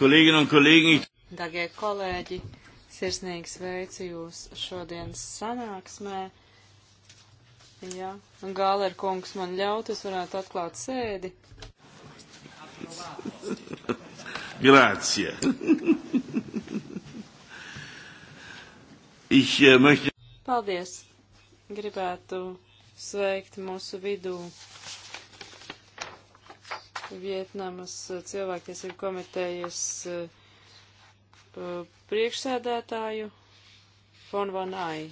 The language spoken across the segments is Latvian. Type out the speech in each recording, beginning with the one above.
Kolēģi un kolēģi. Dagie kolēģi, sirsnīgi sveicu jūs šodienas sanāksmē. Jā, un Gāler kungs man ļaut, es varētu atklāt sēdi. Grācija. Ich äh, möchte. Paldies. Gribētu sveikt mūsu vidū Vietnamas uh, cilvēktiesību komitejas uh, uh, priekšsēdētāju Fonvanai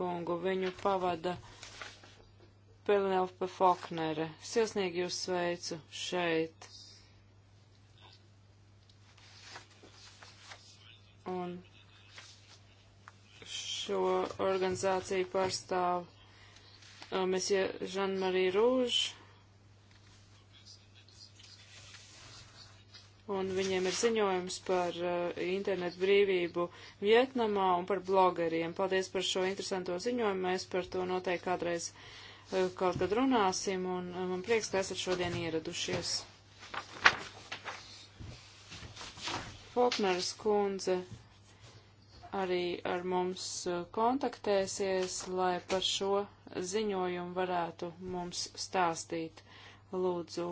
kungu. Viņu pavada Pelinelpa Foknere. Sirsnīgi jūs sveicu šeit. Un šo organizāciju pārstāv Mēs Žanmarī Rūžu un viņiem ir ziņojums par uh, internetu brīvību Vietnamā un par blogeriem. Paldies par šo interesanto ziņojumu, mēs par to noteikti kādreiz uh, kaut kad runāsim, un uh, man prieks, ka esat šodien ieradušies. Fokneris kundze arī ar mums uh, kontaktēsies, lai par šo ziņojumu varētu mums stāstīt. Lūdzu,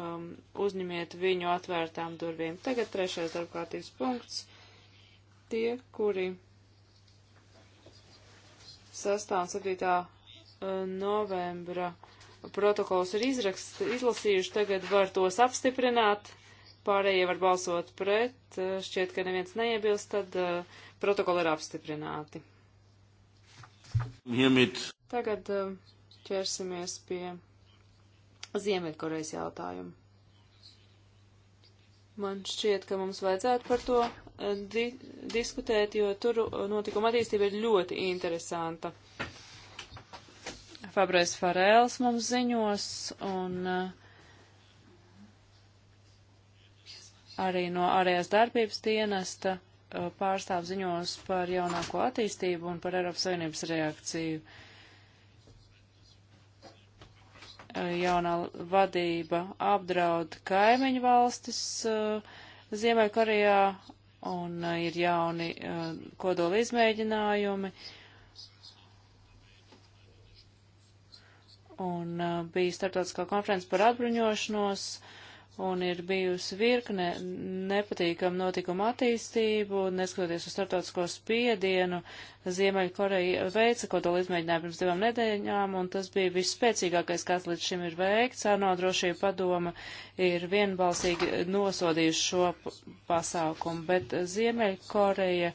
um, uzņemiet viņu atvērtām durvīm. Tagad trešais darbkārtības punkts. Tie, kuri 6. un 7. Uh, novembra protokols ir izrakst, izlasījuši, tagad var tos apstiprināt, pārējie var balsot pret, uh, šķiet, ka neviens neiebilst, tad uh, protokoli ir apstiprināti. Jemit. Tagad uh, ķersimies pie Ziemeļkorejas jautājumu. Man šķiet, ka mums vajadzētu par to eh, di diskutēt, jo tur eh, notikuma attīstība ir ļoti interesanta. Fabrais Farēls mums ziņos un eh, arī no ārējās darbības dienesta pārstāv ziņos par jaunāko attīstību un par Eiropas Savienības reakciju. Uh, jaunā vadība apdraud kaimiņu valstis eh, Ziemeļkorejā un eh, ir jauni eh, kodola izmēģinājumi. Un bija starptautiskā konferences par atbruņošanos. Uh, un ir bijusi virkne nepatīkamu notikumu attīstību, neskatoties uz starptautisko spiedienu. Ziemeļkoreja veica kodola izmēģinājumu pirms divām nedēļām, un tas bija visspēcīgākais, kas līdz šim ir veikts. ANO drošība padoma ir vienbalsīgi nosodījusi šo pasākumu, bet Ziemeļkoreja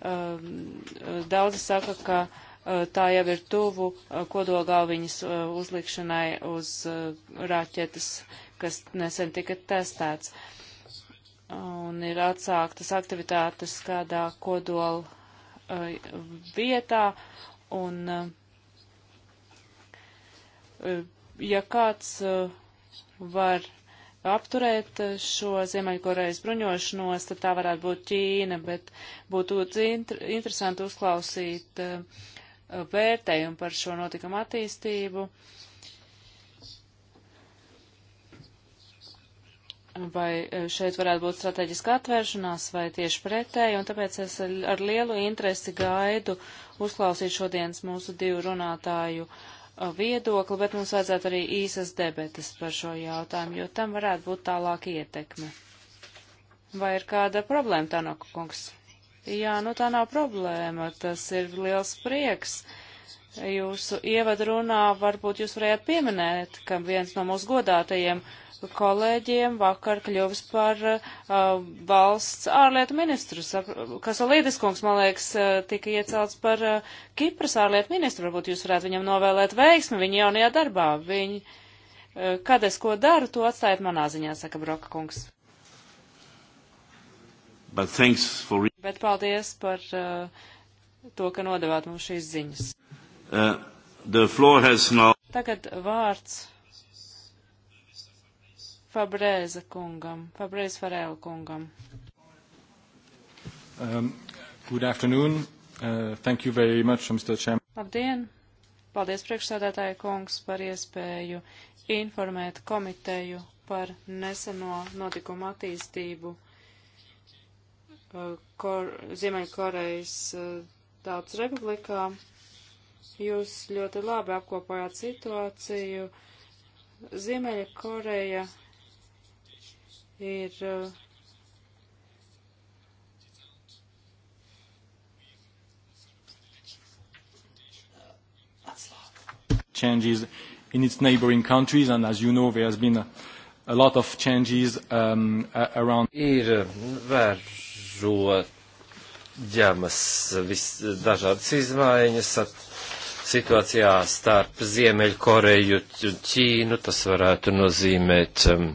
um, daudzi saka, ka uh, tā jau ir tuvu uh, kodolgalviņas uh, uzlikšanai uz uh, raķetes kas nesen tika testēts. Un ir atsāktas aktivitātes kādā kodola uh, vietā, un uh, uh ja kāds uh, var apturēt uh, šo Ziemeļkorejas bruņošanos, tad tā varētu būt Ķīna, bet būtu inter interesanti uzklausīt uh, vērtējumu par šo notikumu attīstību. Uh, vai e, šeit varētu būt strateģiska atvēršanās vai tieši pretēji, un tāpēc es ar lielu interesi gaidu uzklausīt šodienas mūsu divu runātāju e, viedokli, bet mums vajadzētu arī īsas debetes par šo jautājumu, jo tam varētu būt tālāk ietekme. Vai ir kāda problēma, Tanaka kungs? Jā, nu tā nav problēma, tas ir liels prieks. Jūsu ievadrunā varbūt jūs varētu pieminēt, ka viens no mūsu godātajiem uh, kolēģiem vakar kļuvis par uh, valsts ārlietu ministru. Kasolīdis kungs, man liekas, uh, tika iecelts par uh, Kipras ārlietu ministru. Varbūt jūs varētu viņam novēlēt veiksmi viņa jaunajā darbā. Viņ, uh, kad es ko daru, to atstājiet manā ziņā, saka Broka kungs. But, for... Bet paldies par uh, to, ka nodevāt mums šīs ziņas. Uh, now... Tagad vārds Fabrēza kungam, Fabrēza Farēla kungam. Um, good afternoon. Uh, thank you very much, Mr. Chairman. Labdien! Paldies priekšsādātāja kungs par iespēju informēt komiteju par neseno notikumu attīstību uh, Kor Ziemeņkorejas uh, tautas republikā. Jūs ļoti labi apkopojāt situāciju. Ziemeļa Koreja ir uh, changes in its neighboring countries, and as you know, there has been a, a lot of changes um, around. Ir uh, vērojamas dažādas izmaiņas at, situācijā starp Ziemeļkoreju un Ķīnu. Tas varētu nozīmēt um,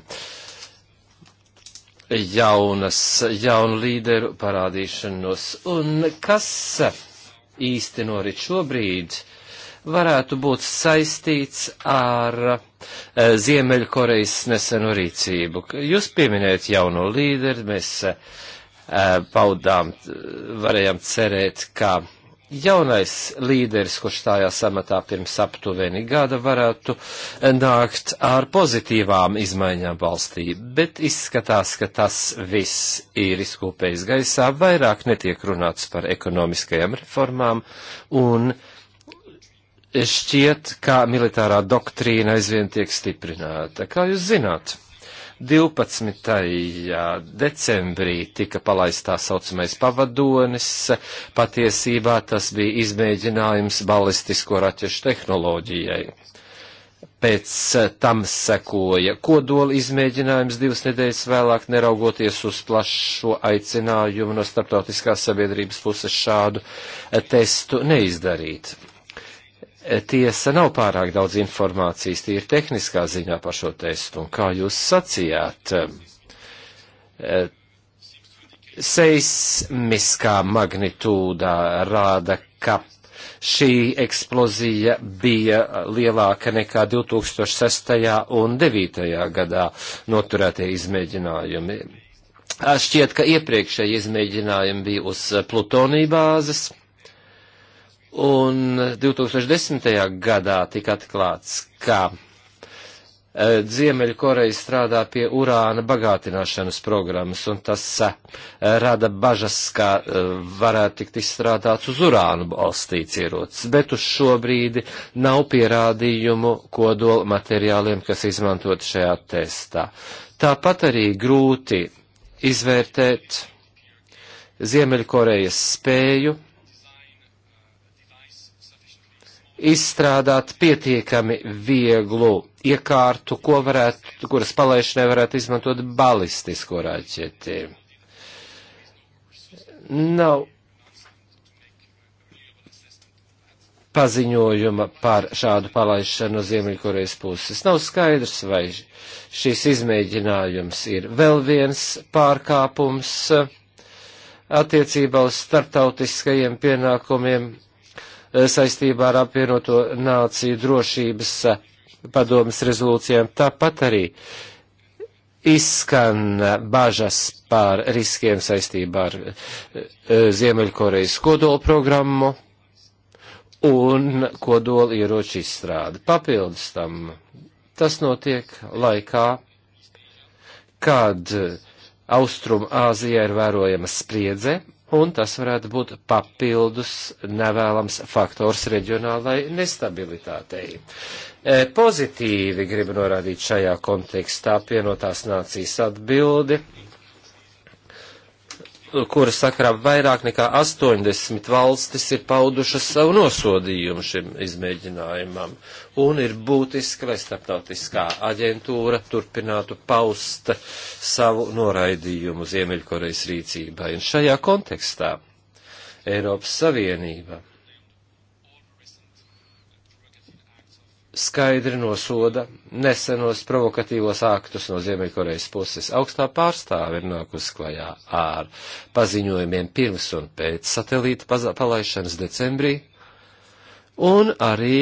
jaunas, jaunu līderu parādīšanos. Un kas īsti norit šobrīd, varētu būt saistīts ar e, Ziemeļkorejas neseno rīcību. Jūs pieminējat jauno līderi, mēs e, paudām, varējām cerēt, ka jaunais līderis, kurš stājās amatā pirms aptuveni gada, varētu nākt ar pozitīvām izmaiņām valstī, bet izskatās, ka tas viss ir izkūpējis gaisā, vairāk netiek runāts par ekonomiskajām reformām un šķiet, ka militārā doktrīna aizvien tiek stiprināta. Kā jūs zināt? 12. decembrī tika palaist tā saucamais pavadonis. Patiesībā tas bija izmēģinājums balistisko raķešu tehnoloģijai. Pēc tam sekoja kodola izmēģinājums divas nedēļas vēlāk, neraugoties uz plašo aicinājumu no starptautiskās sabiedrības puses šādu testu neizdarīt tiesa nav pārāk daudz informācijas, tie ir tehniskā ziņā par šo testu, un kā jūs sacījāt, eh, seismiskā magnitūda rāda, ka šī eksplozija bija lielāka nekā 2006. un 2009. gadā noturētie izmēģinājumi. Šķiet, ka iepriekšēji izmēģinājumi bija uz plutonī bāzes Un 2010. gadā tika atklāts, ka e, Ziemeļkoreja strādā pie urāna bagātināšanas programmas, un tas e, rada bažas, ka e, varētu tikt izstrādāts uz urānu balstīts ierocis, bet uz šo brīdi nav pierādījumu kodola materiāliem, kas izmantot šajā testā. Tāpat arī grūti izvērtēt Ziemeļkorejas spēju izstrādāt pietiekami vieglu iekārtu, ko varētu, kuras palaišanai varētu izmantot balistisko raķeti. Nav paziņojuma par šādu palaišanu no Ziemeļkorejas puses. Nav skaidrs, vai šis izmēģinājums ir vēl viens pārkāpums attiecībā uz starptautiskajiem pienākumiem saistībā ar apvienoto nāciju drošības padomas rezolūcijām. Tāpat arī izskan bažas par riskiem saistībā ar eh, Ziemeļkorejas kodola programmu un kodola ieroču izstrādi. Papildus tam tas notiek laikā, kad Austrum Āzijā ir vērojama spriedze un tas varētu būt papildus nevēlams faktors reģionālai nestabilitātei. E, pozitīvi gribu norādīt šajā kontekstā pienotās nācijas atbildi, kura sakrā vairāk nekā 80 valstis ir paudušas savu nosodījumu šim izmēģinājumam un ir būtiski, lai starptautiskā aģentūra turpinātu paust savu noraidījumu Ziemeļkorejas rīcībai. Un šajā kontekstā Eiropas Savienība skaidri nosoda nesenos provokatīvos aktus no Ziemeļkorejas puses. Augstā pārstāve ir nākus klajā ar paziņojumiem pirms un pēc satelīta palaišanas decembrī, un arī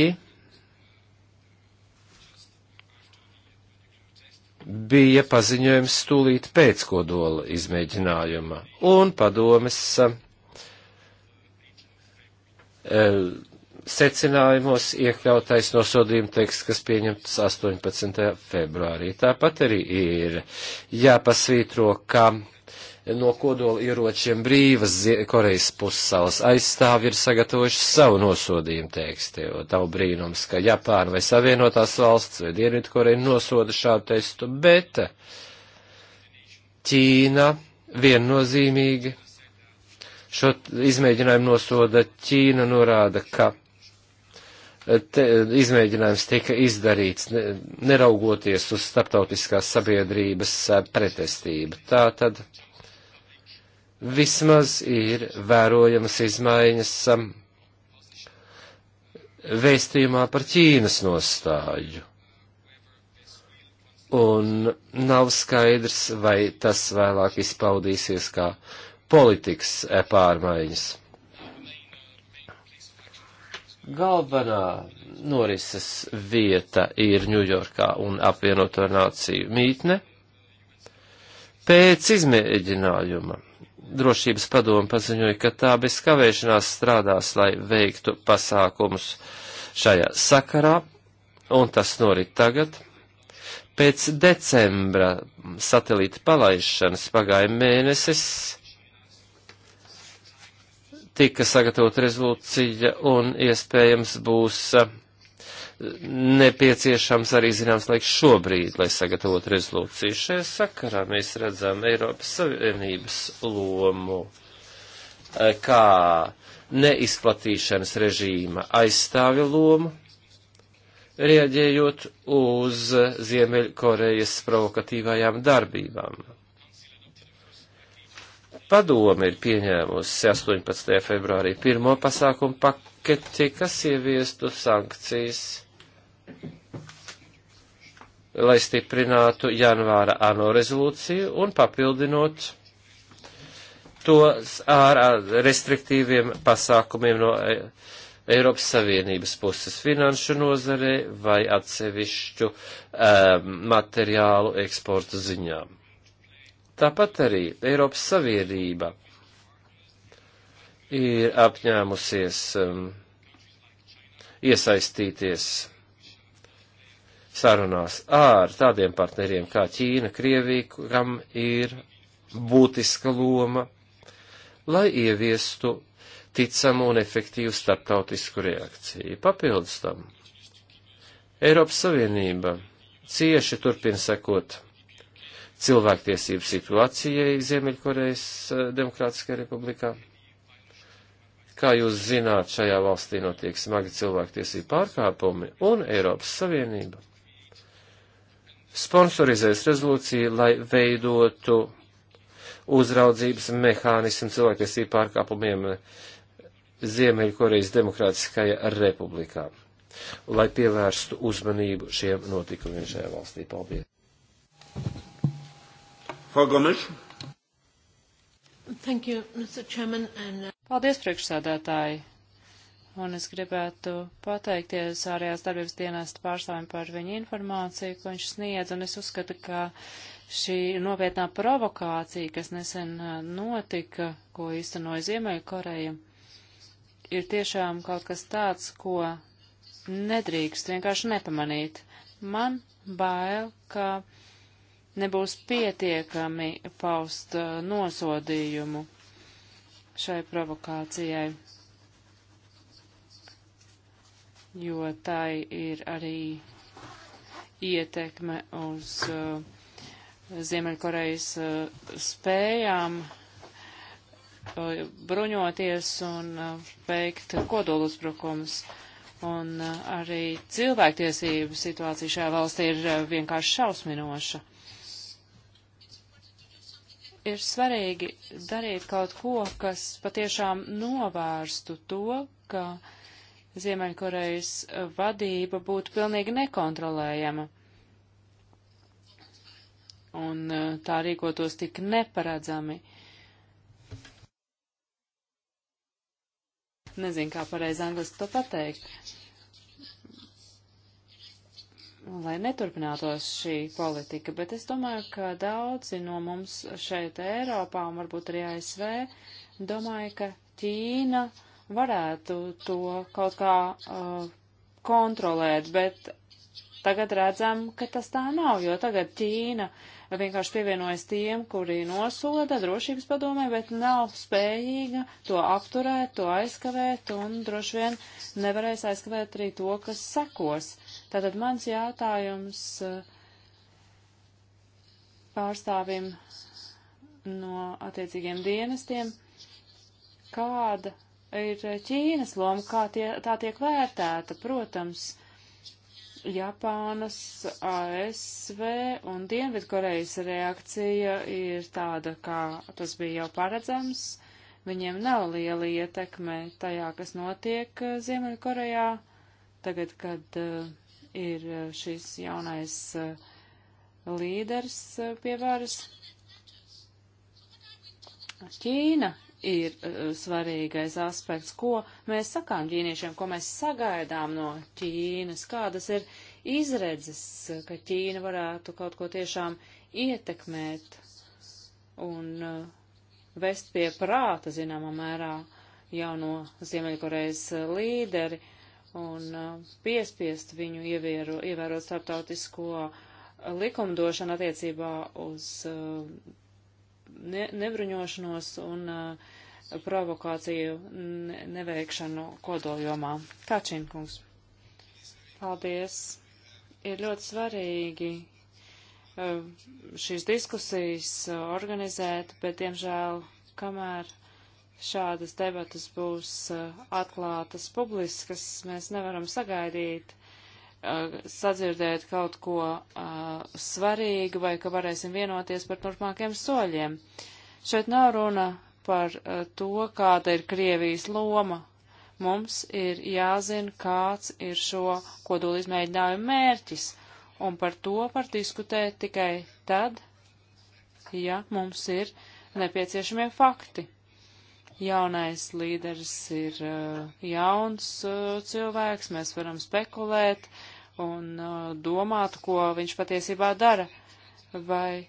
bija paziņojums stūlīt pēc kodola izmēģinājuma, un padomes eh, secinājumos iekļautais nosodījuma teksts, kas pieņemts 18. februārī. Tāpat arī ir jāpasvītro, ka no kodola ieročiem brīvas Korejas pussalas aizstāvi ir sagatavojuši savu nosodījumu teksti. Tavu brīnums, ka Japāna vai Savienotās valsts vai Dienvidkoreja nosoda šādu tekstu, bet Ķīna viennozīmīgi šo izmēģinājumu nosoda. Ķīna norāda, ka te, izmēģinājums tika izdarīts, ne, neraugoties uz starptautiskās sabiedrības pretestību. Tā tad vismaz ir vērojamas izmaiņas um, vēstījumā par Ķīnas nostāju. Un nav skaidrs, vai tas vēlāk izpaudīsies kā politikas pārmaiņas. Galvenā norises vieta ir Ņujorkā un apvienoto nāciju mītne. Pēc izmēģinājuma drošības padoma paziņoja, ka tā bez kavēšanās strādās, lai veiktu pasākumus šajā sakarā, un tas norit tagad. Pēc decembra satelīta palaišanas pagāja mēnesis, tika sagatavot rezolūcija un iespējams būs uh, nepieciešams arī zināms laiks šobrīd, lai sagatavotu rezolūciju. Šajā sakarā mēs redzam Eiropas Savienības lomu eh, kā neizplatīšanas režīma aizstāvja lomu, rieģējot uz Ziemeļkorejas provokatīvajām darbībām. Padome ir pieņēmusi 18. februārī pirmo pasākumu paketi, kas ieviestu sankcijas lai stiprinātu janvāra ANO rezolūciju un papildinot tos ar restriktīviem pasākumiem no e, Eiropas Savienības puses finanšu nozarē vai atsevišķu um, materiālu eksporta ziņā. Tāpat arī Eiropas Savienība ir apņēmusies um, iesaistīties sarunās ar tādiem partneriem kā Ķīna, Krievija, kam ir būtiska loma, lai ieviestu ticamu un efektīvu starptautisku reakciju. Papildus tam, Eiropas Savienība cieši turpina sekot cilvēktiesību situācijai Ziemeļkorejas eh, Demokrātiskajā republikā. Kā jūs zināt, šajā valstī notiek smagi cilvēktiesību pārkāpumi un Eiropas Savienība sponsorizēs rezolūciju, lai veidotu uzraudzības mehānismu cilvēktiesību pārkāpumiem Ziemeļkorejas Demokrātiskajā republikā, lai pievērstu uzmanību šiem notikumiem šajā valstī. Paldies! Uh, Paldies, priekšsēdētāji! un es gribētu pateikties ārējās darbības dienestu pārstāvjiem par viņu informāciju, ko viņš sniedz, un es uzskatu, ka šī nopietnā provokācija, kas nesen notika, ko īstenoja Ziemeļkoreja, ir tiešām kaut kas tāds, ko nedrīkst vienkārši nepamanīt. Man bail, ka nebūs pietiekami paust nosodījumu šai provokācijai jo tai ir arī ietekme uz uh, Ziemeļkorejas uh, spējām uh, bruņoties un uh, veikt kodoluzbrukums. Un uh, arī cilvēktiesību situācija šajā valstī ir uh, vienkārši šausminoša. Ir svarīgi darīt kaut ko, kas patiešām novērstu to, ka uh, Ziemeņkorejas eh, vadība būtu pilnīgi nekontrolējama. Un eh, tā rīkotos tik neparedzami. Nezinu, kā pareizi angliski to pateikt. Lai neturpinātos šī politika, bet es domāju, ka daudzi no mums šeit Eiropā un varbūt arī ASV domāja, ka Ķīna uh, varētu to kaut kā uh, kontrolēt, bet tagad redzam, ka tas tā nav, jo tagad Ķīna vienkārši pievienojas tiem, kuri nosoda drošības padomē, bet nav spējīga to apturēt, to aizkavēt un droši vien nevarēs aizkavēt arī to, kas sekos. Tātad mans jautājums uh, pārstāvim no attiecīgiem dienestiem, kāda ir Ķīnas loma, kā tie, tā tiek vērtēta. Protams, Japānas, ASV un Dienvidkorejas reakcija ir tāda, kā tas bija jau paredzams. Viņiem nav liela ietekme tajā, kas notiek eh, Ziemeļkorejā, tagad, kad uh, ir eh, šis jaunais uh, līderis uh, pie varas. Ķīna ir uh, svarīgais aspekts, ko mēs sakām ķīniešiem, ko mēs sagaidām no Ķīnas, kādas ir izredzes, ka Ķīna varētu kaut ko tiešām ietekmēt un uh, vest pie prāta, zināmā mērā, jauno Ziemeļkorejas uh, līderi un uh, piespiest viņu ievēro, ievērot starptautisko likumdošanu attiecībā uz uh, ne, nebruņošanos un uh, provokāciju ne, neveikšanu kodoljomā. Kačinkungs. Paldies. Ir ļoti svarīgi uh, šīs diskusijas organizēt, bet, diemžēl, kamēr šādas debatas būs atklātas publiskas, mēs nevaram sagaidīt uh, sadzirdēt kaut ko uh, svarīgu vai ka varēsim vienoties par turpmākiem soļiem. Šeit nav runa par uh, to, kāda ir Krievijas loma. Mums ir jāzina, kāds ir šo kodolu izmēģinājumu mērķis, un par to var diskutēt tikai tad, ja mums ir nepieciešamie fakti jaunais līderis ir uh, jauns uh, cilvēks, mēs varam spekulēt, un uh, domātu, ko viņš patiesībā dara, vai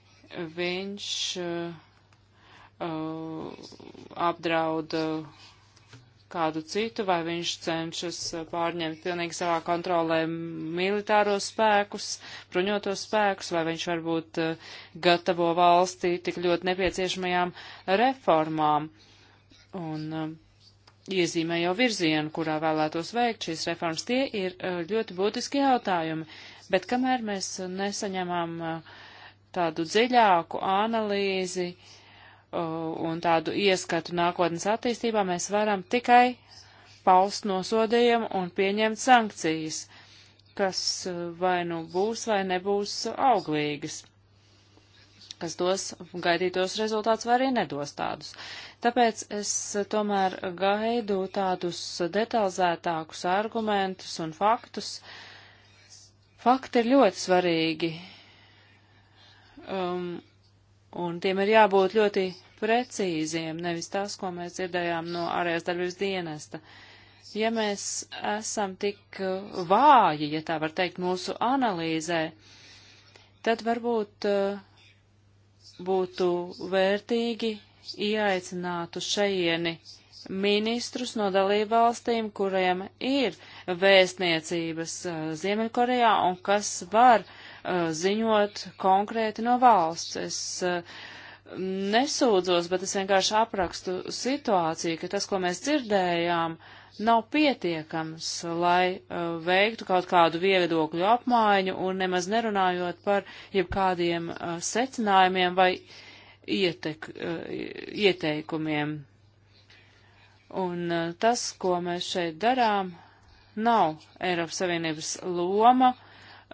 viņš uh, uh apdraud uh, kādu citu, vai viņš cenšas uh, pārņemt pilnīgi savā kontrolē militāros spēkus, bruņotos spēkus, vai viņš varbūt gatavo valstī tik ļoti nepieciešamajām reformām. Un, uh, iezīmē jau virzienu, kurā vēlētos veikt šīs reformas. Tie ir e, ļoti būtiski jautājumi, bet kamēr mēs e, nesaņemam e, tādu dziļāku analīzi un tādu ieskatu nākotnes attīstībā, mēs varam tikai paust nosodījumu un pieņemt sankcijas, kas vai nu būs vai nebūs auglīgas kas dos gaidītos rezultātus vai arī nedos tādus. Tāpēc es tomēr gaidu tādus detalizētākus argumentus un faktus. Fakti ir ļoti svarīgi, um, un tiem ir jābūt ļoti precīziem, nevis tas, ko mēs dzirdējām no ārējās darbības dienesta. Ja mēs esam tik vāji, ja tā var teikt, mūsu analīzē, tad varbūt uh, būtu vērtīgi ieaicināt uz šajieni ministrus no dalībvalstīm, kuriem ir vēstniecības uh, Ziemeļkorejā un kas var uh, ziņot konkrēti no valsts. Es uh, nesūdzos, bet es vienkārši aprakstu situāciju, ka tas, ko mēs dzirdējām, nav pietiekams, lai uh, veiktu kaut kādu viedokļu apmaiņu un nemaz nerunājot par jebkādiem uh, secinājumiem vai ietek, uh, ieteikumiem. Un uh, tas, ko mēs šeit darām, nav Eiropas Savienības loma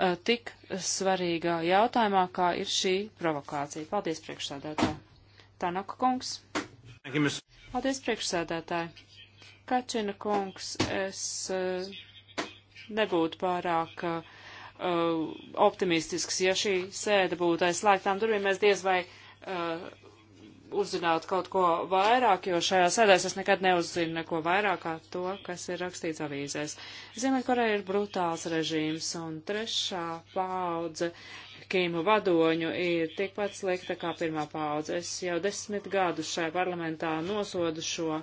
Uh, tik svarīgā jautājumā, kā ir šī provokācija. Paldies, priekšsēdētāji. Tanaka kungs. Paldies, priekšsēdētāji. Kačina kungs, es uh, nebūtu pārāk uh, optimistisks, ja šī sēde būtu aizslēgtām durvīm. Mēs diez vai uh, uzzināt kaut ko vairāk, jo šajā sēdēs es nekad neuzzinu neko vairāk kā to, kas ir rakstīts avīzēs. Ziemeļkoreja ir brutāls režīms, un trešā paudze Kīmu vadoņu ir tikpat slikta kā pirmā paudze. Es jau desmit gadus šajā parlamentā nosodu šo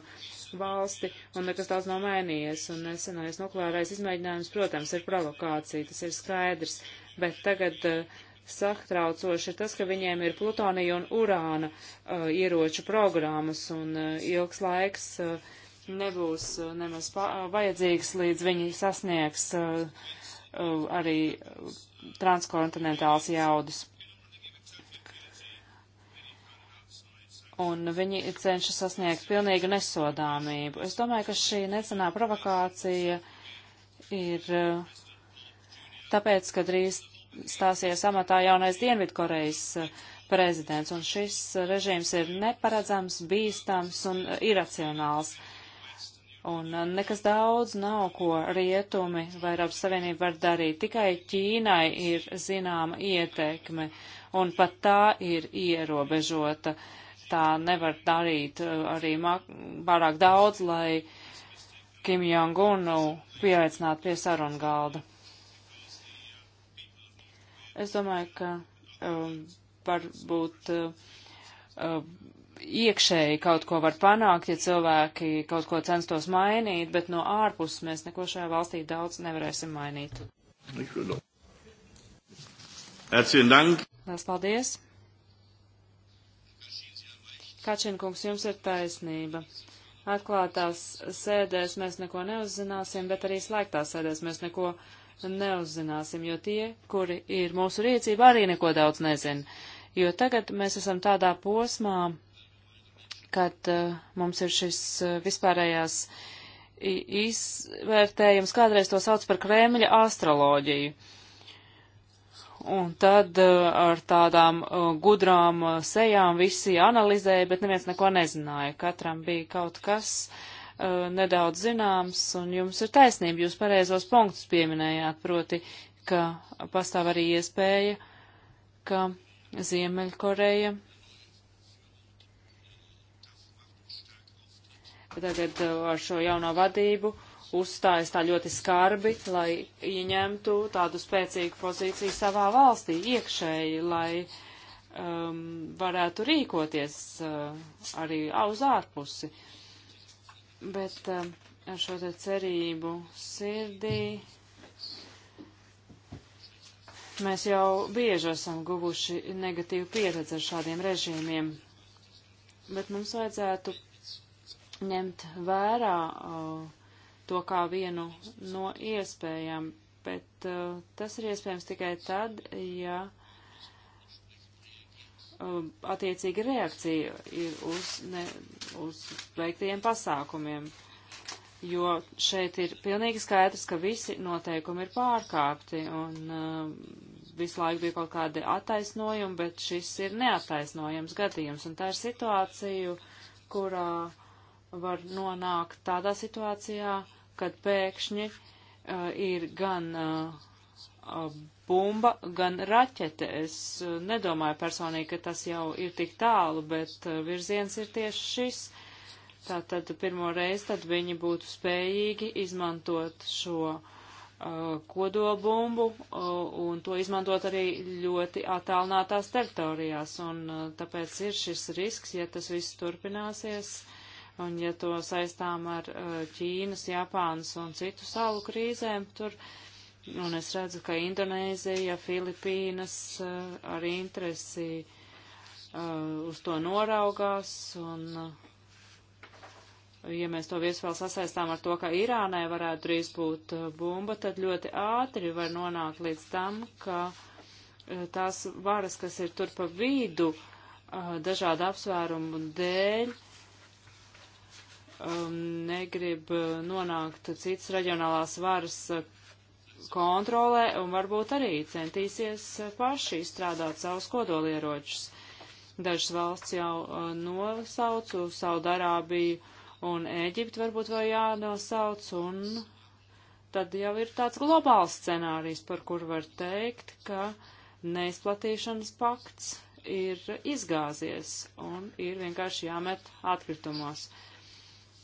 valsti, un nekas daudz nav mainījies, un nesenais nukleārais izmēģinājums, protams, ir provokācija, tas ir skaidrs, bet tagad uh, saktraucoši ir tas, ka viņiem ir plutonija un urāna uh, ieroču programmas, un uh, ilgs laiks uh, nebūs uh, nemaz uh, vajadzīgs, līdz viņi sasniegs uh, uh, arī transkontinentāls jaudas. Un viņi cenšas sasniegt pilnīgu nesodāmību. Es domāju, ka šī nesenā provokācija ir uh, tāpēc, ka drīz stāsies amatā jaunais Dienvidkorejas eh, prezidents, un šis režīms ir neparedzams, bīstams un eh, iracionāls. Un eh, nekas daudz nav, ko rietumi vai Eiropas Savienība var darīt. Tikai Ķīnai ir zināma ietekme, un pat tā ir ierobežota. Tā nevar darīt arī pārāk daudz, lai Kim Jong-unu nu, pieaicinātu pie sarunu galda. Es domāju, ka um, varbūt uh, iekšēji kaut ko var panākt, ja cilvēki kaut ko censtos mainīt, bet no ārpuses mēs neko šajā valstī daudz nevarēsim mainīt. Lielas paldies! Kačinkungs, jums ir taisnība. Atklātās sēdēs mēs neko neuzzināsim, bet arī slēgtās sēdēs mēs neko neuzzināsim neuzzināsim, jo tie, kuri ir mūsu rīcība, arī neko daudz nezina. Jo tagad mēs esam tādā posmā, kad uh, mums ir šis uh, vispārējās izvērtējums, kādreiz to sauc par Kremļa astroloģiju. Un tad uh, ar tādām gudrām sejām visi analizēja, bet neviens neko nezināja. Katram bija kaut kas, uh, Eh, nedaudz zināms, un jums ir taisnība, jūs pareizos punktus pieminējāt, proti, ka pastāv arī iespēja, ka Ziemeļkoreja tagad eh, ar šo jauno vadību uzstājas tā ļoti skarbi, lai ieņemtu tādu spēcīgu pozīciju savā valstī iekšēji, lai um, varētu rīkoties uh, arī uz ārpusi. Uh, bet ar eh, šo te cerību sirdī mēs jau bieži esam guvuši negatīvu pieredzi ar šādiem režīmiem, bet mums vajadzētu ņemt vērā uh, to kā vienu no iespējām, bet uh, tas ir iespējams tikai tad, ja um, attiecīga reakcija ir uz, ne, uz veiktajiem pasākumiem, jo šeit ir pilnīgi skaidrs, ka visi noteikumi ir pārkāpti un um, visu laiku bija kaut kādi attaisnojumi, bet šis ir neattaisnojams gadījums un tā ir situācija, kurā var nonākt tādā situācijā, kad pēkšņi uh, ir gan uh, bumba, gan raķete. Es eh, nedomāju personīgi, ka tas jau ir tik tālu, bet eh, virziens ir tieši šis. Tātad pirmo reizi tad viņi būtu spējīgi izmantot šo uh, eh, kodobumbu uh, un to izmantot arī ļoti attālinātās teritorijās. Un uh, tāpēc ir šis risks, ja tas viss turpināsies un ja to saistām ar Ķīnas, Japānas un citu salu krīzēm, tur uh, Un es redzu, ka Indonēzija, Filipīnas eh, ar interesi eh, uz to noraugās. Un, eh, ja mēs to visu vēl sasaistām ar to, ka Irānai varētu drīz būt bumba, tad ļoti ātri var nonākt līdz tam, ka tās varas, kas ir tur pa vidu, dažādu apsvērumu dēļ, um, negrib nonākt citas reģionālās varas kontrolē un varbūt arī centīsies paši izstrādāt savus kodolieročus. Dažas valsts jau uh, nosaucu Saudarābiju un Ēģipti varbūt vēl jānosauc, un tad jau ir tāds globāls scenārijs, par kur var teikt, ka neizplatīšanas pakts ir izgāzies un ir vienkārši jāmet atkritumos.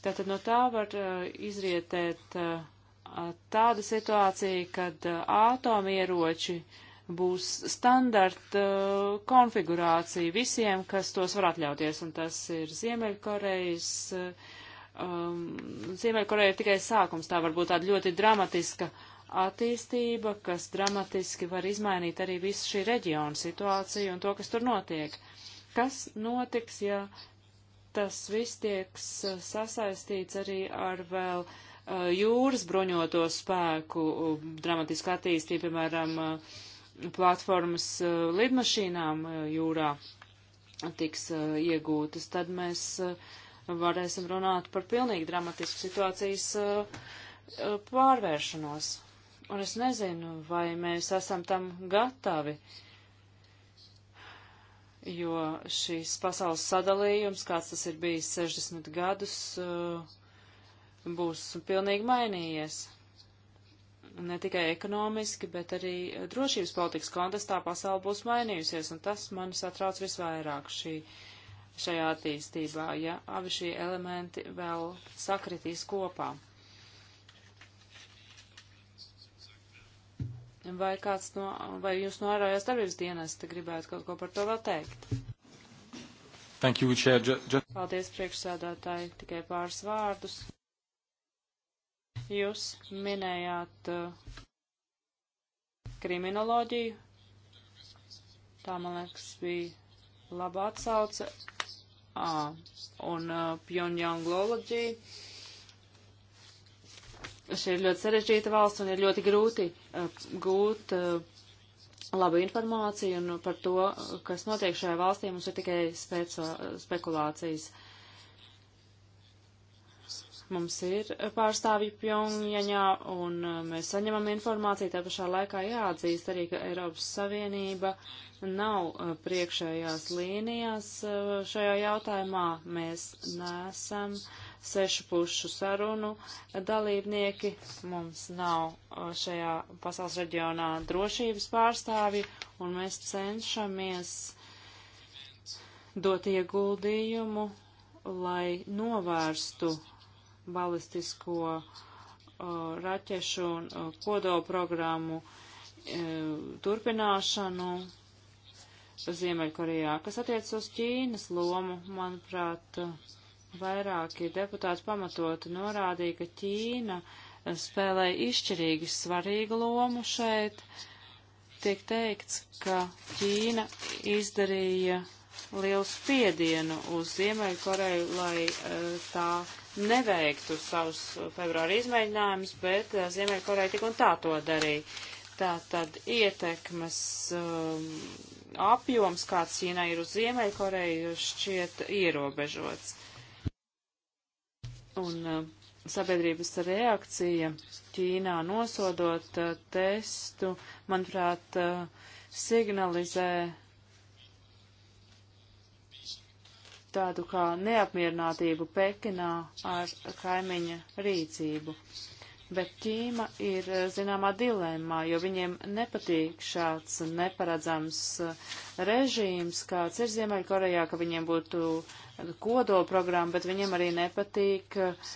Tātad no tā var uh, izrietēt uh, tāda situācija, kad ātomieroči uh, būs standarta uh, konfigurācija visiem, kas tos var atļauties, un tas ir Ziemeļkorejas. Uh, um, Ziemeļkoreja ir tikai sākums, tā var būt tāda ļoti dramatiska attīstība, kas dramatiski var izmainīt arī visu šī reģiona situāciju un to, kas tur notiek. Kas notiks, ja tas viss tieks sasaistīts arī ar vēl uh, Eh, jūras bruņoto spēku eh, dramatiska attīstība, piemēram, eh, platformas lidmašīnām jūrā tiks iegūtas, tad mēs varēsim runāt par pilnīgi dramatisku situācijas pārvēršanos. Un es nezinu, vai mēs esam tam gatavi, jo šīs pasaules sadalījums, kāds tas ir bijis 60 gadus, uh, būs pilnīgi mainījies. Ne tikai ekonomiski, bet arī drošības politikas kontestā pasauli būs mainījusies, un tas man satrauc visvairāk šī, šajā attīstībā, ja abi šie elementi vēl sakritīs kopā. Vai kāds no, vai jūs no ārējās darbības dienesta gribētu kaut ko par to vēl teikt? Thank you, Chair. Just... Paldies, priekšsēdētāji, tikai pāris vārdus. Jūs minējāt uh, kriminoloģiju. Tā, man liekas, bija laba atsauce. Ā, un uh, Pjongjangoloģija. Šī ir ļoti sarežģīta valsts un ir ļoti grūti uh, gūt uh, labu informāciju un par to, uh, kas notiek šajā valstī, mums ir tikai speco, uh, spekulācijas. Uh, Mums ir pārstāvji Pjongjaņā, un uh, mēs saņemam informāciju. Tā pašā laikā jāatzīst arī, ka Eiropas Savienība nav uh, priekšējās līnijās uh, šajā jautājumā. Mēs neesam sešu pušu sarunu dalībnieki, mums nav šajā pasaules reģionā drošības pārstāvji, un mēs cenšamies dot ieguldījumu, lai novērstu balistisko uh, raķešu un uh, kodolu programmu uh, turpināšanu Ziemeļkorejā. Kas attiec uz Ķīnas lomu, manuprāt, uh, vairāki deputāti pamatoti norādīja, ka Ķīna spēlē izšķirīgi svarīgu lomu šeit. Tiek teikts, ka Ķīna izdarīja lielu spiedienu uz Ziemeļkoreju, lai uh, tā neveiktu savus februāra izmēģinājumus, bet eh, Ziemeļkoreja tik un tā to darīja. Tā tad ietekmes um, apjoms, kāds Ķīnai ir uz Ziemeļkoreju, šķiet ierobežots. Un uh, sabiedrības reakcija Ķīnā nosodot uh, testu, manuprāt, uh, signalizē tādu kā neapmierinātību Pekinā ar kaimiņa rīcību. Bet Ķīma ir eh, zināmā dilemmā, jo viņiem nepatīk šāds neparedzams eh, režīms, kāds ir Ziemeļkorejā, ka viņiem būtu kodolprogramma, bet viņiem arī nepatīk uh,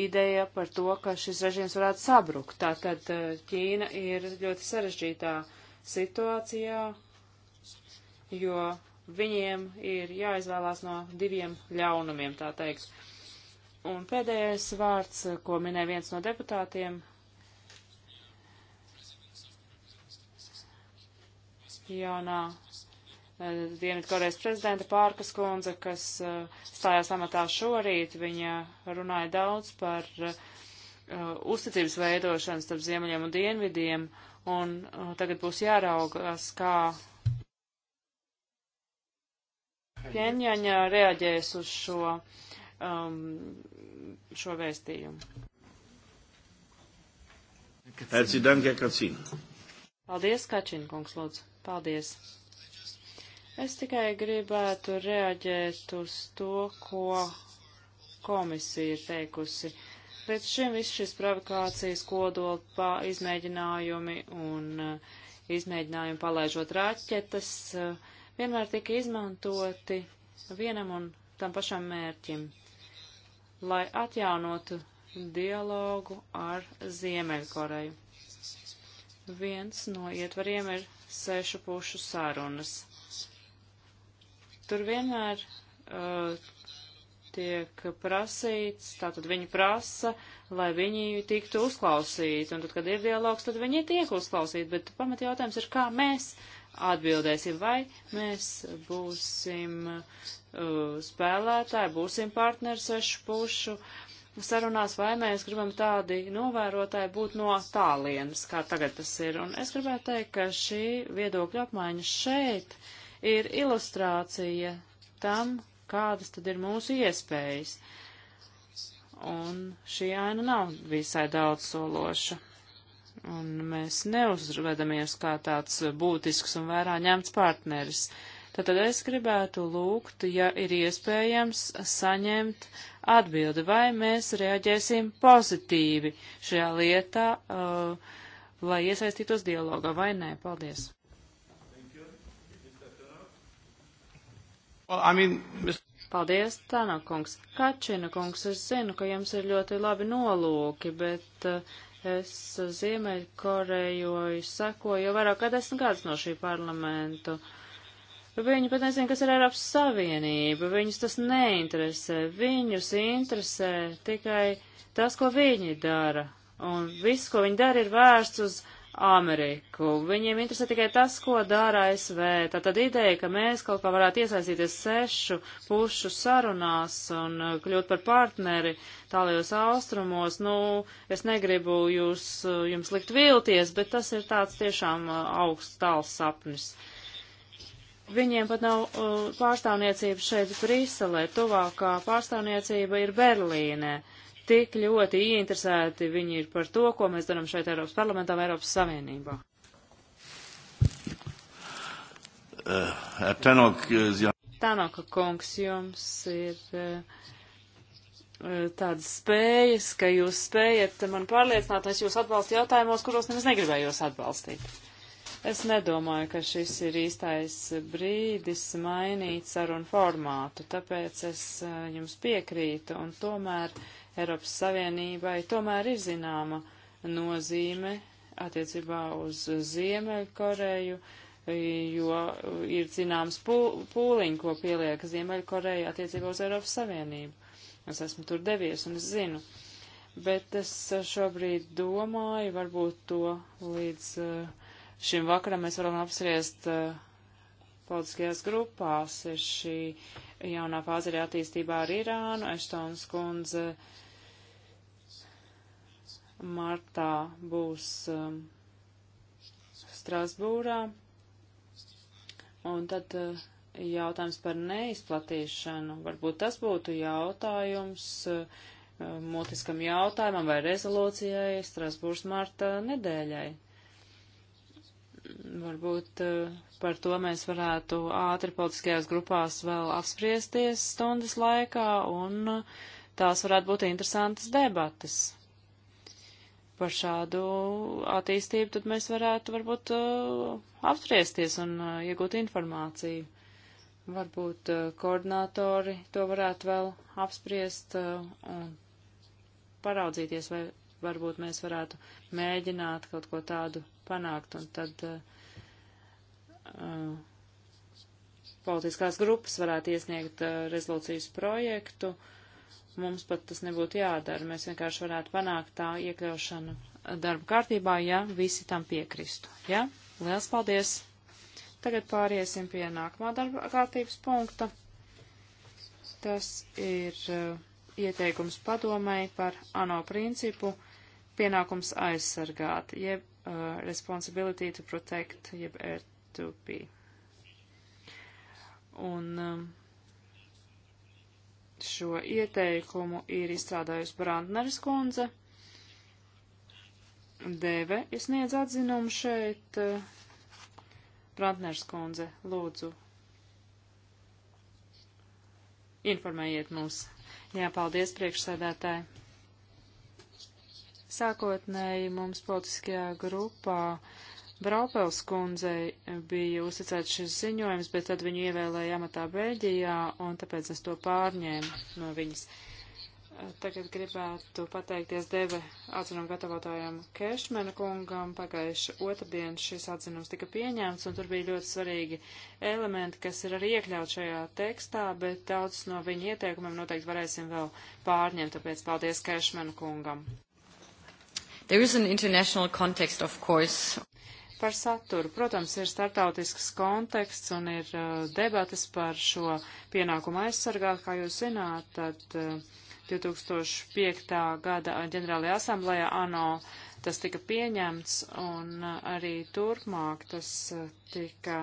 ideja par to, ka šis režīms varētu sabrukt. Tātad Ķīna ir ļoti sarežģītā situācijā, jo Viņiem ir jāizvēlās no diviem ļaunumiem, tā teikt. Un pēdējais vārds, ko minē viens no deputātiem, jaunā eh, Dienvidkorejas prezidenta Pārkas kundze, kas eh, stājās amatā šorīt, viņa runāja daudz par uh, uzticības veidošanu starp ziemeļiem un dienvidiem, un uh, tagad būs jāraugas, kā Pjenjaņa reaģēs uz šo, um, šo vēstījumu. Paldies, Kačina kungs, lūdzu. Paldies. Es tikai gribētu reaģēt uz to, ko komisija ir teikusi. Līdz šim viss šis provokācijas kodola izmēģinājumi un uh, izmēģinājumi palaižot raķetes. Uh, vienmēr tika izmantoti vienam un tam pašam mērķim, lai atjaunotu dialogu ar Ziemeļkoreju. Viens no ietvariem ir sešu pušu sarunas. Tur vienmēr uh, tiek prasīts, tātad viņi prasa, lai viņi tiktu uzklausīti, un tad, kad ir dialogs, tad viņi tiek uzklausīti, bet pamat jautājums ir, kā mēs atbildēsim, vai mēs būsim uh, spēlētāji, būsim partneri sešu pušu sarunās, vai mēs gribam tādi novērotāji būt no tālienes, kā tagad tas ir. Un es gribētu teikt, ka šī viedokļa apmaiņa šeit ir ilustrācija tam, kādas tad ir mūsu iespējas. Un šī aina nav visai daudz sološa un mēs neuzvedamies kā tāds būtisks un vērā ņemts partneris. Tātad es gribētu lūgt, ja ir iespējams, saņemt atbildi, vai mēs reaģēsim pozitīvi šajā lietā, uh, lai iesaistītos dialogā vai nē. Paldies! Well, I mean, Mr. Paldies, Tanakungs. Kačina kungs, es zinu, ka jums ir ļoti labi nolūki, bet uh, Es Ziemeļkorejoju sekoju jau vairāk kā desmit gadus no šī parlamentu. Viņi pat nezina, kas ir Eiropas Savienība, viņus tas neinteresē, viņus interesē tikai tas, ko viņi dara. Un viss, ko viņi dara, ir vērsts uz Ameriku. Viņiem interesē tikai tas, ko dara ASV. Tātad ideja, ka mēs kaut kā varētu iesaistīties sešu pušu sarunās un uh, kļūt par partneri tālajos austrumos, nu, es negribu jūs, uh, jums likt vilties, bet tas ir tāds tiešām uh, augsts tāls sapnis. Viņiem pat nav uh, pārstāvniecības šeit Briselē, tuvākā pārstāvniecība ir Berlīnē. Uh, tik ļoti ieinteresēti viņi ir par to, ko mēs darām šeit Eiropas parlamentā vai Eiropas Savienībā. Eh, eh, eh, Tanaka kungs, jums ir tādas spējas, ka jūs spējat man pārliecināt, es jūs atbalstu jautājumos, kuros nemaz negribēju jūs atbalstīt. Es nedomāju, ka šis ir īstais brīdis mainīt sarunu formātu, tāpēc es jums piekrītu un tomēr. Uh, Eiropas Savienībai tomēr ir zināma nozīme attiecībā uz Ziemeļkoreju, jo ir zināms pūliņi, ko pieliek Ziemeļkoreja attiecībā uz Eiropas Savienību. Es esmu tur devies un es zinu. Bet es šobrīd domāju, varbūt to līdz eh, šim vakaram mēs varam apspriest eh, politiskajās grupās. Ir šī jaunā fāze arī attīstībā ar Irānu. Eštons kundze uh, martā būs um, Strasbūrā. Un tad uh, jautājums par neizplatīšanu. Varbūt tas būtu jautājums uh, mutiskam jautājumam vai rezolūcijai Strasbūras marta nedēļai. Varbūt uh, par to mēs varētu ātri politiskajās grupās vēl apspriesties stundas laikā, un uh, tās varētu būt interesantas debatas par šādu attīstību, tad mēs varētu varbūt uh, apspriesties un uh, iegūt informāciju. Varbūt uh, koordinātori to varētu vēl apspriest un paraudzīties, vai varbūt mēs varētu mēģināt kaut ko tādu panākt. Un tad uh, politiskās grupas varētu iesniegt uh, rezolūcijas projektu. Uh, mums pat tas nebūtu jādara. Mēs vienkārši varētu panākt tā iekļaušanu darba kārtībā, ja visi tam piekristu. Ja? Liels paldies! Tagad pāriesim pie nākamā darba kārtības punkta. Tas ir uh, ieteikums padomai par ANO principu pienākums aizsargāt, jeb uh, responsibility to protect, jeb R2P. Un um, Šo ieteikumu ir izstrādājusi Brandneris kundze. Deve izsniedz atzinumu šeit. Brandneris kundze, lūdzu, informējiet mūs. Jā, paldies priekšsēdētāji. Sākotnēji mums politiskajā grupā uh, Braupels kundzei bija uzticēts šis ziņojums, bet tad viņu ievēlēja amatā Beļģijā, un tāpēc es to pārņēmu no viņas. Tagad gribētu pateikties Deve atzinumu gatavotājiem Kešmena kungam. Pagājuši otrdien šis atzinums tika pieņemts, un tur bija ļoti svarīgi elementi, kas ir arī iekļaut šajā tekstā, bet daudz no viņa ieteikumiem noteikti varēsim vēl pārņemt, tāpēc paldies Kešmena kungam. There is an international context, of course. Par saturu. Protams, ir startautisks konteksts un ir uh, debatas par šo pienākumu aizsargāt, kā jūs zināt, tad uh, 2005. gada ģenerālajā asamblējā ANO tas tika pieņemts un uh, arī turpmāk tas uh, tika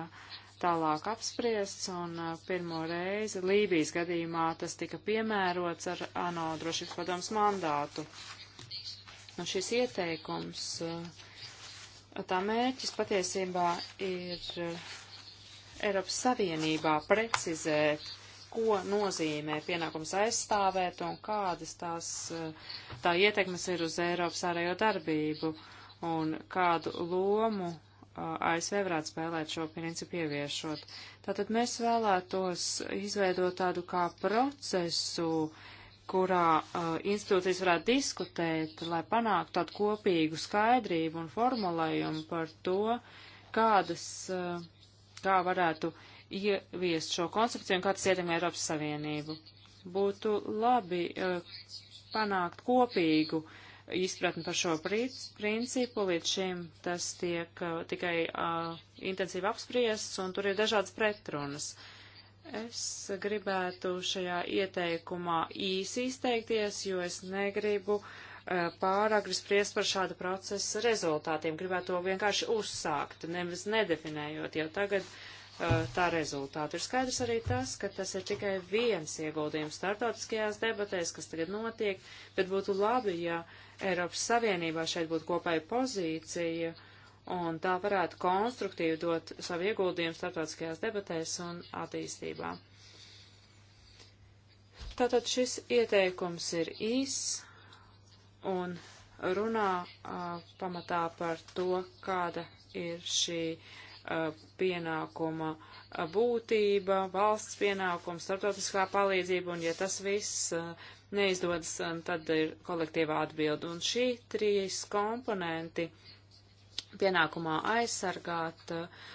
tālāk apspriests un uh, pirmo reizi Lībijas gadījumā tas tika piemērots ar ANO drošības padomas mandātu. Un šis ieteikums uh, tā mērķis patiesībā ir eh, Eiropas Savienībā precizēt, ko nozīmē pienākums aizstāvēt un kādas tās eh, tā ietekmes ir uz Eiropas ārējo darbību un kādu lomu eh, ASV varētu spēlēt šo principu ieviešot. Tātad mēs vēlētos izveidot tādu kā procesu, uh, kurā uh, institūcijas varētu diskutēt, lai panāktu tādu kopīgu skaidrību un formulējumu par to, kādas, uh, kā varētu ieviest šo koncepciju un kā tas ietekmē Eiropas Savienību. Būtu labi uh, panākt kopīgu izpratni par šo principu, līdz šim tas tiek uh, tikai uh, intensīvi apspriests un tur ir dažādas pretrunas. Uh, Es gribētu šajā ieteikumā īsi izteikties, jo es negribu uh, pāragri spriest par šāda procesa rezultātiem. Gribētu to vienkārši uzsākt, nevis nedefinējot jau tagad uh, tā rezultātu. Ir skaidrs arī tas, ka tas ir tikai viens ieguldījums startautiskajās debatēs, kas tagad notiek, bet būtu labi, ja Eiropas Savienībā šeit būtu kopēja pozīcija. Uh, un tā varētu konstruktīvi dot savu ieguldījumu starptautiskajās debatēs un attīstībā. Tātad šis ieteikums ir īs un runā a, pamatā par to, kāda ir šī a, pienākuma būtība, valsts pienākums, starptautiskā palīdzība, un ja tas viss a, neizdodas, tad ir kolektīvā atbilda. Un šī trīs komponenti uh, pienākumā aizsargāt uh,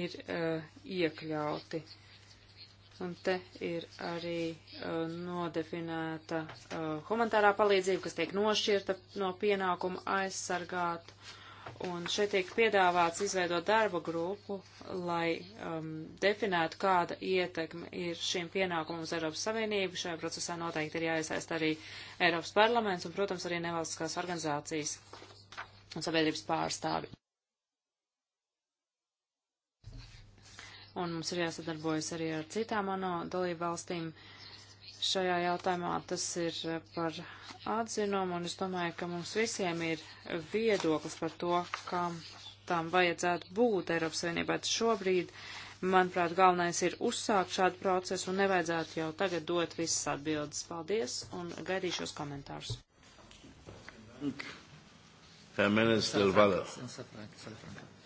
ir uh, iekļauti. Un te ir arī uh, nodefinēta humanitārā palīdzība, kas tiek nošķirta no pienākuma aizsargāt. Un šeit tiek piedāvāts izveidot darba grupu, lai um, definētu, kāda ietekme ir šim pienākumam uz Eiropas Savienību. Šajā procesā noteikti ir jāiesaist arī Eiropas parlaments un, protams, arī nevalstiskās organizācijas un sabiedrības pārstāvi. Un mums ir jāsadarbojas arī ar citām ANO dalību valstīm šajā jautājumā. Tas ir par atzinumu, un es domāju, ka mums visiem ir viedoklis par to, kam tam vajadzētu būt Eiropas Savienībā šobrīd. Manuprāt, galvenais ir uzsākt šādu procesu un nevajadzētu jau tagad dot visas atbildes. Paldies un gaidīšos komentārus. Thank you. Herr Ministrs del Valle.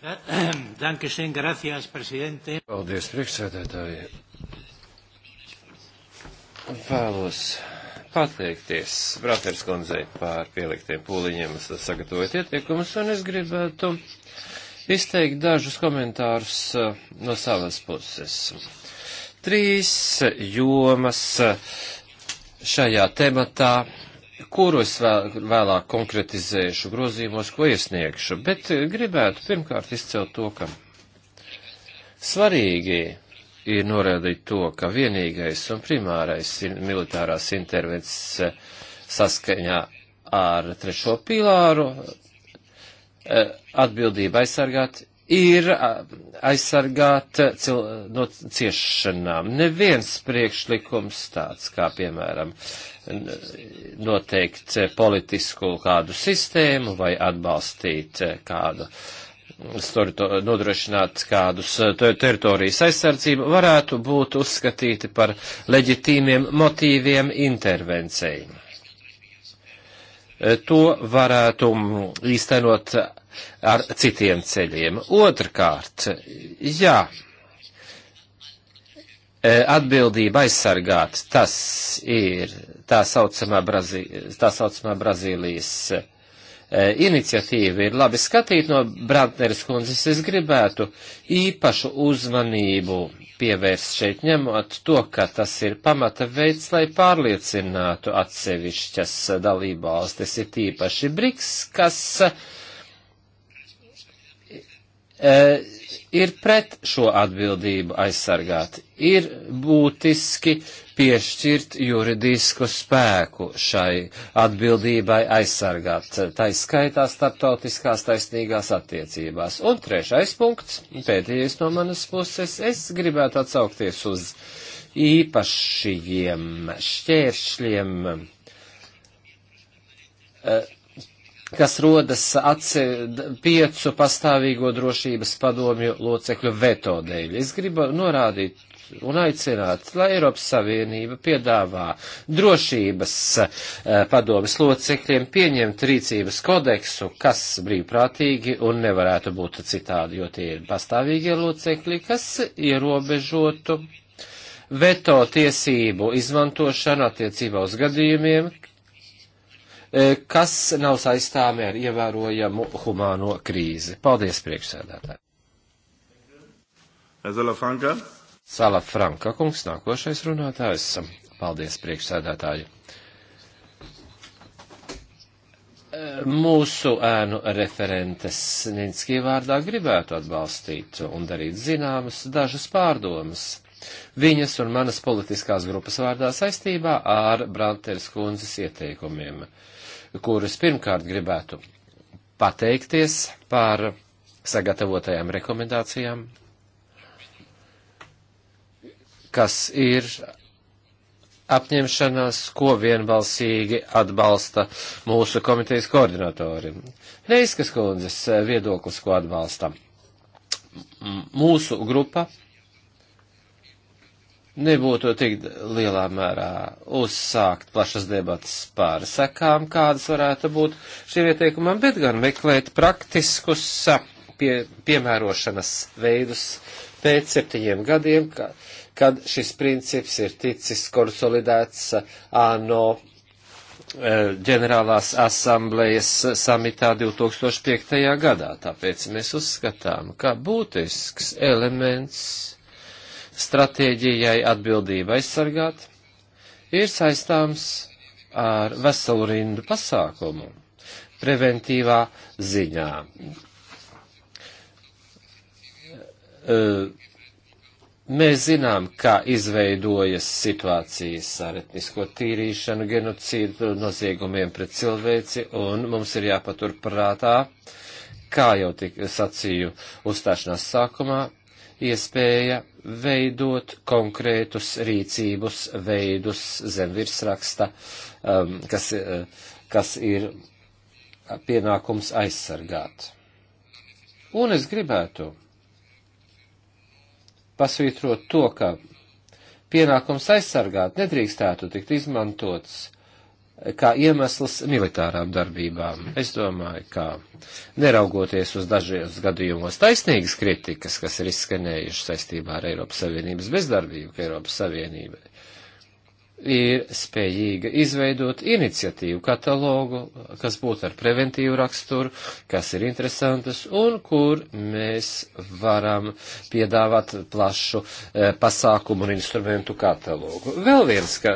Dankeschön, gracias, prezidente. Paldies, priekšsēdētāji. Vēlos pateikties Braters kundzei par pieliktiem pūliņiem, sagatavojot ieteikumus, un es gribētu izteikt dažus komentārus uh, no savas puses. Trīs jomas uh, šajā tematā kurus vēl, vēlāk konkretizēšu grozījumos, ko iesniegšu, bet gribētu pirmkārt izcelt to, ka svarīgi ir norādīt to, ka vienīgais un primārais militārās intervences saskaņā ar trešo pīlāru eh, atbildība aizsargāt ir aizsargāt cil, no ciešanām. Neviens priekšlikums tāds, kā piemēram noteikt politisku kādu sistēmu vai atbalstīt kādu nodrošināt kādus teritorijas aizsardzību, varētu būt uzskatīti par leģitīmiem motīviem intervencei. To varētu īstenot ar citiem ceļiem. Otrkārt, jā, e, atbildība aizsargāt, tas ir tā saucamā, Brazī, tā saucamā Brazīlijas e, iniciatīva ir labi skatīt no Brantneres kundzes. Es gribētu īpašu uzmanību pievērst šeit, ņemot to, ka tas ir pamata veids, lai pārliecinātu atsevišķas dalībvalstis, ir tīpaši Briks, kas uh, E, ir pret šo atbildību aizsargāt. Ir būtiski piešķirt juridisku spēku šai atbildībai aizsargāt, tai skaitā starptautiskās taisnīgās attiecībās. Un trešais punkts, pēdējais no manas puses, es gribētu atsaukties uz īpašajiem šķēršļiem. Uh, kas rodas atse, piecu pastāvīgo drošības padomju locekļu veto dēļ. Es gribu norādīt un aicināt, lai Eiropas Savienība piedāvā drošības eh, padomas locekļiem pieņemt rīcības kodeksu, kas brīvprātīgi un nevarētu būt citādi, jo tie ir pastāvīgie locekļi, kas ierobežotu veto tiesību izmantošanu attiecībā uz gadījumiem, Eh, kas nav saistāmi ar ievērojamu humāno krīzi. Paldies, priekšsēdētāji! Eh, Salafranka. Salafranka kungs, nākošais runātājs. Paldies, priekšsēdētāji! Eh, mūsu ēnu referentes Ninskī vārdā gribētu atbalstīt un darīt zināmas dažas pārdomas. Viņas un manas politiskās grupas vārdā saistībā ar Branteres kundzes ieteikumiem. Uh, kurus pirmkārt gribētu pateikties par sagatavotajām rekomendācijām, kas ir apņemšanās, ko vienbalsīgi atbalsta mūsu komitejas koordinatori. Neiskas kundzes viedoklis, ko atbalstam. Mūsu grupa nebūtu tik lielā mērā uzsākt plašas debatas par sekām, kādas varētu būt šiem ieteikumam, bet gan meklēt praktiskus uh, pie, piemērošanas veidus pēc septiņiem gadiem, ka, kad šis princips ir ticis konsolidēts uh, ANO uh, ģenerālās asamblejas samitā 2005. gadā. Tāpēc mēs uzskatām, ka būtisks elements stratēģijai atbildība aizsargāt ir saistāms ar veselu rindu pasākumu preventīvā ziņā. Eh, mēs zinām, kā izveidojas situācijas ar etnisko tīrīšanu, genocīdu, noziegumiem pret cilvēci, un mums ir jāpatur prātā, kā jau tik sacīju uzstāšanās sākumā, iespēja veidot konkrētus rīcības veidus zem virsraksta, um, kas, uh, kas ir pienākums aizsargāt. Un es gribētu pasvītrot to, ka pienākums aizsargāt nedrīkstētu tikt izmantots kā iemesls militārām darbībām. Es domāju, ka neraugoties uz dažos gadījumos taisnīgas kritikas, kas ir izskanējušas saistībā ar Eiropas Savienības bezdarbību, ka Eiropas Savienība ir spējīga izveidot iniciatīvu katalogu, kas būtu ar preventīvu raksturu, kas ir interesantas un kur mēs varam piedāvāt plašu e, pasākumu un instrumentu katalogu. Vēl viens ka,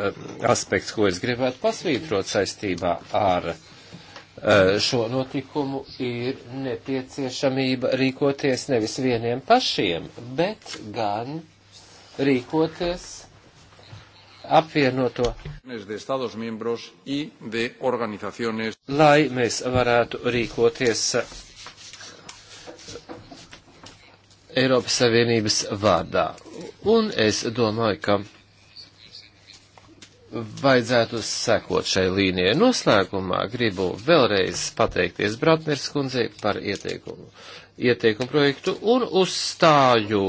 aspekts, ko es gribētu pasvītrot saistībā ar e, šo notikumu, ir nepieciešamība rīkoties nevis vieniem pašiem, bet gan rīkoties apvienoto, lai mēs varētu rīkoties Eiropas Savienības vārdā. Un es domāju, ka vajadzētu sekot šai līnijai. Noslēgumā gribu vēlreiz pateikties Bratmers kundzei par ieteikumu ieteikumu projektu un uzstāju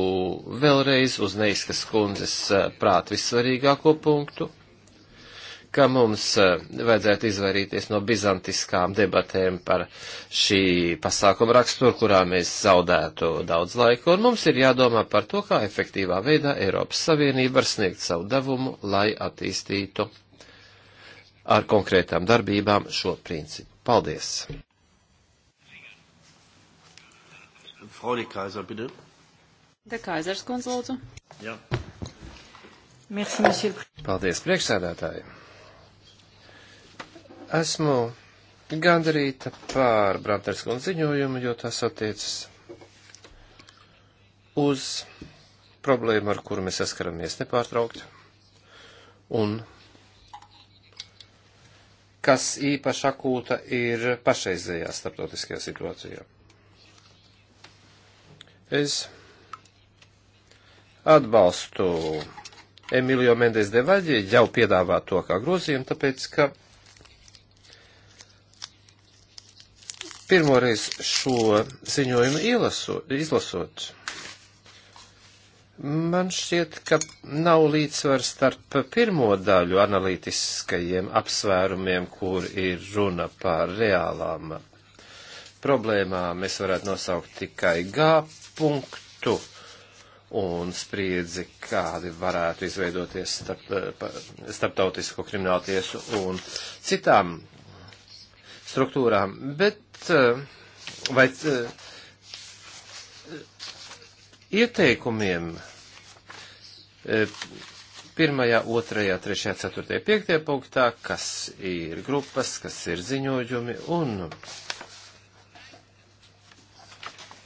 vēlreiz uz Neiskas kundzes eh, prāt vissvarīgāko punktu, ka mums eh, vajadzētu izvairīties no bizantiskām debatēm par šī pasākuma raksturu, kurā mēs zaudētu daudz laika, un mums ir jādomā par to, kā efektīvā veidā Eiropas Savienība var sniegt savu devumu, lai attīstītu ar konkrētām darbībām šo principu. Paldies! Frau de Kaiser, bitte. De Kaisers kundze, lūdzu. Jā. Merci, monsieur. Paldies, priekšsēdētāji. Esmu gandarīta pār Branters kundze ziņojumu, jo tas attiecas uz problēmu, ar kuru mēs saskaramies nepārtraukti. Un kas īpaši akūta ir pašreizējā starptautiskajā situācijā. Es atbalstu Emilio Mendes de Vaļie jau piedāvā to kā grozījumu, tāpēc, ka pirmoreiz šo ziņojumu ilaso, izlasot, man šķiet, ka nav līdzsvars starp pirmo daļu analītiskajiem apsvērumiem, kur ir runa par reālām problēmām. Es varētu nosaukt tikai GAP punktu un spriedzi, kādi varētu izveidoties starp, starptautisko krimināltiesu un citām struktūrām, bet eh, vai eh, ieteikumiem eh, pirmajā, otrajā, trešajā, ceturtajā, piektajā punktā, kas ir grupas, kas ir ziņojumi un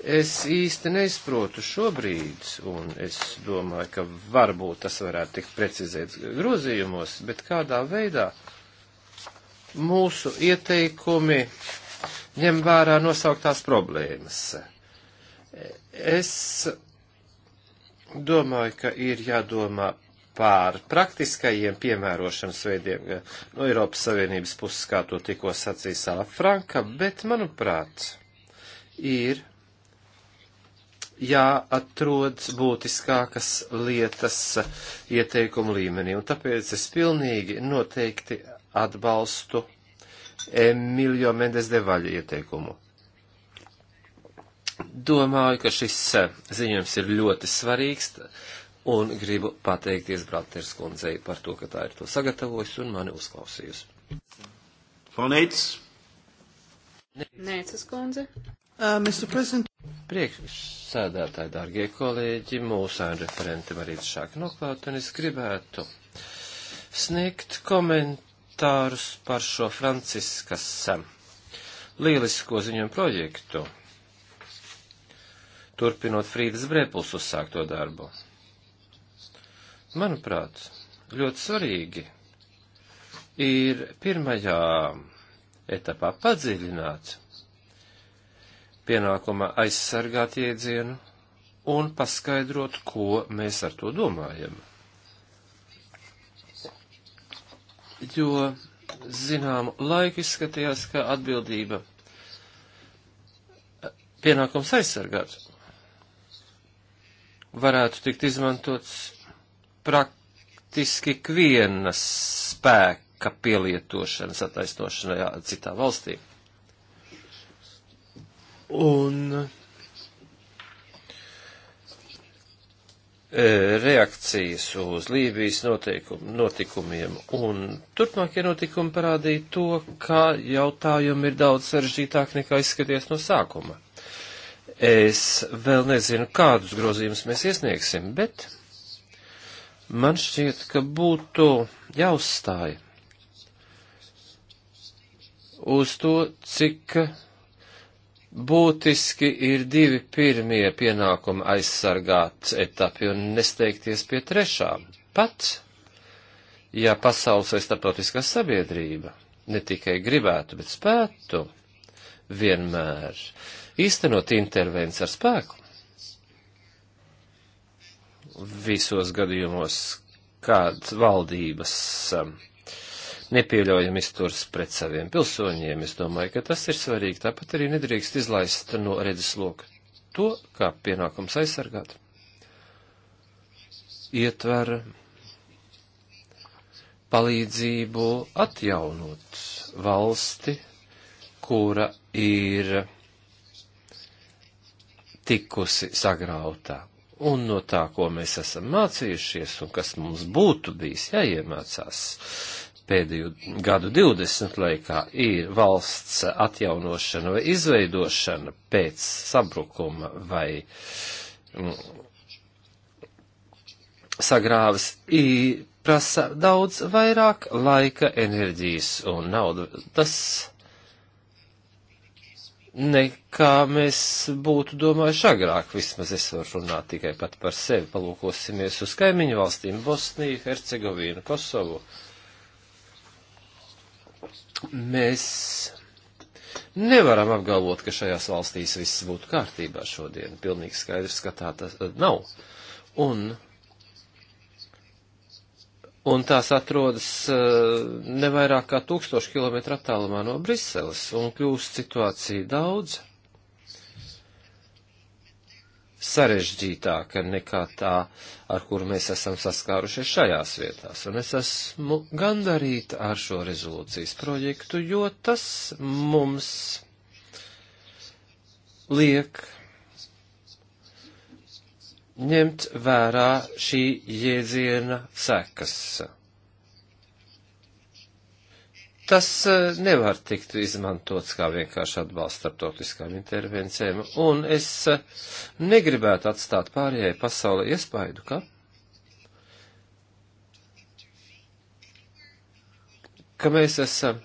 Es īsti neizprotu šobrīd, un es domāju, ka varbūt tas varētu tikt precizēts grozījumos, bet kādā veidā mūsu ieteikumi ņem vērā nosauktās problēmas. Es domāju, ka ir jādomā pār praktiskajiem piemērošanas veidiem no Eiropas Savienības puses, kā to tikko sacīja Sāla Franka, bet, manuprāt, ir jāatrod būtiskākas lietas ieteikumu līmenī. Un tāpēc es pilnīgi noteikti atbalstu Emilio Mendes de Vaļa ieteikumu. Domāju, ka šis eh, ziņojums ir ļoti svarīgs un gribu pateikties Branters kundzei par to, ka tā ir to sagatavojusi un mani uzklausījusi. Fonēts. Nēcas kundze. Uh, Mr. President, Priekšsēdētāji, dārgie kolēģi, mūsu referenti Marīta Šāka noklāt, un es gribētu sniegt komentārus par šo Franciskas eh, lielisko ziņojumu projektu, turpinot Frīdas Brēpuls uzsākto darbu. Manuprāt, ļoti svarīgi ir pirmajā etapā padziļināt pienākuma aizsargāt jēdzienu un paskaidrot, ko mēs ar to domājam. Jo, zinām, laika izskatījās, ka atbildība pienākums aizsargāt varētu tikt izmantots praktiski ikvienas spēka pielietošanas attaisnošanai citā valstī. Un e, reakcijas uz Lībijas noteikum, notikumiem, un turpmākie notikumi parādīja to, ka jautājumi ir daudz sarežģītāki nekā izskaties no sākuma. Es vēl nezinu, kādus grozījumus mēs iesniegsim, bet man šķiet, ka būtu jāuzstāja uz to, cik būtiski ir divi pirmie pienākumi aizsargāt etapi un nesteigties pie trešā. Pat, ja pasaules vai starptautiskā sabiedrība ne tikai gribētu, bet spētu vienmēr īstenot intervenciju ar spēku, visos gadījumos, kad valdības um, nepieļaujami izturs pret saviem pilsoņiem. Es domāju, ka tas ir svarīgi. Tāpat arī nedrīkst izlaist no redzesloka to, kā pienākums aizsargāt. Ietver palīdzību atjaunot valsti, kura ir tikusi sagrautā. Un no tā, ko mēs esam mācījušies un kas mums būtu bijis jāiemācās, pēdējo gadu 20 laikā ir valsts atjaunošana vai izveidošana pēc sabrukuma vai mm, sagrāvis prasa daudz vairāk laika, enerģijas un naudas nekā mēs būtu domājuši agrāk. Vismaz es varu runāt tikai pat par sevi. Palūkosimies uz kaimiņu valstīm - Bosniju, Hercegovinu, Kosovu. Uh, Mēs nevaram apgalvot, ka šajās valstīs viss būtu kārtībā šodien. Pilnīgi skaidrs, ka tā tas uh, nav. Un, un tās atrodas uh, nevairāk kā tūkstoši kilometru attālumā no Briseles un kļūst situācija daudz sarežģītāka nekā tā, ar kuru mēs esam saskārušies šajās vietās. Un es esmu gandarīta ar šo rezolūcijas projektu, jo tas mums liek ņemt vērā šī jēdziena sekas Tas eh, nevar tikt izmantots kā vienkārši atbalsts starptautiskām intervencijām, un es eh, negribētu atstāt pārējai pasaulē iespaidu, ka, ka mēs esam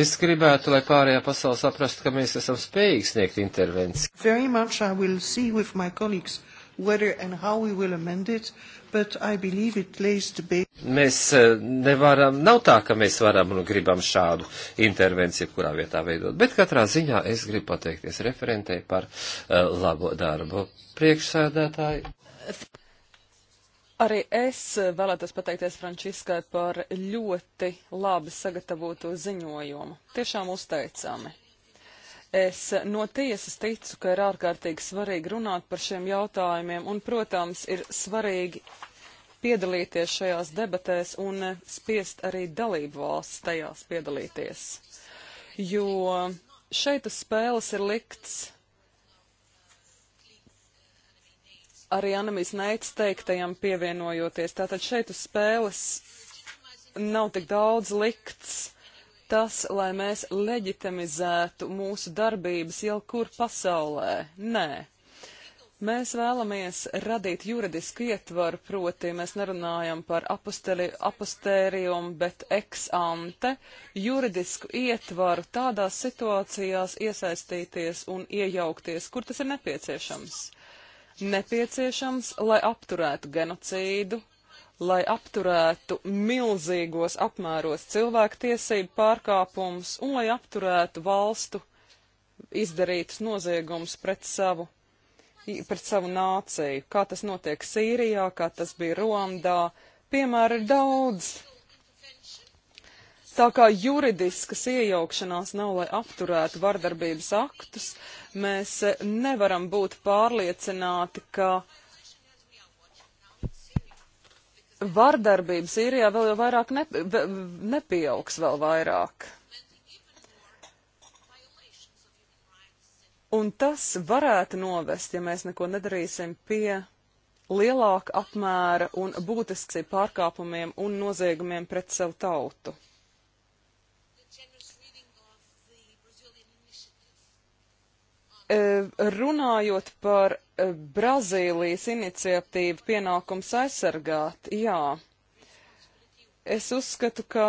Es gribētu, lai pārējā pasaule saprastu, ka mēs esam spējīgi sniegt intervenciju whether and how we will amend it, but I believe it lays the base. Mēs eh, nevaram, nav tā, ka mēs varam un gribam šādu intervenciju kurā vietā veidot, bet katrā ziņā es gribu pateikties referentei par uh, labo darbu. Priekšsēdētāji. Arī es eh, vēlētos pateikties Frančiskai par ļoti labi sagatavoto ziņojumu. Tiešām uzteicami. Es no tiesas ticu, ka ir ārkārtīgi svarīgi runāt par šiem jautājumiem, un, protams, ir svarīgi piedalīties šajās debatēs un eh, spiest arī dalību valsts tajās piedalīties. Jo šeit uz spēles ir likts arī Anemijas Neits teiktajam pievienojoties. Tātad šeit uz spēles nav tik daudz likts tas, lai mēs leģitimizētu mūsu darbības jau kur pasaulē. Nē. Mēs vēlamies radīt juridisku ietvaru, proti mēs nerunājam par apostēriumu, bet ex ante juridisku ietvaru tādās situācijās iesaistīties un iejaukties, kur tas ir nepieciešams. Nepieciešams, lai apturētu genocīdu, lai apturētu milzīgos apmēros cilvēktiesību pārkāpumus un lai apturētu valstu izdarītus noziegumus pret savu, pret savu nāciju, kā tas notiek Sīrijā, kā tas bija Ruandā. Piemēri ir daudz. Tā kā juridiskas iejaukšanās nav, lai apturētu vardarbības aktus, mēs nevaram būt pārliecināti, ka uh, vardarbība Sīrijā vēl jau vairāk ne, nepieaugs vēl vairāk. Un tas varētu novest, ja mēs neko nedarīsim pie lielāka apmēra un būtiski pārkāpumiem un noziegumiem pret savu tautu. E, runājot par e, Brazīlijas iniciatīvu pienākums aizsargāt, jā, es uzskatu, ka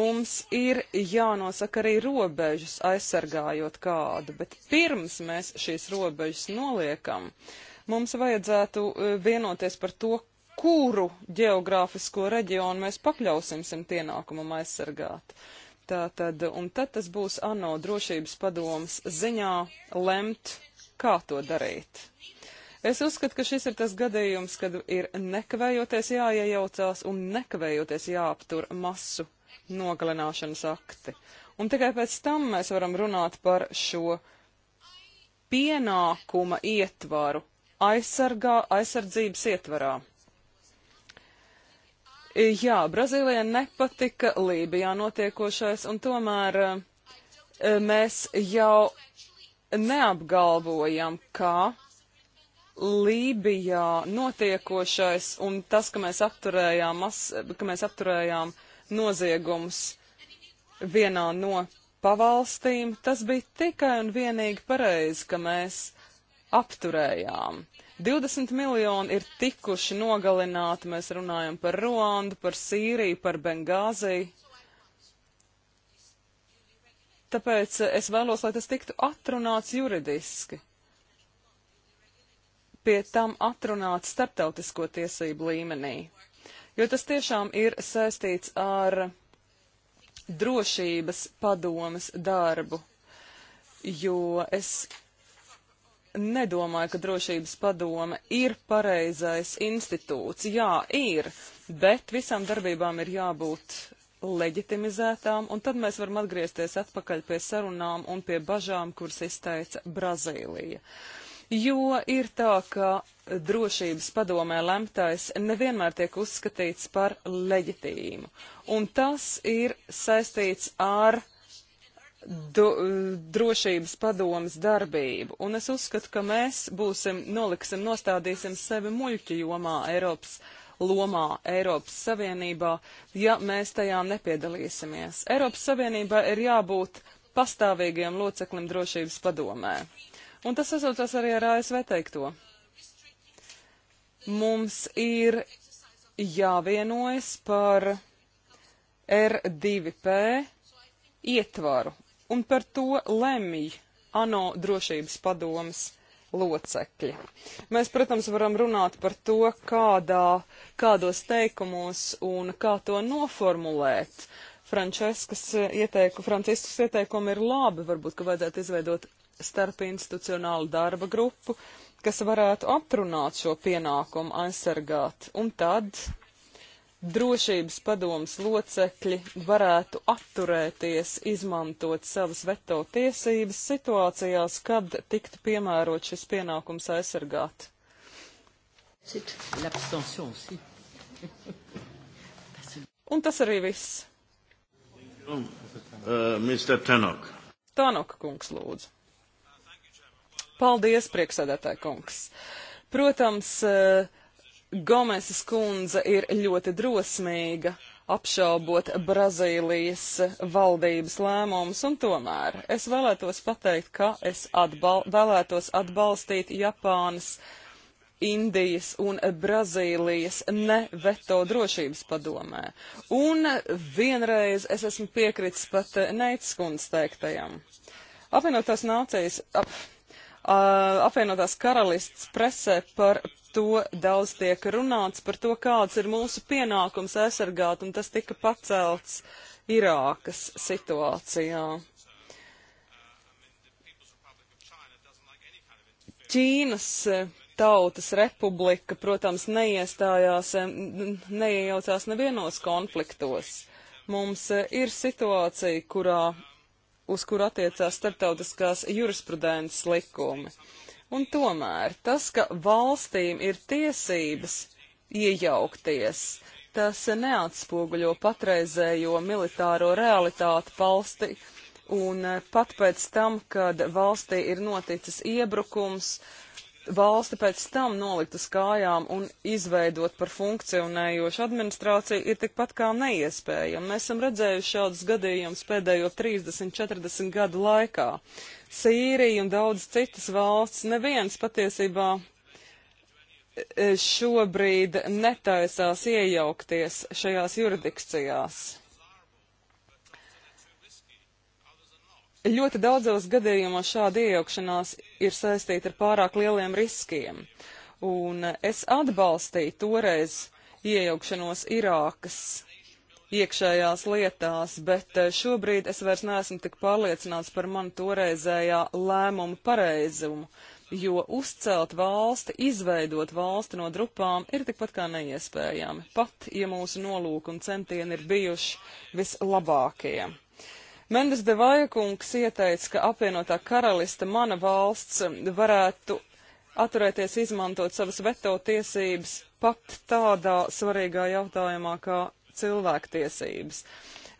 mums ir jānosaka arī robežas aizsargājot kādu, bet pirms mēs šīs robežas noliekam, mums vajadzētu e, vienoties par to, kuru geogrāfisko reģionu mēs pakļausim simt ienākumam aizsargāt. Uh, Tātad, un tad tas būs ANO drošības padomas ziņā lemt, kā to darīt. Es uzskatu, ka šis ir tas gadījums, kad ir nekavējoties jāiejaucās un nekavējoties jāaptur masu nogalināšanas akti. Un tikai pēc tam mēs varam runāt par šo pienākuma ietvaru aizsargā, aizsardzības ietvarā. Jā, Brazīlijai nepatika Lībijā notiekošais, un tomēr eh, mēs jau neapgalvojam, ka Lībijā notiekošais un tas, ka mēs apturējām, mas, ka mēs apturējām noziegums vienā no pavalstīm, tas bija tikai un vienīgi pareizi, ka mēs apturējām. 20 miljoni ir tikuši nogalināti, mēs runājam par Ruandu, par Sīriju, par Bengāziju. Tāpēc es vēlos, lai tas tiktu atrunāts juridiski. Pie tam atrunāts starptautisko tiesību līmenī. Jo tas tiešām ir saistīts ar drošības padomas darbu. Jo es nedomāju, ka drošības padome ir pareizais institūts. Jā, ir, bet visām darbībām ir jābūt leģitimizētām, un tad mēs varam atgriezties atpakaļ pie sarunām un pie bažām, kuras izteica Brazīlija. Jo ir tā, ka drošības padomē lemtais nevienmēr tiek uzskatīts par leģitīmu, un tas ir saistīts ar do, drošības padomas darbību. Un es uzskatu, ka mēs būsim, noliksim, nostādīsim sevi muļķu jomā Eiropas lomā Eiropas Savienībā, ja mēs tajā nepiedalīsimies. Eiropas Savienībā ir jābūt pastāvīgiem loceklim drošības padomē. Un tas sasaucās arī ar ASV teikto. Mums ir jāvienojas par R2P ietvaru, un par to lemj ANO drošības padomas locekļi. Mēs, protams, varam runāt par to, kādā, kādos teikumos un kā to noformulēt. Frančiskas eh, ieteiku, ieteikumi ir labi, varbūt, ka vajadzētu izveidot starpinstitucionālu darba grupu, kas varētu aprunāt šo pienākumu aizsargāt, un tad drošības padomas locekļi varētu atturēties izmantot savas veto tiesības situācijās, kad tiktu piemērot šis pienākums aizsargāt. Un tas arī viss. Uh, Tanok kungs lūdzu. Paldies, prieksēdētāji kungs. Protams, uh, Gomesas kundze ir ļoti drosmīga apšaubot Brazīlijas valdības lēmumus, un tomēr es vēlētos pateikt, ka es atbal vēlētos atbalstīt Japānas, Indijas un Brazīlijas neveto drošības padomē. Un vienreiz es esmu piekritis pat Neits kundz teiktajam. Apvienotās nācijas, ap, uh, apvienotās karalists presē par to daudz tiek runāts, par to, kāds ir mūsu pienākums aizsargāt, un tas tika pacelts Irākas situācijā. Ķīnas eh, Tautas republika, protams, neiestājās, eh, neiejaucās nevienos konfliktos. Mums eh, ir situācija, kurā, uz kur attiecās starptautiskās jurisprudences likumi. Uh, Un tomēr tas, ka valstīm ir tiesības iejaukties, tas neatspoguļo patreizējo militāro realitāti valsti. Un eh, pat pēc tam, kad valstī ir noticis iebrukums, uh, valsti pēc tam nolikt uz kājām un izveidot par funkcionējošu administrāciju ir tikpat kā neiespējami. Mēs esam redzējuši šādus gadījumus pēdējo 30-40 gadu laikā. Sīrija un daudz citas valsts, neviens patiesībā e, šobrīd netaisās iejaukties šajās juridikcijās. Ļoti daudzos gadījumos šāda iejaukšanās ir saistīta ar pārāk lieliem riskiem, un es atbalstīju toreiz iejaukšanos Irākas iekšējās lietās, bet eh, šobrīd es vairs neesmu tik pārliecināts par manu toreizējā lēmumu pareizumu, jo uzcelt valsti, izveidot valsti no drupām ir tikpat kā neiespējami, pat ja mūsu nolūki un centieni ir bijuši vislabākie. Mendes de Vajakungs ieteica, ka apvienotā karaliste mana valsts varētu atturēties izmantot savas veto tiesības pat tādā svarīgā jautājumā kā cilvēktiesības.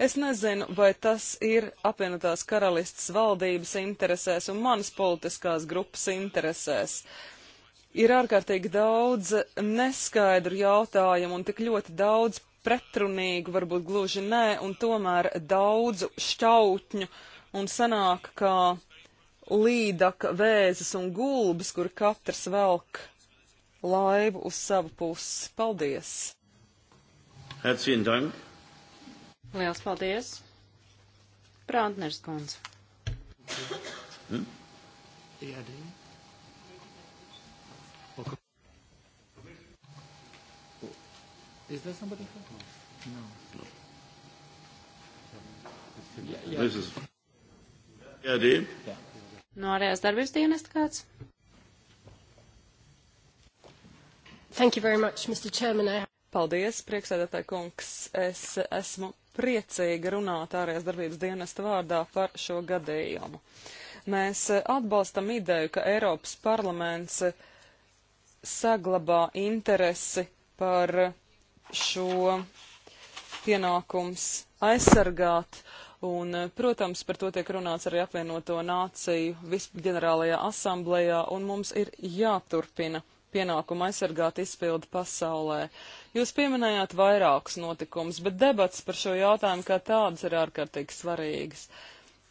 Es nezinu, vai tas ir apvienotās karalistas valdības interesēs un manas politiskās grupas interesēs. Ir ārkārtīgi daudz neskaidru jautājumu un tik ļoti daudz pretrunīgu, varbūt gluži nē, un tomēr daudzu šķautņu, un sanāk, ka līdaka vēzes un gulbis, kur katrs velk laivu uz savu pusi. Paldies! Herzlichen Dank! Liels paldies! Prātners kundze. Hmm? Iedien. Is there somebody here? No. no. Yeah, yeah. This is... Jā, Dīva. Yeah. No ārējās darbības dienesta kāds? Thank you very much, Mr. Chairman. I... Paldies, prieksēdētāji kungs. Es esmu priecīga runāt ārējās darbības dienesta vārdā par šo gadījumu. Mēs atbalstam ideju, ka Eiropas parlaments saglabā interesi par šo pienākums aizsargāt. Un, eh, protams, par to tiek runāts arī apvienoto nāciju visģenerālajā asamblējā, un mums ir jāturpina pienākumu aizsargāt izpildu pasaulē. Jūs pieminējāt vairākus notikumus, bet debats par šo jautājumu kā tādas ir ārkārtīgi svarīgas.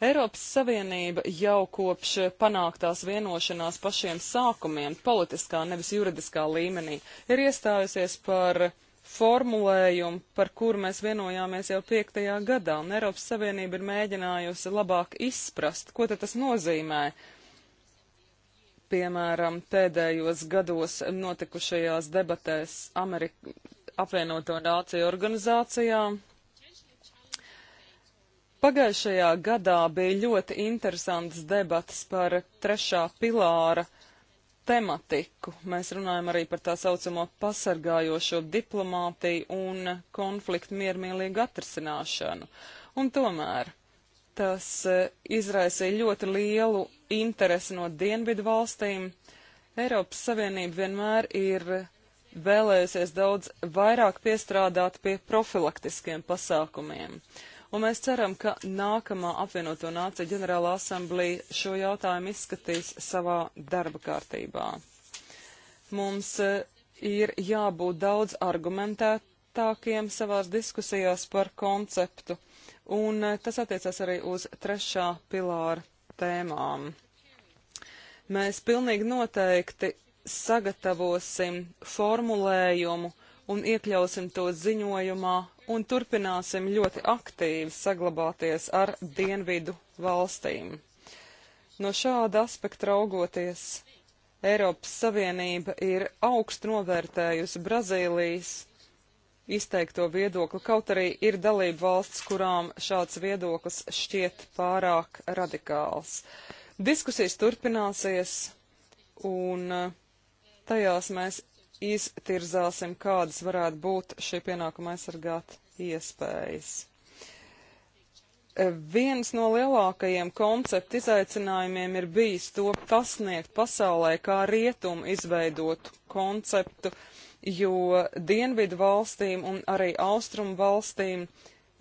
Eiropas Savienība jau kopš panāktās vienošanās pašiem sākumiem, politiskā, nevis juridiskā līmenī, ir iestājusies par formulējumu, par kuru mēs vienojāmies jau piektajā gadā, un Eiropas Savienība ir mēģinājusi labāk izprast, ko tad tas nozīmē. Piemēram, pēdējos gados notikušajās debatēs Amerika, apvienoto nāciju organizācijā. Pagājušajā gadā bija ļoti interesants debats par trešā pilāra uh, tematiku. Mēs runājam arī par tā saucamo pasargājošo diplomātiju un konfliktu miermīlīgu atrisināšanu. Un tomēr tas e, izraisīja ļoti lielu interesi no dienvidu valstīm. Eiropas Savienība vienmēr ir vēlējusies daudz vairāk piestrādāt pie profilaktiskiem pasākumiem un mēs ceram, ka nākamā apvienoto nācija ģenerāla asamblija šo jautājumu izskatīs savā darba kārtībā. Mums e, ir jābūt daudz argumentētākiem savās diskusijās par konceptu, un e, tas attiecas arī uz trešā pilāra tēmām. Mēs pilnīgi noteikti sagatavosim formulējumu un iekļausim to ziņojumā un turpināsim ļoti aktīvi saglabāties ar dienvidu valstīm. No šāda aspekta raugoties, Eiropas Savienība ir augstu novērtējusi Brazīlijas izteikto viedokli, kaut arī ir dalība valsts, kurām šāds viedoklis šķiet pārāk radikāls. Diskusijas turpināsies, un uh, tajās mēs iztirzāsim, kādas varētu būt šī pienākuma aizsargāt iespējas. E, viens no lielākajiem konceptu izaicinājumiem ir bijis to pasniegt pasaulē kā rietumu izveidotu konceptu, jo dienvidu valstīm un arī austrumu valstīm,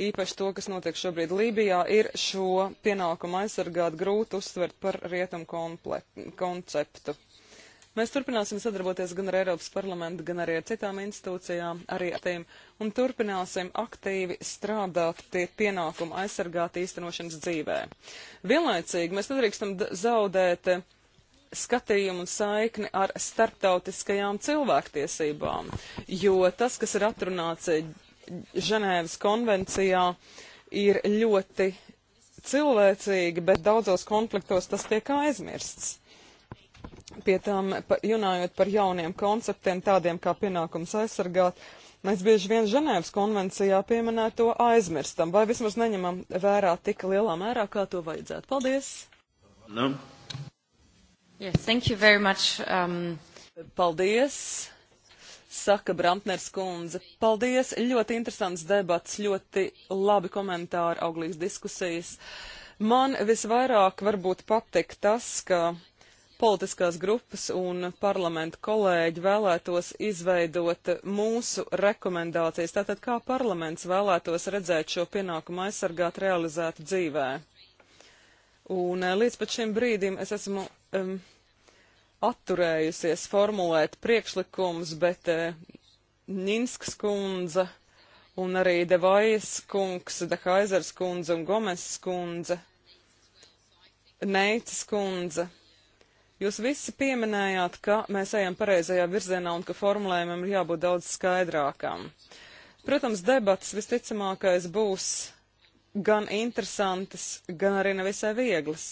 īpaši to, kas notiek šobrīd Lībijā, ir šo pienākumu aizsargāt grūti uztvert par rietumu konceptu. Mēs turpināsim sadarboties gan ar Eiropas parlamentu, gan arī ar citām institūcijām, arī ar tīm, un turpināsim aktīvi strādāt pie pienākuma aizsargāt īstenošanas dzīvē. Vienlaicīgi mēs nedrīkstam zaudēt eh, skatījumu un saikni ar starptautiskajām cilvēktiesībām, jo tas, kas ir atrunāts eh, Ženēvas konvencijā, ir ļoti cilvēcīgi, bet daudzos konfliktos tas tiek aizmirsts pie tām, runājot par jauniem konceptiem, tādiem kā pienākums aizsargāt, mēs bieži vien Ženēvas konvencijā pieminēto aizmirstam, vai vismaz neņemam vērā tik lielā mērā, kā to vajadzētu. Paldies! No. Nu? Yes, thank you very much. Um... Paldies! Saka Brantners kundze. Paldies! Ļoti interesants debats, ļoti labi komentāri, auglīgas diskusijas. Man visvairāk varbūt patika tas, ka politiskās grupas un parlamentu kolēģi vēlētos izveidot mūsu rekomendācijas, tātad kā parlaments vēlētos redzēt šo pienākumu aizsargāt realizētu dzīvē. Un eh, līdz pat šim brīdim es esmu um, atturējusies formulēt priekšlikumus, bet uh, eh, Ņinskas kundze un arī Devajas kungs, Dehaizers kundze un Gomes kundze, Neitas kundze Jūs visi pieminējāt, ka mēs ejam pareizajā virzienā un ka formulējumam ir jābūt daudz skaidrākam. Protams, debats visticamākais būs gan interesantas, gan arī nevisai vieglas.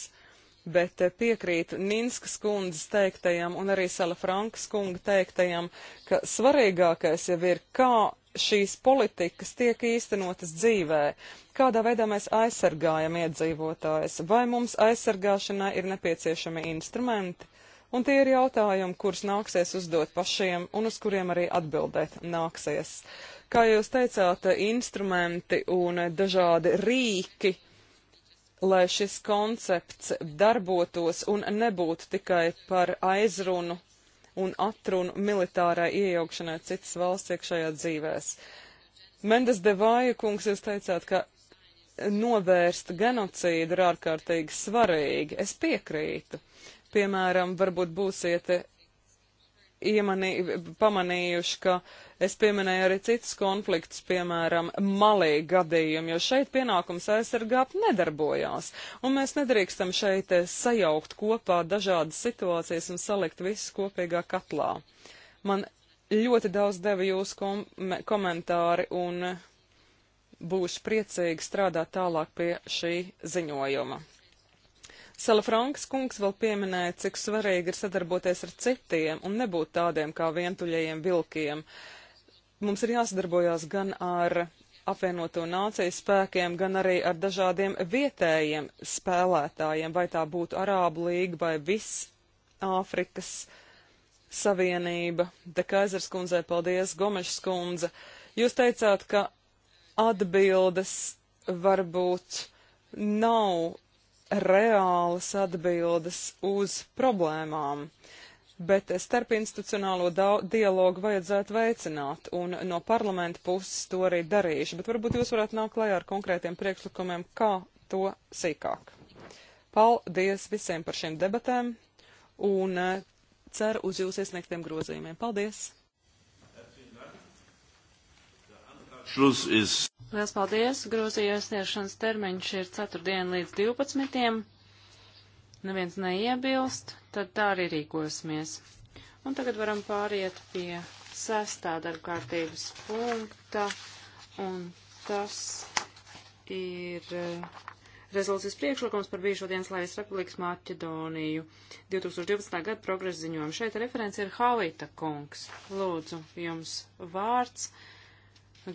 Bet piekrītu Ninskas kundzes teiktajam un arī Sala Frankas kunga teiktajam, ka svarīgākais jau ir, kā šīs politikas tiek īstenotas dzīvē, kādā veidā mēs aizsargājam iedzīvotājs, vai mums aizsargāšanai ir nepieciešami instrumenti, un tie ir jautājumi, kurus nāksies uzdot pašiem un uz kuriem arī atbildēt nāksies. Kā jūs teicāt, instrumenti un dažādi rīki, lai šis koncepts darbotos un nebūtu tikai par aizrunu un atrunu militārai iejaukšanai citas valsts iekšējā dzīvēs. Mendes de Vāja kungs, jūs teicāt, ka novērst genocīdu ir ārkārtīgi svarīgi. Es piekrītu. Piemēram, varbūt būsiet iemanī, pamanījuši, ka es pieminēju arī citus konfliktus, piemēram, malī gadījumu, jo šeit pienākums aizsargāt nedarbojās. Un mēs nedrīkstam šeit eh, sajaukt kopā dažādas situācijas un salikt visus kopīgā katlā. Man ļoti daudz deva jūsu kom komentāri un eh, būšu priecīgi strādāt tālāk pie šī ziņojuma. Salafrankas kungs vēl pieminēja, cik svarīgi ir sadarboties ar citiem un nebūt tādiem kā vientuļajiem vilkiem. Mums ir jāsadarbojās gan ar apvienoto nāciju spēkiem, gan arī ar dažādiem vietējiem spēlētājiem, vai tā būtu Arābu līga vai viss Āfrikas savienība. De Kaisers kundzei paldies, Gomešs kundze. Jūs teicāt, ka atbildes varbūt nav reālas atbildes uz problēmām. Bet starpinstitucionālo dialogu vajadzētu veicināt, un no parlamenta puses to arī darīšu. Bet varbūt jūs varētu nākt klajā ar konkrētiem priekšlikumiem, kā to sīkāk. Paldies visiem par šīm debatēm, un eh, ceru uz jūsu iesniegtiem grozījumiem. Paldies! is... Liels paldies! Grūzija iesniešanas termiņš ir 4 diena līdz 12. Neviens neiebilst, tad tā arī rīkosimies. Un tagad varam pāriet pie sestā darbkārtības punkta, un tas ir eh, rezolūcijas priekšlikums par bijušo Dienaslāvijas republikas Maķedoniju 2012. gada progresa ziņojumu. Šeit referents ir Havita kungs. Lūdzu, jums vārds. Uh,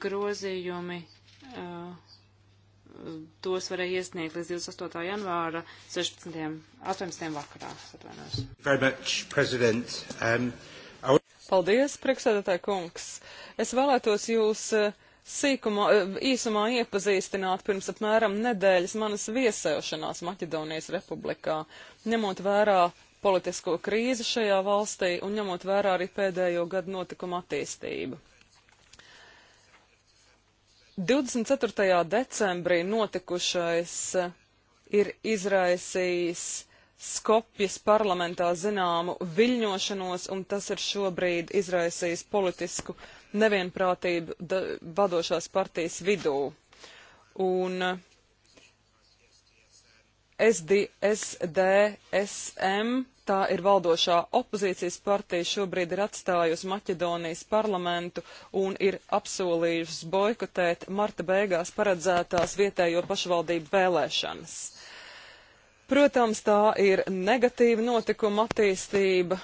grozījumi uh, tos varēja iesniegt līdz 28. janvāra 16. 18. vakarā. Atvainojos. Um, our... Paldies, priekšsēdētāji kungs. Es vēlētos jūs uh, sīkumā, uh, īsumā iepazīstināt pirms apmēram nedēļas manas viesēšanās Maķedonijas republikā, ņemot vērā politisko krīzi šajā valstī un ņemot vērā arī pēdējo gadu notikumu attīstību. 24. decembrī notikušais eh, ir izraisījis Skopjas parlamentā zināmu viļņošanos, un tas ir šobrīd izraisījis politisku nevienprātību vadošās partijas vidū. Un eh, SD, SDSM tā ir valdošā opozīcijas partija, šobrīd ir atstājusi Maķedonijas parlamentu un ir apsolījusi boikotēt marta beigās paredzētās vietējo pašvaldību vēlēšanas. Protams, tā ir negatīva notikuma attīstība,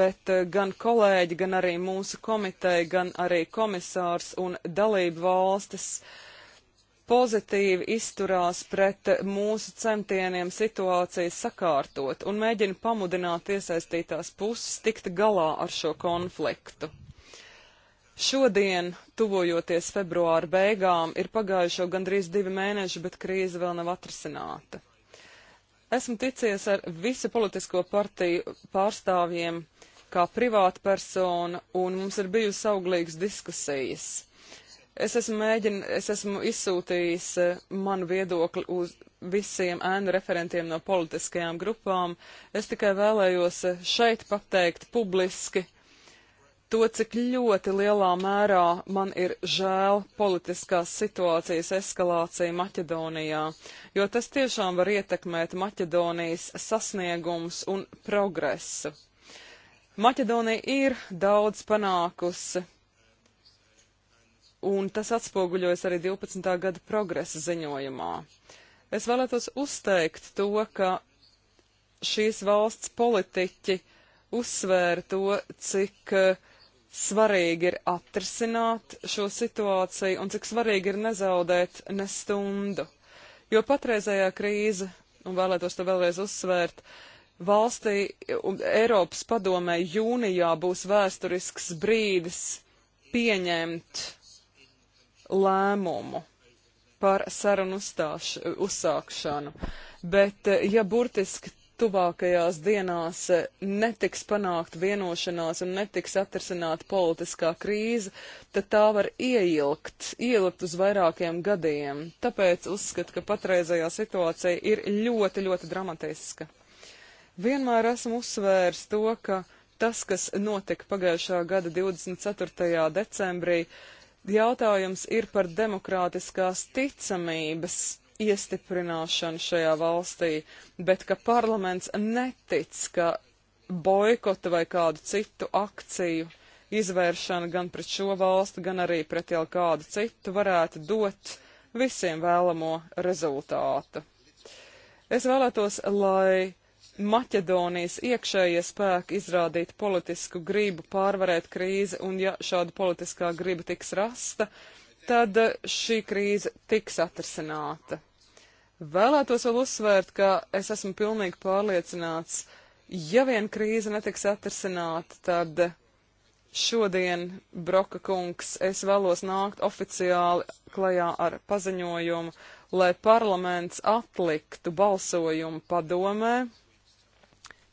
bet eh, gan kolēģi, gan arī mūsu komiteja, gan arī komisārs un dalību valstis uh, pozitīvi izturās pret mūsu centieniem situācijas sakārtot un mēģina pamudināt iesaistītās puses tikt galā ar šo konfliktu. Šodien, tuvojoties februāra beigām, ir pagājušo gandrīz divi mēneši, bet krīze vēl nav atrisināta. Esmu ticies ar visu politisko partiju pārstāvjiem kā privāta persona, un mums ir bijusi auglīgas diskusijas. Es esmu, mēģin, es esmu izsūtījis eh, manu viedokli uz visiem ēnu referentiem no politiskajām grupām. Es tikai vēlējos eh, šeit pateikt publiski to, cik ļoti lielā mērā man ir žēl politiskās situācijas eskalācija Maķedonijā, jo tas tiešām var ietekmēt Maķedonijas sasniegums un progresu. Maķedonija ir daudz panākusi un tas atspoguļojas arī 12. gada progresa ziņojumā. Es vēlētos uzteikt to, ka šīs valsts politiķi uzsvēra to, cik eh, svarīgi ir atrisināt šo situāciju un cik svarīgi ir nezaudēt ne stundu. Jo patreizējā krīze, un vēlētos to vēlreiz uzsvērt, valstī Eiropas padomē jūnijā būs vēsturisks brīdis pieņemt lēmumu par sarunu uzstāš, uzsākšanu, bet eh, ja burtiski tuvākajās dienās eh, netiks panākt vienošanās un netiks atrisināt politiskā krīze, tad tā var ieilgt, ielikt uz vairākiem gadiem. Tāpēc uzskatu, ka patreizējā situācija ir ļoti, ļoti dramatiska. Vienmēr esmu uzsvērs to, ka tas, kas notika pagājušā gada 24. decembrī, uh, jautājums ir par demokrātiskās ticamības iestiprināšanu šajā valstī, bet ka parlaments netic, ka boikota vai kādu citu akciju izvēršana gan pret šo valstu, gan arī pret jau kādu citu varētu dot visiem vēlamo rezultātu. Es vēlētos, lai Maķedonijas iekšējie spēki izrādīt politisku gribu pārvarēt krīzi, un ja šāda politiskā griba tiks rasta, tad eh, šī krīze tiks atrisināta. Vēlētos vēl uzsvērt, ka es esmu pilnīgi pārliecināts, ja vien krīze netiks atrisināta, tad šodien, Broka kungs, es vēlos nākt oficiāli klajā ar paziņojumu, lai parlaments atliktu balsojumu padomē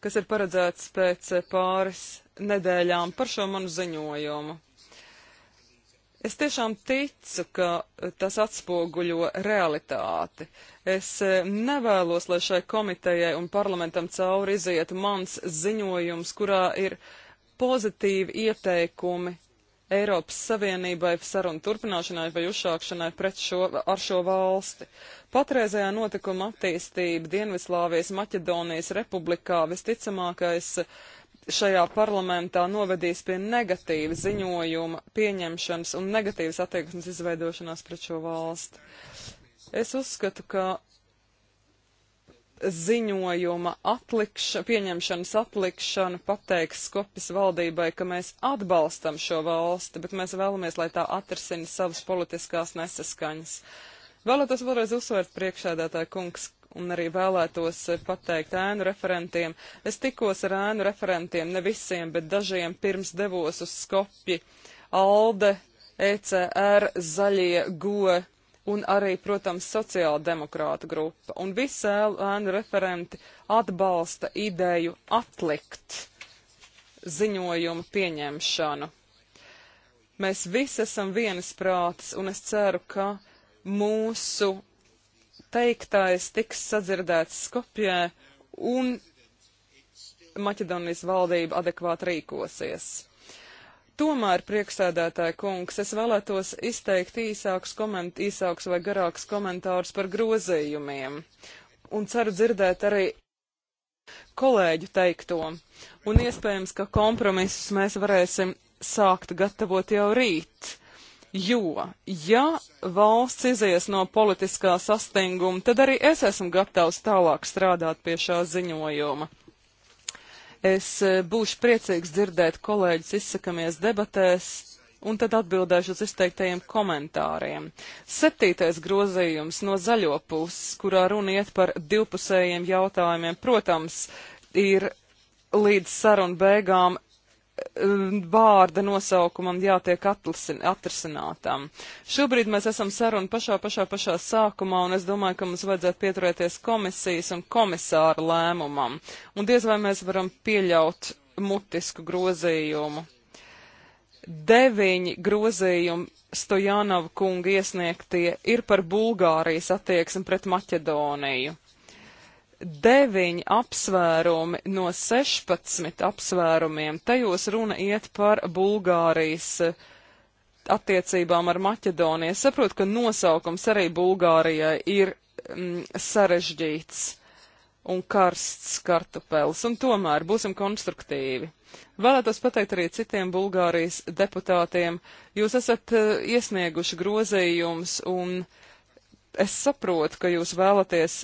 kas ir paredzēts pēc pāris nedēļām par šo manu ziņojumu. Es tiešām ticu, ka tas atspoguļo realitāti. Es e, nevēlos, lai šai komitejai un parlamentam cauri izietu mans ziņojums, kurā ir pozitīvi ieteikumi Eiropas Savienībai sarunu turpināšanai vai uzsākšanai pret šo, ar šo valsti. Patreizējā notikuma attīstība Dienvidslāvijas Maķedonijas republikā visticamākais šajā parlamentā novedīs pie negatīva ziņojuma pieņemšanas un negatīvas attieksmes izveidošanās pret šo valsti. Es uzskatu, ka ziņojuma atlikša, pieņemšanas atlikšanu pateiks Skopis valdībai, ka mēs atbalstam šo valsti, bet mēs vēlamies, lai tā atrasina savas politiskās nesaskaņas. Vēlētos vēlreiz uzsvērt priekšēdētāju kungs un arī vēlētos pateikt ēnu referentiem. Es tikos ar ēnu referentiem, ne visiem, bet dažiem pirms devos uz Skopju. Alde, ECR, Zaļie, GOE un arī, protams, sociāla demokrāta grupa. Un visi ēnu referenti atbalsta ideju atlikt ziņojumu pieņemšanu. Mēs visi esam vienisprātis, un es ceru, ka mūsu teiktais tiks sadzirdēts Skopjē un Maķedonijas valdība adekvāti rīkosies. Tomēr, prieksēdētāja kungs, es vēlētos izteikt īsāks, koment, īsāks vai garāks komentārs par grozījumiem. Un ceru dzirdēt arī kolēģu teikto. Un iespējams, ka kompromisus mēs varēsim sākt gatavot jau rīt. Jo, ja valsts izies no politiskā sastinguma, tad arī es esmu gatavs tālāk strādāt pie šā ziņojuma. Es eh, būšu priecīgs dzirdēt kolēģis izsakamies debatēs, un tad atbildēšu uz izteiktajiem komentāriem. Septītais grozījums no zaļo puses, kurā runa iet par divpusējiem jautājumiem, protams, ir līdz sarunu beigām vārda um, nosaukumam jātiek atrisinātam. Šobrīd mēs esam sarunu pašā, pašā, pašā sākumā, un es domāju, ka mums vajadzētu pieturēties komisijas un komisāra lēmumam. Un diez vai mēs varam pieļaut mutisku grozījumu. Deviņi grozījumi Stojanova kunga iesniegtie ir par Bulgārijas attieksmi pret Maķedoniju. 9 apsvērumi no 16 apsvērumiem. Tajos runa iet par Bulgārijas eh, attiecībām ar Maķedoniju. Es saprotu, ka nosaukums arī Bulgārijai ir mm, sarežģīts un karsts kartupēlis, un tomēr būsim konstruktīvi. Vēlētos pateikt arī citiem Bulgārijas deputātiem, jūs esat eh, iesnieguši grozījums, un es saprotu, ka jūs vēlaties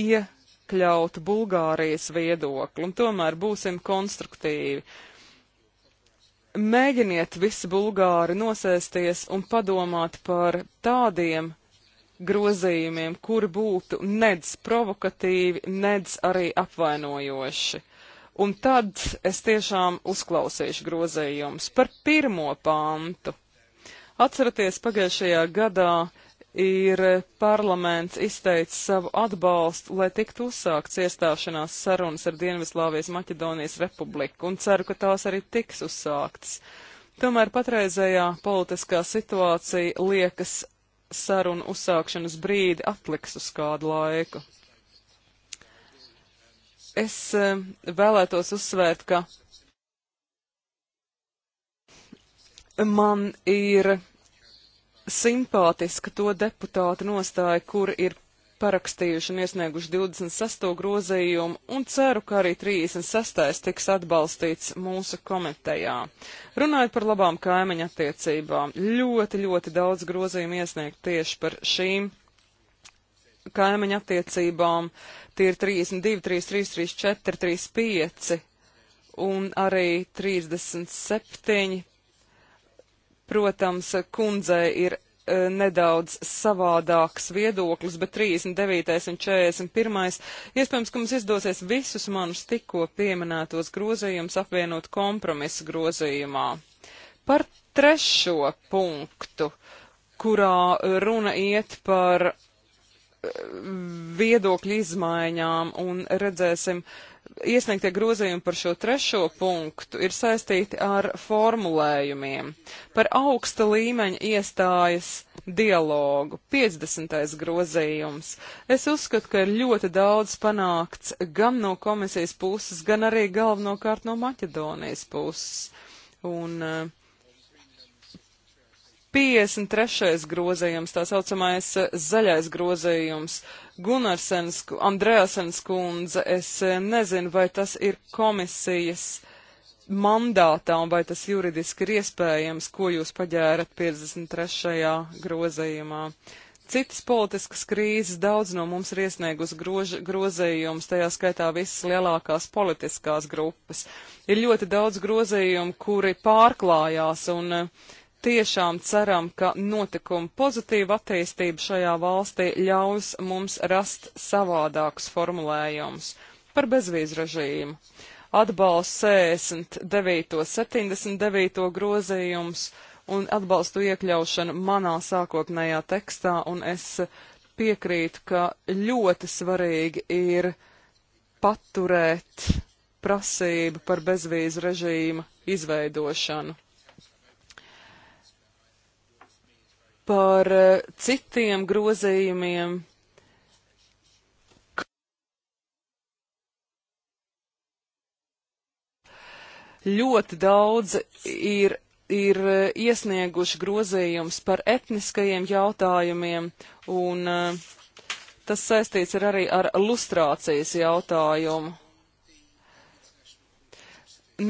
ie iekļaut Bulgārijas viedokli, un tomēr būsim konstruktīvi. Mēģiniet visi bulgāri nosēsties un padomāt par tādiem grozījumiem, kuri būtu nedz provokatīvi, nedz arī apvainojoši. Un tad es tiešām uzklausīšu grozījumus par pirmo pāntu. Atceraties, pagājušajā gadā uh, ir parlaments izteicis savu atbalstu, lai tiktu uzsākts iestāšanās sarunas ar Dienvidslāvijas Maķedonijas republiku, un ceru, ka tās arī tiks uzsāktas. Tomēr patreizējā politiskā situācija liekas sarunu uzsākšanas brīdi atliks uz kādu laiku. Es eh, vēlētos uzsvērt, ka man ir simpātiska to deputātu nostāja, kur ir parakstījuši un iesnieguši 26. grozījumu, un ceru, ka arī 36. tiks atbalstīts mūsu komitejā. Runājot par labām kaimiņa attiecībām, ļoti, ļoti daudz grozījumu iesniegt tieši par šīm kaimiņa attiecībām. Tie ir 32, 33, 34, 35 un arī 37, Protams, kundzei ir e, nedaudz savādāks viedoklis, bet 39. un 41. iespējams, ka mums izdosies visus manus tikko pieminētos grozījumus apvienot kompromisa grozījumā. Par trešo punktu, kurā runa iet par e, viedokļu izmaiņām un redzēsim, uh, iesniegtie grozījumi par šo trešo punktu ir saistīti ar formulējumiem par augsta līmeņa iestājas dialogu. 50. grozījums. Es uzskatu, ka ir ļoti daudz panākts gan no komisijas puses, gan arī galvenokārt no Maķedonijas puses. Un uh, 53. grozējums, tā saucamais eh, zaļais grozējums, Gunarsens, Andrēsens kundze, es eh, nezinu, vai tas ir komisijas mandātā un vai tas juridiski ir iespējams, ko jūs paģērat 53. grozējumā. Citas politiskas krīzes daudz no mums ir iesniegus grož, grozējums, tajā skaitā visas lielākās politiskās grupas. Ir ļoti daudz grozējumu, kuri pārklājās, un eh, tiešām ceram, ka notikuma pozitīva attīstība šajā valstī ļaus mums rast savādākus formulējumus par bezvīzu režīmu. Atbalsts 69. 79. grozījums un atbalstu iekļaušanu manā sākotnējā tekstā, un es piekrītu, ka ļoti svarīgi ir paturēt prasību par bezvīzu režīmu izveidošanu. par eh, citiem grozījumiem. Ļoti daudz ir, ir eh, iesnieguši grozījums par etniskajiem jautājumiem, un eh, tas saistīts ir arī ar lustrācijas jautājumu.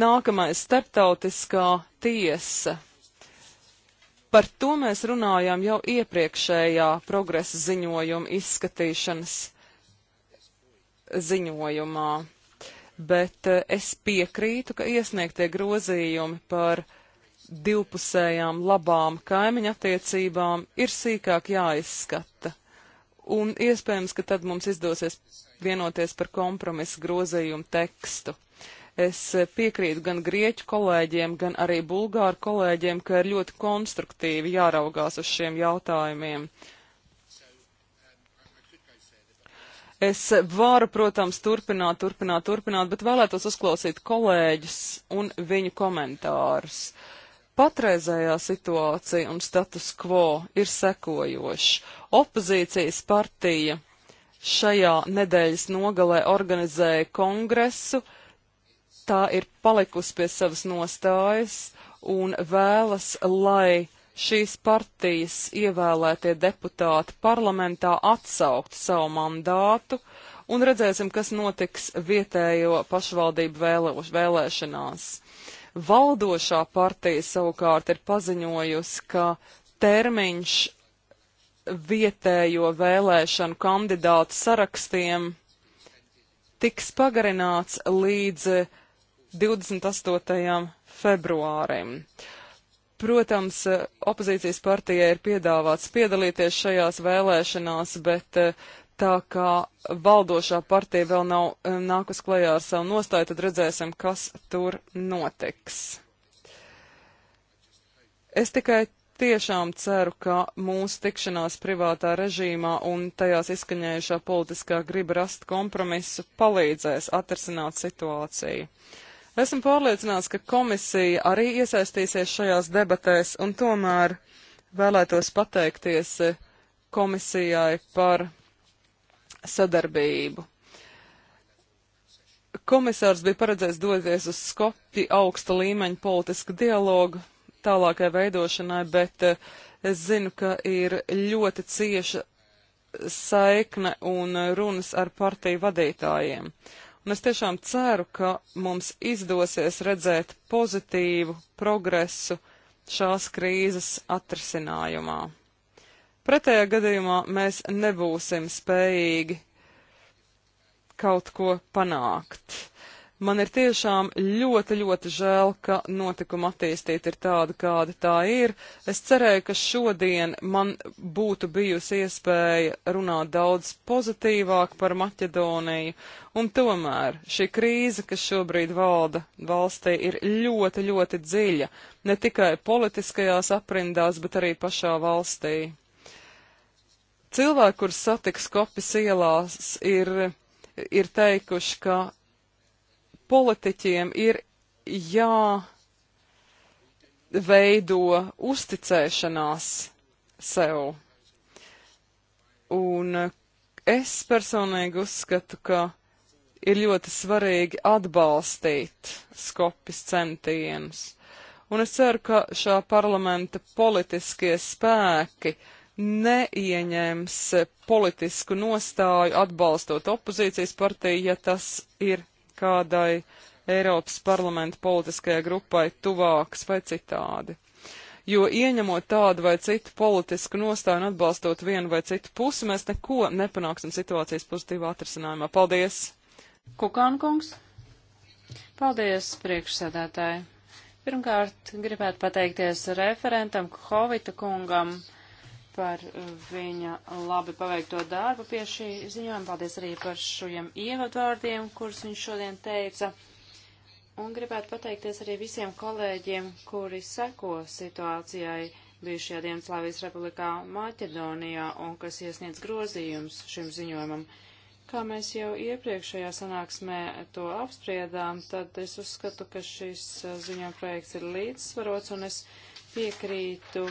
Nākamais starptautiskā tiesa. Par to mēs runājām jau iepriekšējā progresa ziņojuma izskatīšanas ziņojumā, bet eh, es piekrītu, ka iesniegtie grozījumi par divpusējām labām kaimiņa attiecībām ir sīkāk jāizskata. Un iespējams, ka tad mums izdosies vienoties par kompromisu grozījumu tekstu. Es piekrītu gan grieķu kolēģiem, gan arī bulgāru kolēģiem, ka ir ļoti konstruktīvi jāraugās uz šiem jautājumiem. Es varu, protams, turpināt, turpināt, turpināt, bet vēlētos uzklausīt kolēģis un viņu komentārus. Patreizējā situācija un status quo ir sekojoši. Opozīcijas partija šajā nedēļas nogalē organizēja kongresu, tā ir palikusi pie savas nostājas un vēlas, lai šīs partijas ievēlētie deputāti parlamentā atsaukt savu mandātu, un redzēsim, kas notiks vietējo pašvaldību vēloš, vēlēšanās. Valdošā partija savukārt ir paziņojusi, ka termiņš vietējo vēlēšanu kandidātu sarakstiem tiks pagarināts līdz 28. februārim. Protams, opozīcijas partijai ir piedāvāts piedalīties šajās vēlēšanās, bet eh, tā kā valdošā partija vēl nav eh, nākus klajā ar savu nostāju, tad redzēsim, kas tur notiks. Es tikai tiešām ceru, ka mūsu tikšanās privātā režīmā un tajās izskaņējušā politiskā griba rast kompromisu palīdzēs atrisināt situāciju. Esmu pārliecināts, ka komisija arī iesaistīsies šajās debatēs, un tomēr vēlētos pateikties eh, komisijai par sadarbību. Komisārs bija paredzējis doties uz Skopti augsta līmeņa politisku dialogu tālākai veidošanai, bet eh, es zinu, ka ir ļoti cieša saikne un runas ar partiju vadītājiem. Uh, Un es tiešām ceru, ka mums izdosies redzēt pozitīvu progresu šās krīzes atrisinājumā. Pretējā gadījumā mēs nebūsim spējīgi kaut ko panākt. Man ir tiešām ļoti, ļoti žēl, ka notikuma attīstīta ir tāda, kāda tā ir. Es cerēju, ka šodien man būtu bijusi iespēja runāt daudz pozitīvāk par Maķedoniju, un tomēr šī krīze, kas šobrīd valda valstī, ir ļoti, ļoti dziļa, ne tikai politiskajās aprindās, bet arī pašā valstī. Cilvēki, kurus satiks kopis ielās, ir ir teikuši, ka politiķiem ir jāveido uzticēšanās sev. Un es personīgi uzskatu, ka ir ļoti svarīgi atbalstīt Skopis centienus. Un es ceru, ka šā parlamenta politiskie spēki neieņems politisku nostāju atbalstot opozīcijas partiju, ja tas ir kādai Eiropas parlamenta politiskajai grupai tuvāks vai citādi. Jo ieņemot tādu vai citu politisku nostāju un atbalstot vienu vai citu pusi, mēs neko nepanāksim situācijas pozitīvā atrisinājumā. Paldies! Kukankungs! Paldies, priekšsēdētāji! Pirmkārt, gribētu pateikties referentam Kovita kungam par uh, viņa labi paveikto darbu pie šī ziņojuma. Paldies arī par šiem ievadvārdiem, kurus viņš šodien teica. Un gribētu pateikties arī visiem kolēģiem, kuri seko situācijai bijušajā Dienaslāvijas republikā Maķedonijā un kas iesniedz grozījums šim ziņojumam. Kā mēs jau iepriekšējā sanāksmē to apspriedām, tad es uzskatu, ka šis uh, ziņojuma projekts ir līdzsvarots un es piekrītu uh,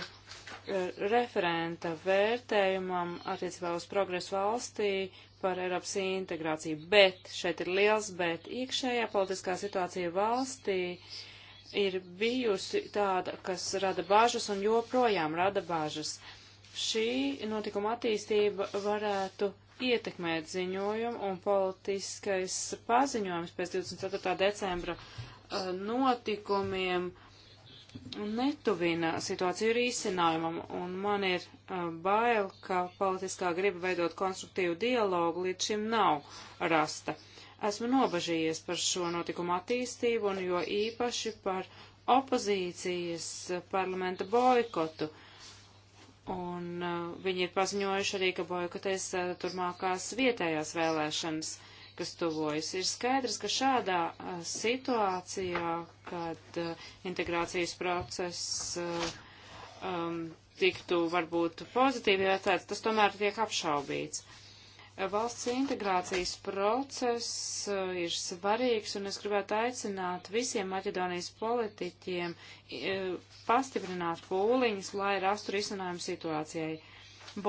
referenta vērtējumam attiecībā uz progresu valstī par Eiropas integrāciju. Bet, šeit ir liels bet, iekšējā politiskā situācija valstī ir bijusi tāda, kas rada bažas un joprojām rada bažas. Šī notikuma attīstība varētu ietekmēt ziņojumu, un politiskais paziņojums pēc 24. decembra eh, notikumiem netuvina situāciju risinājumam, un man ir eh, bail, ka politiskā griba veidot konstruktīvu dialogu līdz šim nav rasta. Esmu nobažījies par šo notikumu attīstību, un jo īpaši par opozīcijas eh, parlamenta boikotu. Uh, Un uh, viņi ir paziņojuši arī, ka boikotēs uh, turmākās vietējās vēlēšanas, kas tuvojas. Ir skaidrs, ka šādā uh, situācijā, kad uh, integrācijas process uh, um, tiktu varbūt pozitīvi vērtēts, tas tomēr tiek apšaubīts. Uh, Valsts integrācijas process eh, ir svarīgs, un es gribētu aicināt visiem Maķedonijas politiķiem eh, pastiprināt pūliņus, lai rastu risinājumu situācijai.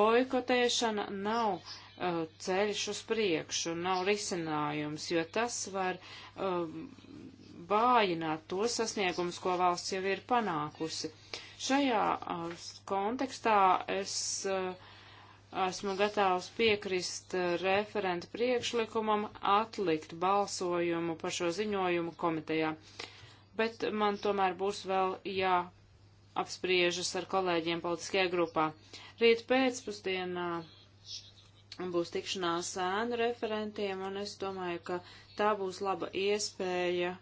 Boikotēšana nav eh, ceļš uz priekšu, nav risinājums, jo tas var vājināt tos sasniegumus, ko valsts jau ir panākusi. Šajā kontekstā es uh, esmu gatavs piekrist eh, referenta priekšlikumam atlikt balsojumu par šo ziņojumu komitejā. Bet man tomēr būs vēl jāapspriežas ar kolēģiem politiskajā grupā. Rīt pēcpusdienā būs tikšanās ēnu referentiem, un es domāju, ka tā būs laba iespēja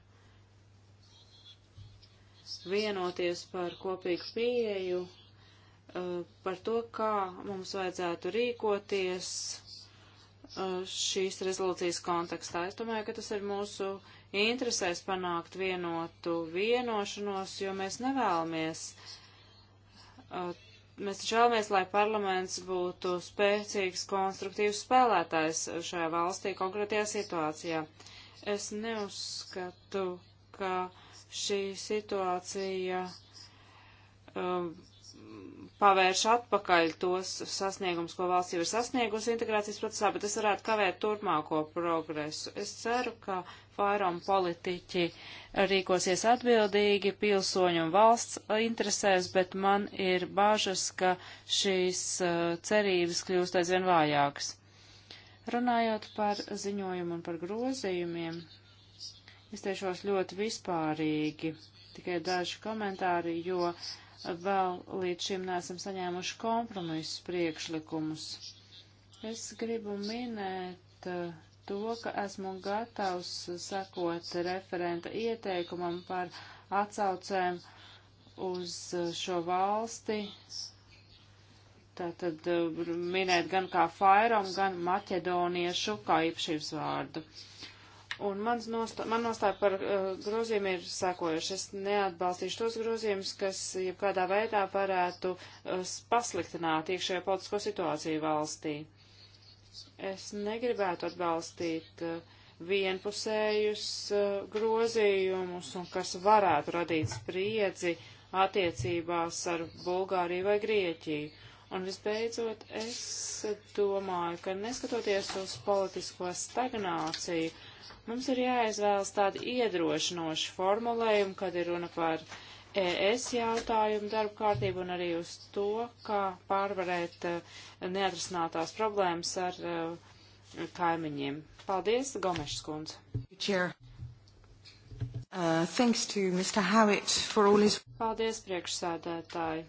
vienoties par kopīgu pieeju Eh, par to, kā mums vajadzētu rīkoties eh, šīs rezolūcijas kontekstā. Es domāju, ka tas ir mūsu interesēs panākt vienotu vienošanos, jo mēs nevēlamies. Eh, mēs taču vēlamies, lai parlaments būtu spēcīgs, konstruktīvs spēlētājs šajā valstī konkrētajā situācijā. Es neuzskatu, ka šī situācija um, pavērš atpakaļ tos sasniegums, ko valsts jau ir sasniegusi integrācijas procesā, bet tas varētu kavēt turpmāko progresu. Es ceru, ka fairom politiķi rīkosies atbildīgi pilsoņu un valsts interesēs, bet man ir bažas, ka šīs uh, cerības kļūst aizvien vājākas. Runājot par ziņojumu un par grozījumiem, es tiešos ļoti vispārīgi, tikai daži komentāri, jo uh, vēl līdz šim neesam saņēmuši kompromisus priekšlikumus. Es gribu minēt eh, to, ka esmu gatavs sekot referenta ieteikumam par atsaucēm uz eh, šo valsti, tātad eh, minēt gan kā fairom, gan maķedoniešu kā īpašības vārdu. Uh, Un mans nostā, man nostāja par uh, grozījumiem ir sekojuši. Es neatbalstīšu tos grozījumus, kas jebkādā veidā varētu uh, pasliktināt iekšējo politisko situāciju valstī. Es negribētu atbalstīt uh, vienpusējus uh, grozījumus, un kas varētu radīt spriedzi attiecībās ar Bulgāriju vai Grieķiju. Un visbeidzot, es domāju, ka neskatoties uz politisko stagnāciju, Mums ir jāizvēlas tādi iedrošinoši formulējumi, kad ir runa par ES jautājumu darba kārtību un arī uz to, kā pārvarēt eh, neatrisinātās problēmas ar eh, kaimiņiem. Paldies, Gomešs kundze. Uh, his... Paldies, priekšsēdētāji.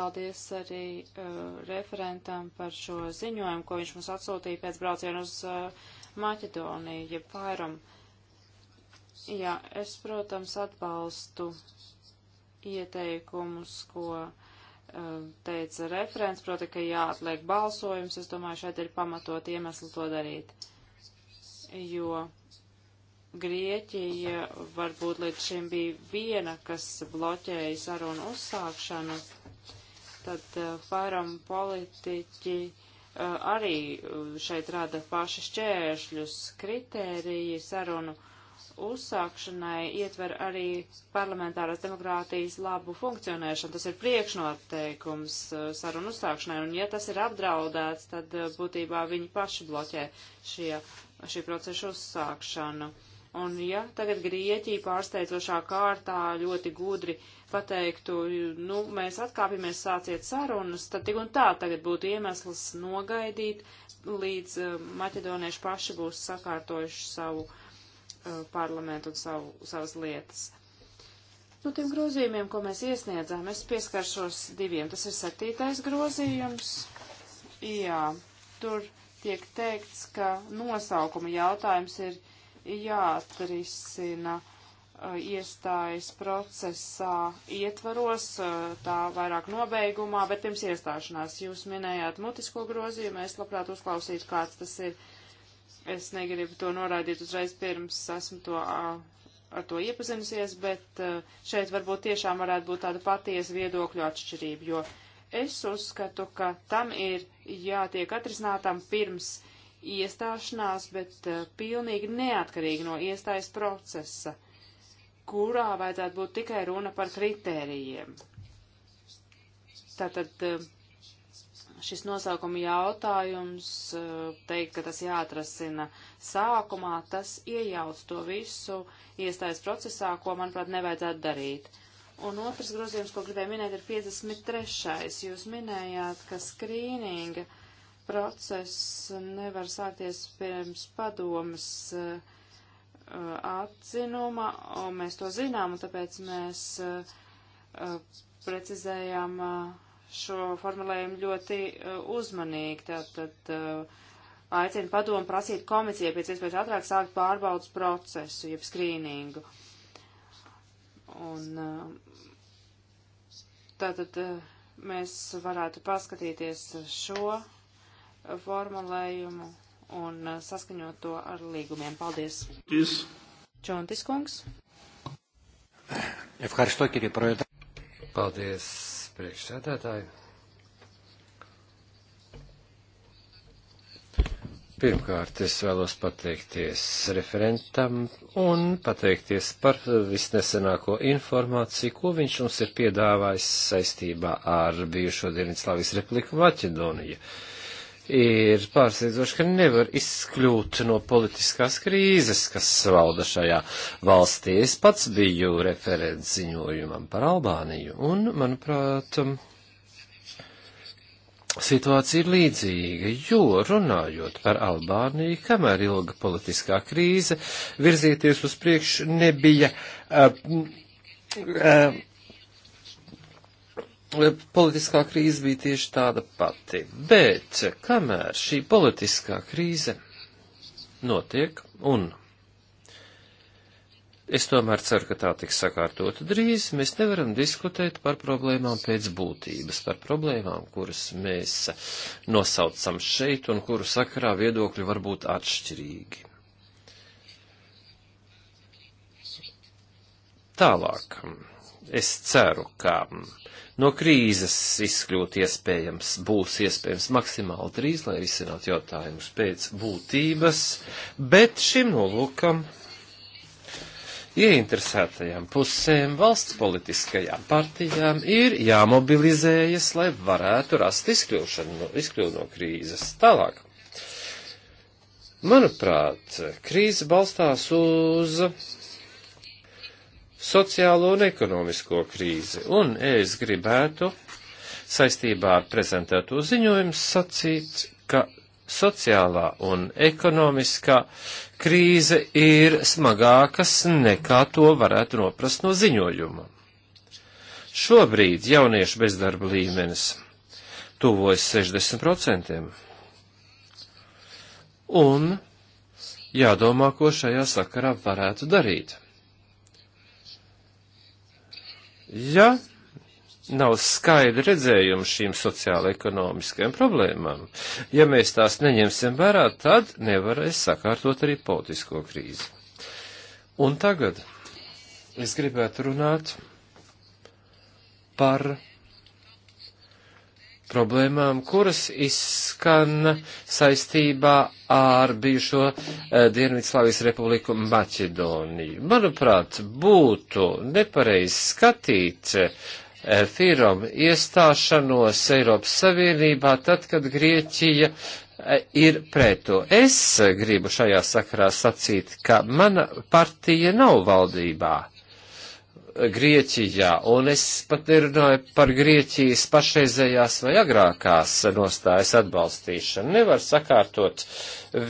Paldies arī uh, referentam par šo ziņojumu, ko viņš mums atsūtīja pēc brauciena uz uh, Maķedoniju, jeb Fairam. Jā, es, protams, atbalstu ieteikumus, ko um, teica referents, proti, ka jāatliek balsojums. Es domāju, šeit ir pamatot iemesli to darīt, jo Grieķija varbūt līdz šim bija viena, kas bloķēja sarunu uzsākšanu. Tad varam uh, politiķi arī šeit rada paši šķēršļus, kritēriji sarunu uzsākšanai ietver arī parlamentārās demokrātijas labu funkcionēšanu. Tas ir priekšnoteikums sarunu uzsākšanai, un ja tas ir apdraudēts, tad būtībā viņi paši bloķē šie, šī procesa uzsākšanu. Un ja tagad Grieķija pārsteidzošā kārtā ļoti gudri uh, pateiktu, nu, mēs atkāpjamies, sāciet sarunas, tad tik un tā tagad būtu iemesls nogaidīt, līdz uh, maķedonieši paši būs sakārtojuši savu uh, parlamentu un savu, savas lietas. Nu, tiem grozījumiem, ko mēs iesniedzām, es pieskaršos diviem. Tas ir septītais grozījums. Jā, tur tiek teikts, ka nosaukuma jautājums ir jāatrisina. Uh, Uh, iestājas procesā ietvaros, uh, tā vairāk nobeigumā, bet pirms iestāšanās jūs minējāt mutisko grozījumu, es labprāt uzklausītu, kāds tas ir. Es negribu to noraidīt uzreiz pirms esmu to uh, ar to iepazinusies, bet šeit varbūt tiešām varētu būt tāda patiesa viedokļu atšķirība, jo es uzskatu, ka tam ir jātiek atrisinātam pirms iestāšanās, bet pilnīgi neatkarīgi no iestājas procesa. Uh, kurā vajadzētu būt tikai runa par kritērijiem. Tātad eh, šis nosaukuma jautājums, eh, teikt, ka tas jāatrasina sākumā, tas iejauc to visu iestājas procesā, ko, manuprāt, nevajadzētu darīt. Un otrs grozījums, ko gribēju minēt, ir 53. Jūs minējāt, ka skrīninga process nevar sākties pirms padomas uh, atzinuma, un mēs to zinām, un tāpēc mēs precizējām šo formulējumu ļoti uzmanīgi. Tātad aicina padomu prasīt komisijai pēc iespējas ātrāk sākt pārbaudas procesu, jeb skrīningu. Un tātad mēs varētu paskatīties šo formulējumu un uh, saskaņot to ar līgumiem. Paldies! Yes. Čontis kungs. Paldies, priekšsēdētāji. Pirmkārt, es vēlos pateikties referentam un pateikties par visnesenāko informāciju, ko viņš mums ir piedāvājis saistībā ar bijušo Dienvidslāvijas republiku Maķedoniju. Uh, ir pārsteidzoši, ka nevar izkļūt no politiskās krīzes, kas valda šajā valstī. Es pats biju referents ziņojumam par Albāniju, un, manuprāt, um, situācija ir līdzīga, jo runājot par Albāniju, kamēr ilga politiskā krīze, virzieties uz priekšu nebija. Uh, uh, Eh, politiskā krīze bija tieši tāda pati. Bet kamēr šī politiskā krīze notiek, un es tomēr ceru, ka tā tiks sakārtota drīz, mēs nevaram diskutēt par problēmām pēc būtības, par problēmām, kuras mēs nosaucam šeit un kuru sakarā viedokļi var būt atšķirīgi. Tālāk. Es ceru, ka no krīzes izkļūt iespējams, būs iespējams maksimāli drīz, lai risinātu jautājumus pēc būtības, bet šim nolūkam ieinteresētajām pusēm, valsts politiskajām partijām ir jāmobilizējas, lai varētu rast izkļūšanu no, izkļūt no krīzes. Tālāk. Manuprāt, krīze balstās uz sociālo un ekonomisko krīzi, un es gribētu saistībā ar prezentēto ziņojumu sacīt, ka sociālā un ekonomiskā krīze ir smagākas nekā to varētu noprast no ziņojuma. Šobrīd jauniešu bezdarba līmenis tuvojas 60%. Un jādomā, ko šajā sakarā varētu darīt. Ja nav skaidri redzējumi šīm sociāla-ekonomiskajām problēmām, ja mēs tās neņemsim vērā, tad nevarēs sakārtot arī politisko krīzi. Un tagad es gribētu runāt par problēmām, kuras izskan saistībā ar bijušo eh, Dienvidslāvijas republiku Maķedoniju. Manuprāt, būtu nepareizi skatīt eh, Firom iestāšanos Eiropas Savienībā tad, kad Grieķija eh, ir pretu. Es gribu šajā sakarā sacīt, ka mana partija nav valdībā Grieķijā, un es pat nerunāju par Grieķijas pašreizējās vai agrākās nostājas atbalstīšanu. Nevar sakārtot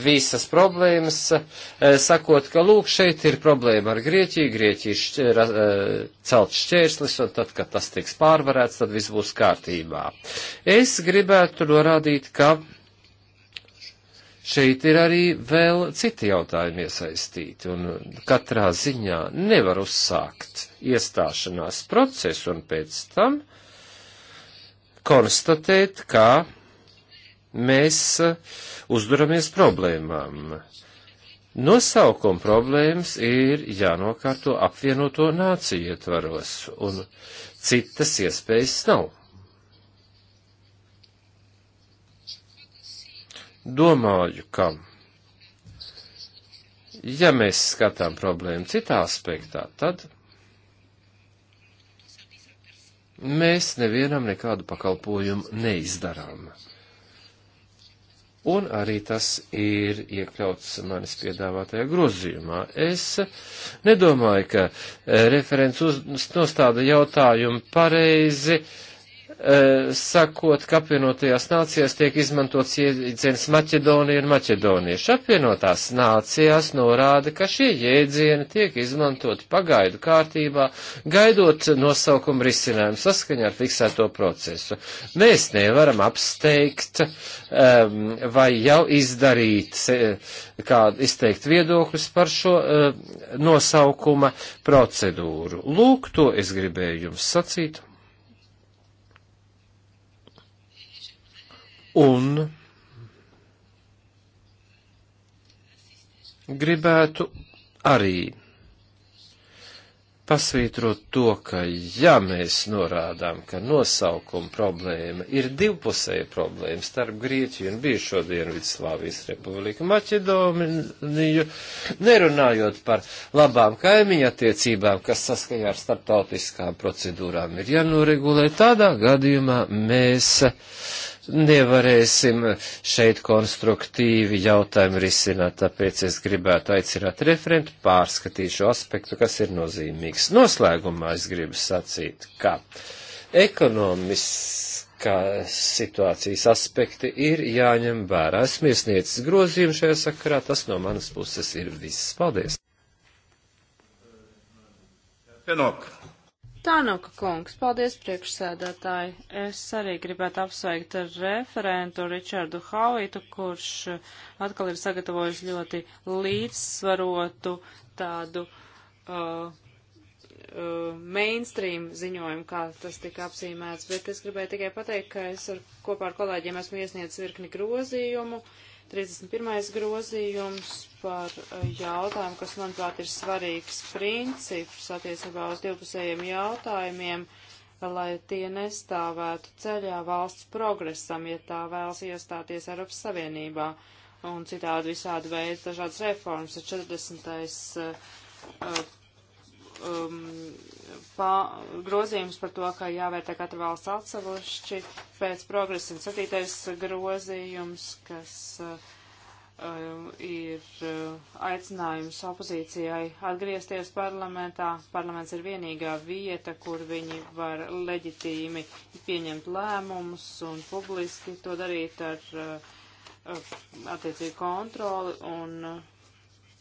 visas problēmas, e, sakot, ka lūk, šeit ir problēma ar Grieķiju, Grieķijas šķēra, e, e, celt šķērslis, un tad, kad tas tiks pārvarēts, tad viss būs kārtībā. Es gribētu norādīt, ka Šeit ir arī vēl citi jautājumi iesaistīti, un katrā ziņā nevar uzsākt iestāšanās procesu un pēc tam konstatēt, kā mēs uh, uzduramies problēmām. Nosaukuma problēmas ir jānokārto apvienoto nāciju ietvaros, un citas iespējas nav. domāju, ka, ja mēs skatām problēmu citā aspektā, tad mēs nevienam nekādu pakalpojumu neizdarām. Un arī tas ir iekļauts manis piedāvātajā grozījumā. Es nedomāju, ka referents uz, nostāda jautājumu pareizi. Uh, Eh, sakot, ka apvienotajās nācijās tiek izmantots jēdziens Maķedonija un maķedonieši. Apvienotās nācijās norāda, ka šie jēdzieni tiek izmantoti pagaidu kārtībā, gaidot nosaukumu risinājumu saskaņā ar fiksēto procesu. Mēs nevaram apsteigt um, vai jau izdarīt kādu izteikt viedokļus par šo um, nosaukuma procedūru. Lūk, to es gribēju jums sacīt. Un gribētu arī pasvītrot to, ka ja mēs norādām, ka nosaukuma problēma ir divpusēja problēma starp Grieķiju un bijušo Dienvidslāvijas republiku Maķedoniju, nerunājot par labām kaimiņa attiecībām, kas saskaņā ar starptautiskām procedūrām ir jānoregulē, ja tādā gadījumā mēs nevarēsim šeit konstruktīvi jautājumu risināt, tāpēc es gribētu aicināt referentu pārskatīt šo aspektu, kas ir nozīmīgs. Noslēgumā es gribu sacīt, ka ekonomiskā situācijas aspekti ir jāņem vērā. Esmu iesniedzis grozījumu šajā sakarā, tas no manas puses ir viss. Paldies! Penok. Tānoka kungs, paldies priekšsēdētāji. Es arī gribētu apsveikt ar referentu Ričardu Hauitu, kurš atkal ir sagatavojis ļoti līdzsvarotu tādu uh, uh, mainstream ziņojumu, kā tas tika apzīmēts, bet es gribēju tikai pateikt, ka es ar, kopā ar kolēģiem esmu iesniedzis virkni grozījumu. Uh, 31. grozījums par eh, jautājumu, kas, manuprāt, ir svarīgs princips attiecībā uz divpusējiem jautājumiem, lai tie nestāvētu ceļā valsts progresam, ja tā vēlas iestāties Eiropas Savienībā un citādi visādi veidi dažādas reformas. 40 um, pā, grozījums par to, ka jāvērtē katra valsts atsevišķi pēc progresa. Un septītais grozījums, kas uh, um, ir uh, aicinājums opozīcijai atgriezties parlamentā. Parlaments ir vienīgā vieta, kur viņi var leģitīmi pieņemt lēmumus un publiski to darīt ar uh, uh attiecīgu kontroli un uh,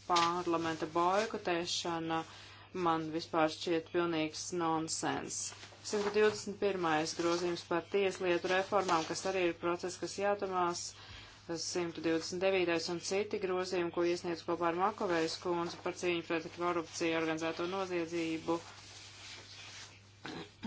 parlamenta boikotēšana. Uh, man vispār šķiet pilnīgs nonsens. 121. grozījums par tieslietu reformām, kas arī ir process, kas jādomās. 129. un citi grozījumi, ko iesniedz kopā ar Makovējas kundzi par cīņu pret korupciju, organizēto noziedzību.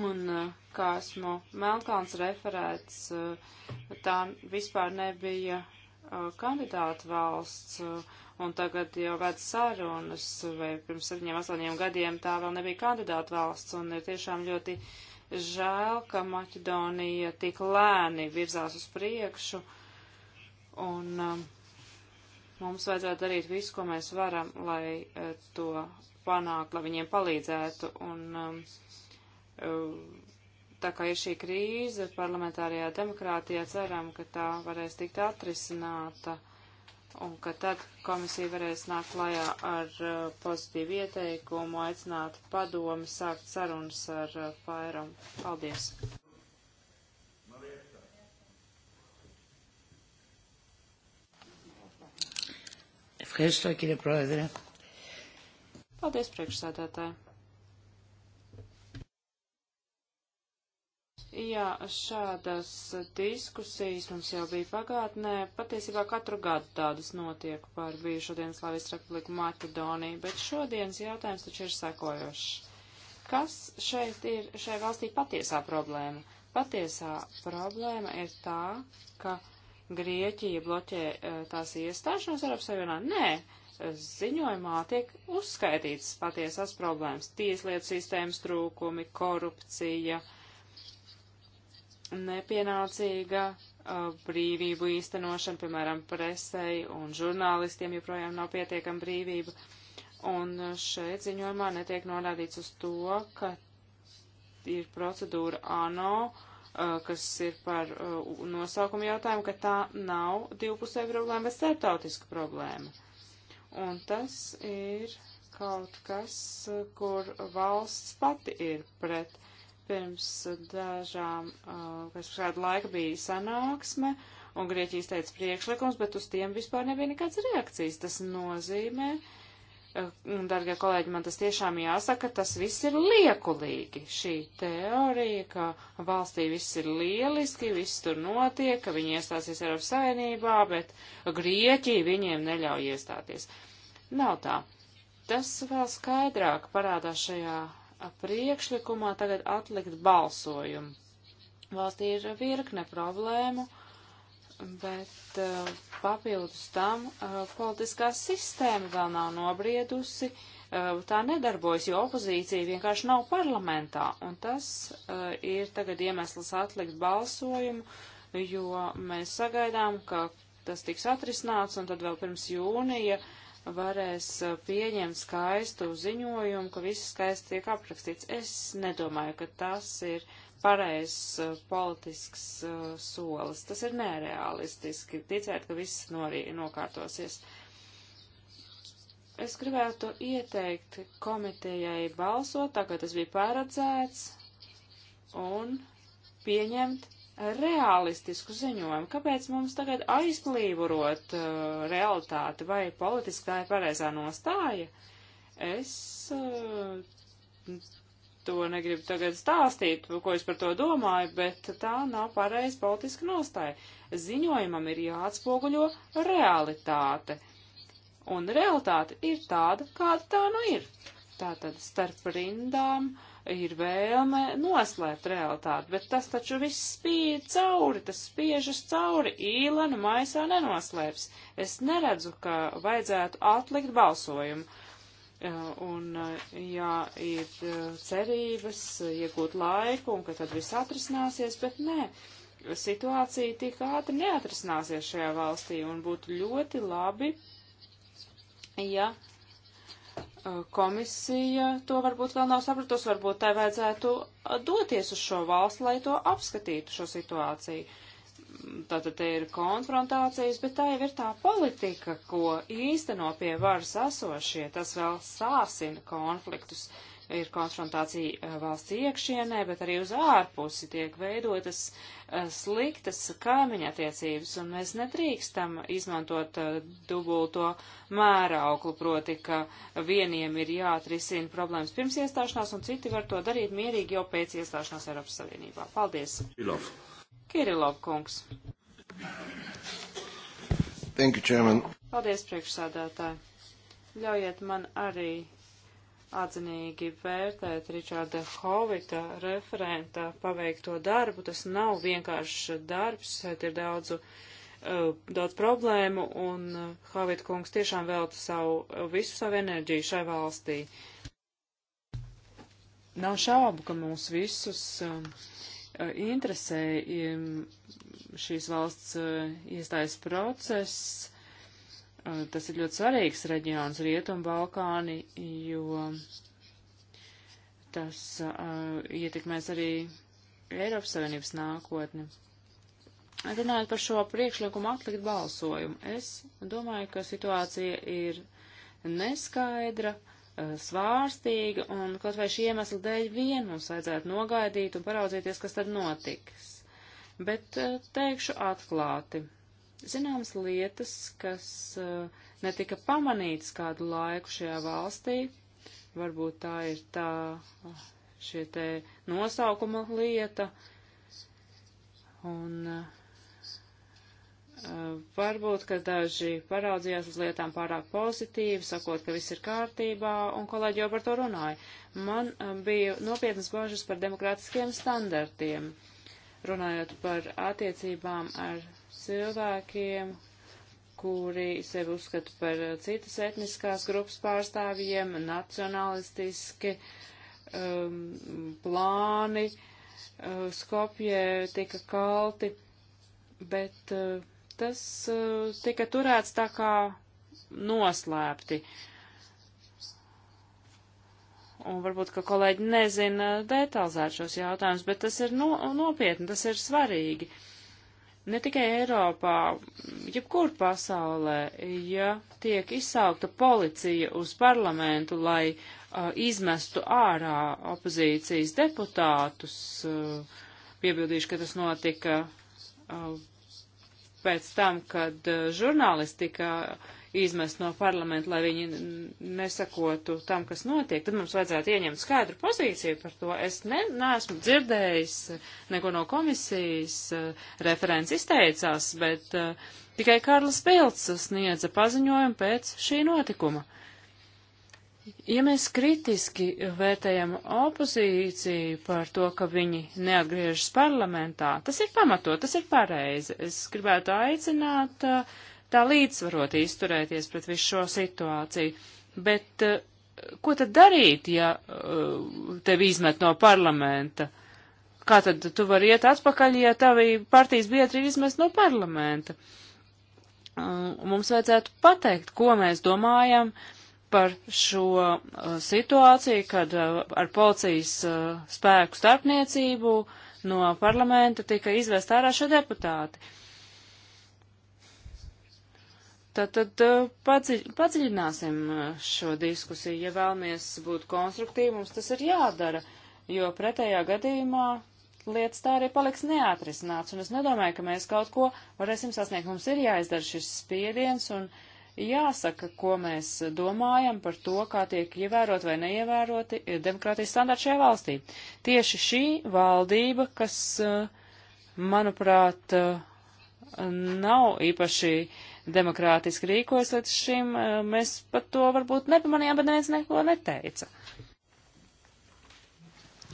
Un eh, kā esmu Melkāns referēts, eh, tā vispār nebija eh, kandidāta valsts. Uh, un tagad jau ved sarunas, vai pirms septiņiem, astoņiem gadiem tā vēl nebija kandidāta valsts, un ir tiešām ļoti žēl, ka Maķedonija tik lēni virzās uz priekšu, un um, mums vajadzētu darīt visu, ko mēs varam, lai uh, to panākt, lai viņiem palīdzētu, un um, uh, tā kā ir šī krīze parlamentārajā demokrātijā, ceram, ka tā varēs tikt atrisināta. Uh, un ka tad komisija varēs nākt klajā ar uh, pozitīvu ieteikumu, aicināt padomi, sākt sarunas ar uh, Fairam. Paldies! Ευχαριστώ κύριε Πρόεδρε. Paldies, priekšsēdētāji. Jā, šādas diskusijas mums jau bija pagātnē. Patiesībā katru gadu tādas notiek par bijušo Dienaslāvijas republiku Maķedoniju, bet šodienas jautājums taču ir sekojošs. Kas šeit ir šai valstī patiesā problēma? Patiesā problēma ir tā, ka Grieķija bloķē e, tās iestāšanos Eiropas Savienībā. Nē, ziņojumā tiek uzskaitītas patiesās problēmas - tieslietu sistēmas trūkumi, korupcija, nepienācīga brīvību īstenošana, piemēram, presei un žurnālistiem joprojām nav pietiekama brīvība. Un šeit ziņojumā netiek norādīts uz to, ka ir procedūra ANO, kas ir par nosaukumu jautājumu, ka tā nav divpusēja problēma, bet starptautiska problēma. Un tas ir kaut kas, kur valsts pati ir pret. Uh, Pirms dažām, pēc kāda laika bija sanāksme, un Grieķijas teica priekšlikums, bet uz tiem vispār nebija nekāds reakcijas. Tas nozīmē, dargie kolēģi, man tas tiešām jāsaka, tas viss ir liekulīgi. Šī teorija, ka valstī viss ir lieliski, viss tur notiek, ka viņi iestāsies Eiropas Savienībā, bet Grieķija viņiem neļauj iestāties. Nav tā. Tas vēl skaidrāk parādās šajā priekšlikumā tagad atlikt balsojumu. Valstī ir virkne problēmu, bet uh, papildus tam uh, politiskā sistēma vēl nav nobriedusi, uh, tā nedarbojas, jo opozīcija vienkārši nav parlamentā, un tas ir tagad iemesls atlikt balsojumu, jo mēs sagaidām, ka tas tiks atrisināts, un tad vēl pirms jūnija uh, varēs eh, pieņemt skaistu ziņojumu, ka viss skaisti tiek aprakstīts. Es nedomāju, ka tas ir pareizs uh, politisks uh, solis. Tas ir nereālistiski ticēt, ka viss norī, nokārtosies. Es gribētu ieteikt komitejai balsot, tā kā tas bija paredzēts, un pieņemt realistisku ziņojumu. Kāpēc mums tagad aizplīvurot uh, realitāti vai politiski tā ir pareizā nostāja? Es uh, to negribu tagad stāstīt, ko es par to domāju, bet tā nav pareiza politiska nostāja. Ziņojumam ir jāatspoguļo realitāte. Un realitāte ir tāda, kāda tā nu ir. Tātad starp rindām uh, ir vēlme noslēpt realitāti, bet tas taču viss spīd cauri, tas spiežas cauri, īlenu maisā nenoslēps. Es neredzu, ka vajadzētu atlikt balsojumu. Un, jā, ir e, cerības iegūt laiku un ka tad viss atrisināsies, bet nē, situācija tik ātri neatrisināsies šajā valstī un būtu ļoti labi, ja uh, Eh, komisija to varbūt vēl nav sapratusi, varbūt tai vajadzētu eh, doties uz šo valstu, lai to apskatītu šo situāciju. Tātad te ir konfrontācijas, bet tā jau ir tā politika, ko īsteno pie varas esošie. Tas vēl sāsina konfliktus. Uh, ir konfrontācija eh, valsts iekšienē, bet arī uz ārpusi tiek veidotas eh, sliktas kaimiņa attiecības, un mēs nedrīkstam izmantot eh, dubulto mērauklu, proti, ka vieniem ir jāatrisina problēmas pirms iestāšanās, un citi var to darīt mierīgi jau pēc iestāšanās Eiropas Savienībā. Paldies! Kirilov, Kirilov kungs! Thank you, Chairman. Paldies, priekšsādātāji. Ļaujiet man arī atzinīgi vērtēt Ričārda Hovita referenta paveikto darbu. Tas nav vienkāršs darbs, šeit ir daudzu, eh, daudz problēmu, un eh, Hovita kungs tiešām velta savu, eh, visu savu enerģiju šai valstī. Nav šaubu, ka mūs visus interesē šīs valsts iestājas process Eh, tas ir ļoti svarīgs reģions Rietumbalkāni, jo tas uh, ietekmēs arī Eiropas Savienības nākotni. Runājot par šo priekšlikumu atlikt balsojumu, es domāju, ka situācija ir neskaidra, eh, svārstīga, un kaut vai šī iemesla dēļ vien mums vajadzētu nogaidīt un paraudzīties, kas tad notiks. Bet teikšu atklāti, zināmas lietas, kas uh, netika pamanītas kādu laiku šajā valstī. Varbūt tā ir tā eh, šie te nosaukuma lieta. Un uh, varbūt, ka daži paraudzījās uz lietām pārāk pozitīvi, sakot, ka viss ir kārtībā, un kolēģi jau par to runāja. Man uh, bija nopietnas bažas par demokrātiskiem standartiem runājot par attiecībām ar cilvēkiem, kuri sevi uzskata par eh, citas etniskās grupas pārstāvjiem, nacionalistiski um, plāni uh, eh, Skopjē tika kalti, bet uh, tas uh, tika turēts tā kā noslēpti. Un varbūt, ka kolēģi nezina detalizēt šos jautājumus, bet tas ir no, nopietni, tas ir svarīgi. Uh, ne tikai Eiropā, jebkur pasaulē, ja tiek izsaukta policija uz parlamentu, lai uh, izmestu ārā opozīcijas deputātus, uh, piebildīšu, ka tas notika uh, pēc tam, kad uh, žurnālisti tika izmest no parlamenta, lai viņi nesakotu tam, kas notiek, tad mums vajadzētu ieņemt skaidru pozīciju par to. Es ne, neesmu dzirdējis neko no komisijas, referents izteicās, bet uh, tikai Karls Pilts sniedza paziņojumu pēc šī notikuma. Ja mēs kritiski vērtējam opozīciju par to, ka viņi neatgriežas parlamentā, tas ir pamatot, tas ir pareizi. Es gribētu aicināt uh, tā līdzsvarot izturēties pret visu šo situāciju. Bet eh, ko tad darīt, ja eh, tevi izmet no parlamenta? Kā tad tu vari iet atpakaļ, ja tavi partijas biedri ir izmest no parlamenta? Mums vajadzētu pateikt, ko mēs domājam par šo eh, situāciju, kad ar policijas spēku starpniecību no parlamenta tika izvest ārā šie deputāti. Uh, Tātad padziļ, padziļināsim šo diskusiju. Ja vēlamies būt konstruktīvi, mums tas ir jādara, jo pretējā gadījumā lietas tā arī paliks neatrisināts, un es nedomāju, ka mēs kaut ko varēsim sasniegt. Mums ir jāizdara šis spiediens un jāsaka, ko mēs domājam par to, kā tiek ievērot vai neievēroti demokrātijas standarti šajā valstī. Tieši šī valdība, kas, manuprāt, nav īpaši uh, demokrātiski rīkojas līdz šim, eh, mēs pat to varbūt nepamanījām, bet neviens neko neteica.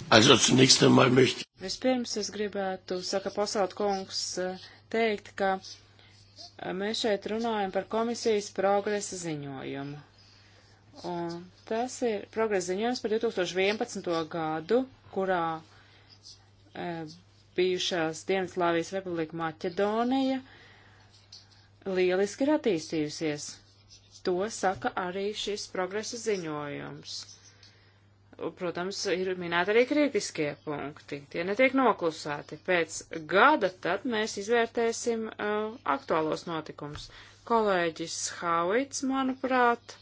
Also zunächst einmal möchte Vispirms es gribētu, saka Pasaut kungs, eh, teikt, ka eh, mēs šeit runājam par komisijas progresa ziņojumu. Un tas ir progresa ziņojums par 2011. gadu, kurā e, bijušās Dienvidslāvijas republika Maķedonija lieliski ir attīstījusies. To saka arī šis progresa ziņojums. Protams, ir minēti arī kritiskie punkti. Tie netiek noklusēti. Pēc gada tad mēs izvērtēsim uh, aktuālos notikumus. Kolēģis Hauits, manuprāt,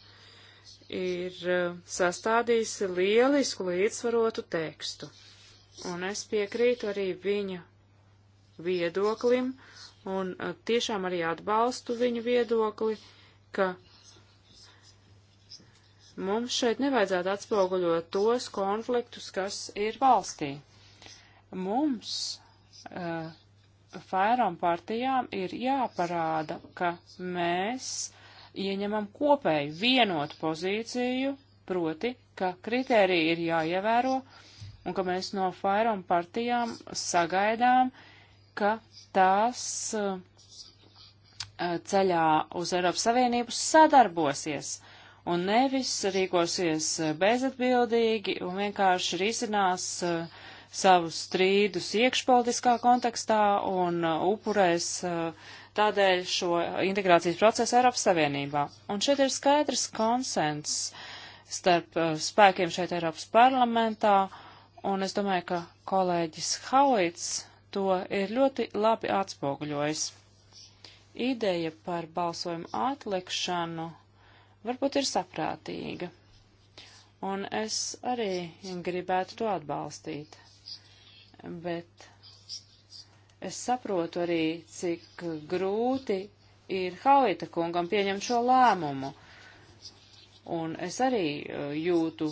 ir uh, sastādījis lielisku līdzsvarotu tekstu. Un es piekrītu arī viņa viedoklim, uh, un eh, tiešām arī atbalstu viņu viedokli, ka mums šeit nevajadzētu atspoguļot tos konfliktus, kas ir valstī. Mums, uh, eh, Fairam partijām, ir jāparāda, ka mēs ieņemam kopēju vienotu pozīciju, proti, ka kritērija ir jāievēro un ka mēs no Fairam partijām sagaidām uh, ka tās eh, ceļā uz Eiropas Savienību sadarbosies un nevis rīkosies bezatbildīgi un vienkārši risinās eh, savus strīdus iekšpolitiskā kontekstā un eh, upurēs tādēļ šo integrācijas procesu Eiropas Savienībā. Un šeit ir skaidrs konsens starp spēkiem šeit Eiropas parlamentā, un es domāju, ka kolēģis Hauits to ir ļoti labi atspoguļojis. Ideja par balsojumu atlikšanu varbūt ir saprātīga, un es arī gribētu to atbalstīt. Bet es saprotu arī, cik grūti ir Halita kungam pieņemt šo lēmumu. Un es arī uh, jūtu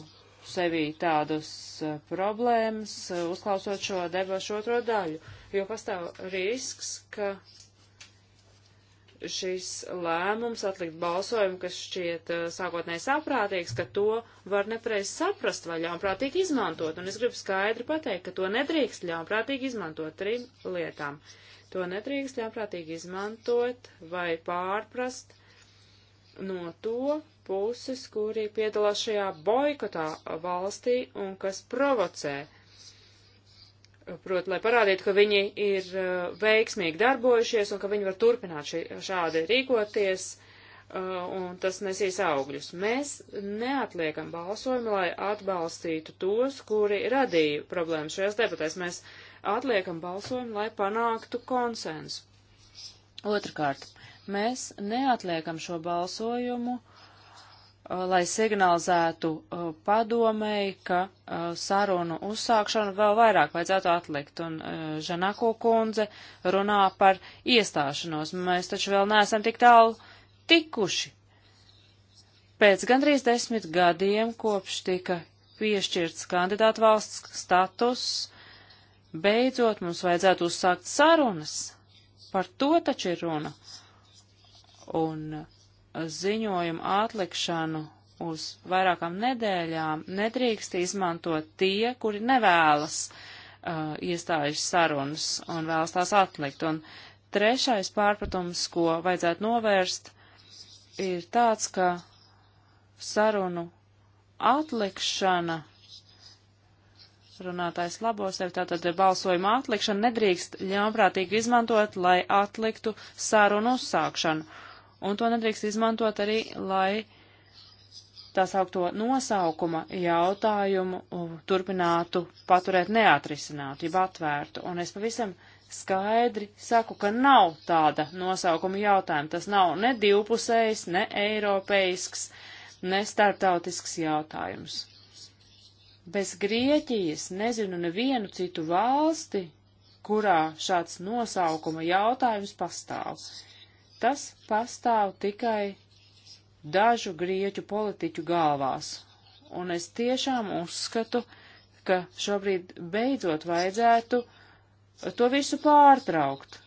sevī tādas eh, problēmas, eh, uzklausot šo debašu otro daļu, jo pastāv risks, ka šis lēmums atlikt balsojumu, kas šķiet eh, sākotnēji saprātīgs, ka to var nepareiz saprast vai ļaunprātīgi izmantot. Un es gribu skaidri pateikt, ka to nedrīkst ļaunprātīgi izmantot trim lietām. To nedrīkst ļaunprātīgi izmantot vai pārprast no to, puses, kuri piedalās šajā boikotā valstī un kas provocē. Proti, lai parādītu, ka viņi ir uh, veiksmīgi darbojušies un ka viņi var turpināt šī, šādi rīkoties uh, un tas nesīs augļus. Mēs neatliekam balsojumu, lai atbalstītu tos, kuri radīja problēmas šajās debatēs. Mēs atliekam balsojumu, lai panāktu konsensu. Otrakārt, mēs neatliekam šo balsojumu, uh, Uh, lai signalizētu uh, padomēji, ka uh, sarunu uzsākšanu vēl vairāk vajadzētu atlikt. Un Žanako kundze runā par iestāšanos. Mēs taču vēl neesam tik tālu tikuši. Pēc gandrīz desmit gadiem, kopš tika piešķirts kandidātu valsts status, beidzot mums vajadzētu uzsākt sarunas. Par to taču ir runa. Un uh, ziņojumu atlikšanu uz vairākām nedēļām nedrīkst izmantot tie, kuri nevēlas uh, iestājas sarunas un vēlas tās atlikt. Un trešais pārpratums, ko vajadzētu novērst, ir tāds, ka sarunu atlikšana runātājs labo sevi, tātad balsojuma atlikšana nedrīkst ļaunprātīgi izmantot, lai atliktu sarunu uzsākšanu un to nedrīkst izmantot arī, lai tā saukto nosaukuma jautājumu turpinātu paturēt neatrisinātu, jeb atvērtu. Un es pavisam skaidri saku, ka nav tāda nosaukuma jautājuma. Tas nav ne divpusējs, ne eiropeisks, ne starptautisks jautājums. Bez Grieķijas nezinu nevienu citu valsti, kurā šāds nosaukuma jautājums pastāv tas pastāv tikai dažu grieķu politiķu galvās. Un es tiešām uzskatu, ka šobrīd beidzot vajadzētu to visu pārtraukt.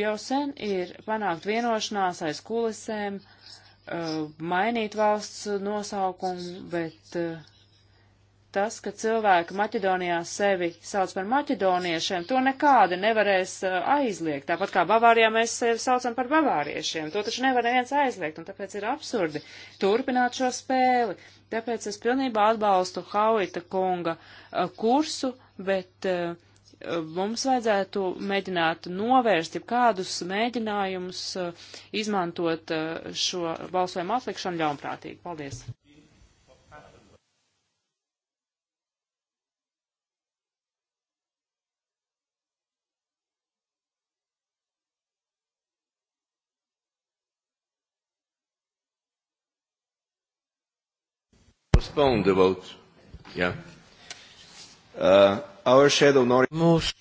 Jau sen ir panākt vienošanās aiz kulisēm, uh, mainīt valsts nosaukumu, bet uh, tas, ka cilvēki Maķedonijā sevi sauc par maķedoniešiem, to nekādi nevarēs uh, aizliegt. Tāpat kā Bavārijā mēs sevi saucam par bavāriešiem, to taču nevar neviens aizliegt, un tāpēc ir absurdi turpināt šo spēli. Tāpēc es pilnībā atbalstu Hauita kunga uh, kursu, bet uh, mums vajadzētu mēģināt novērst jau kādus mēģinājumus uh, izmantot uh, šo balsojumu atlikšanu ļaunprātīgi. Paldies! postpone the vote. Yeah. Uh, our shadow Norris, Mūs...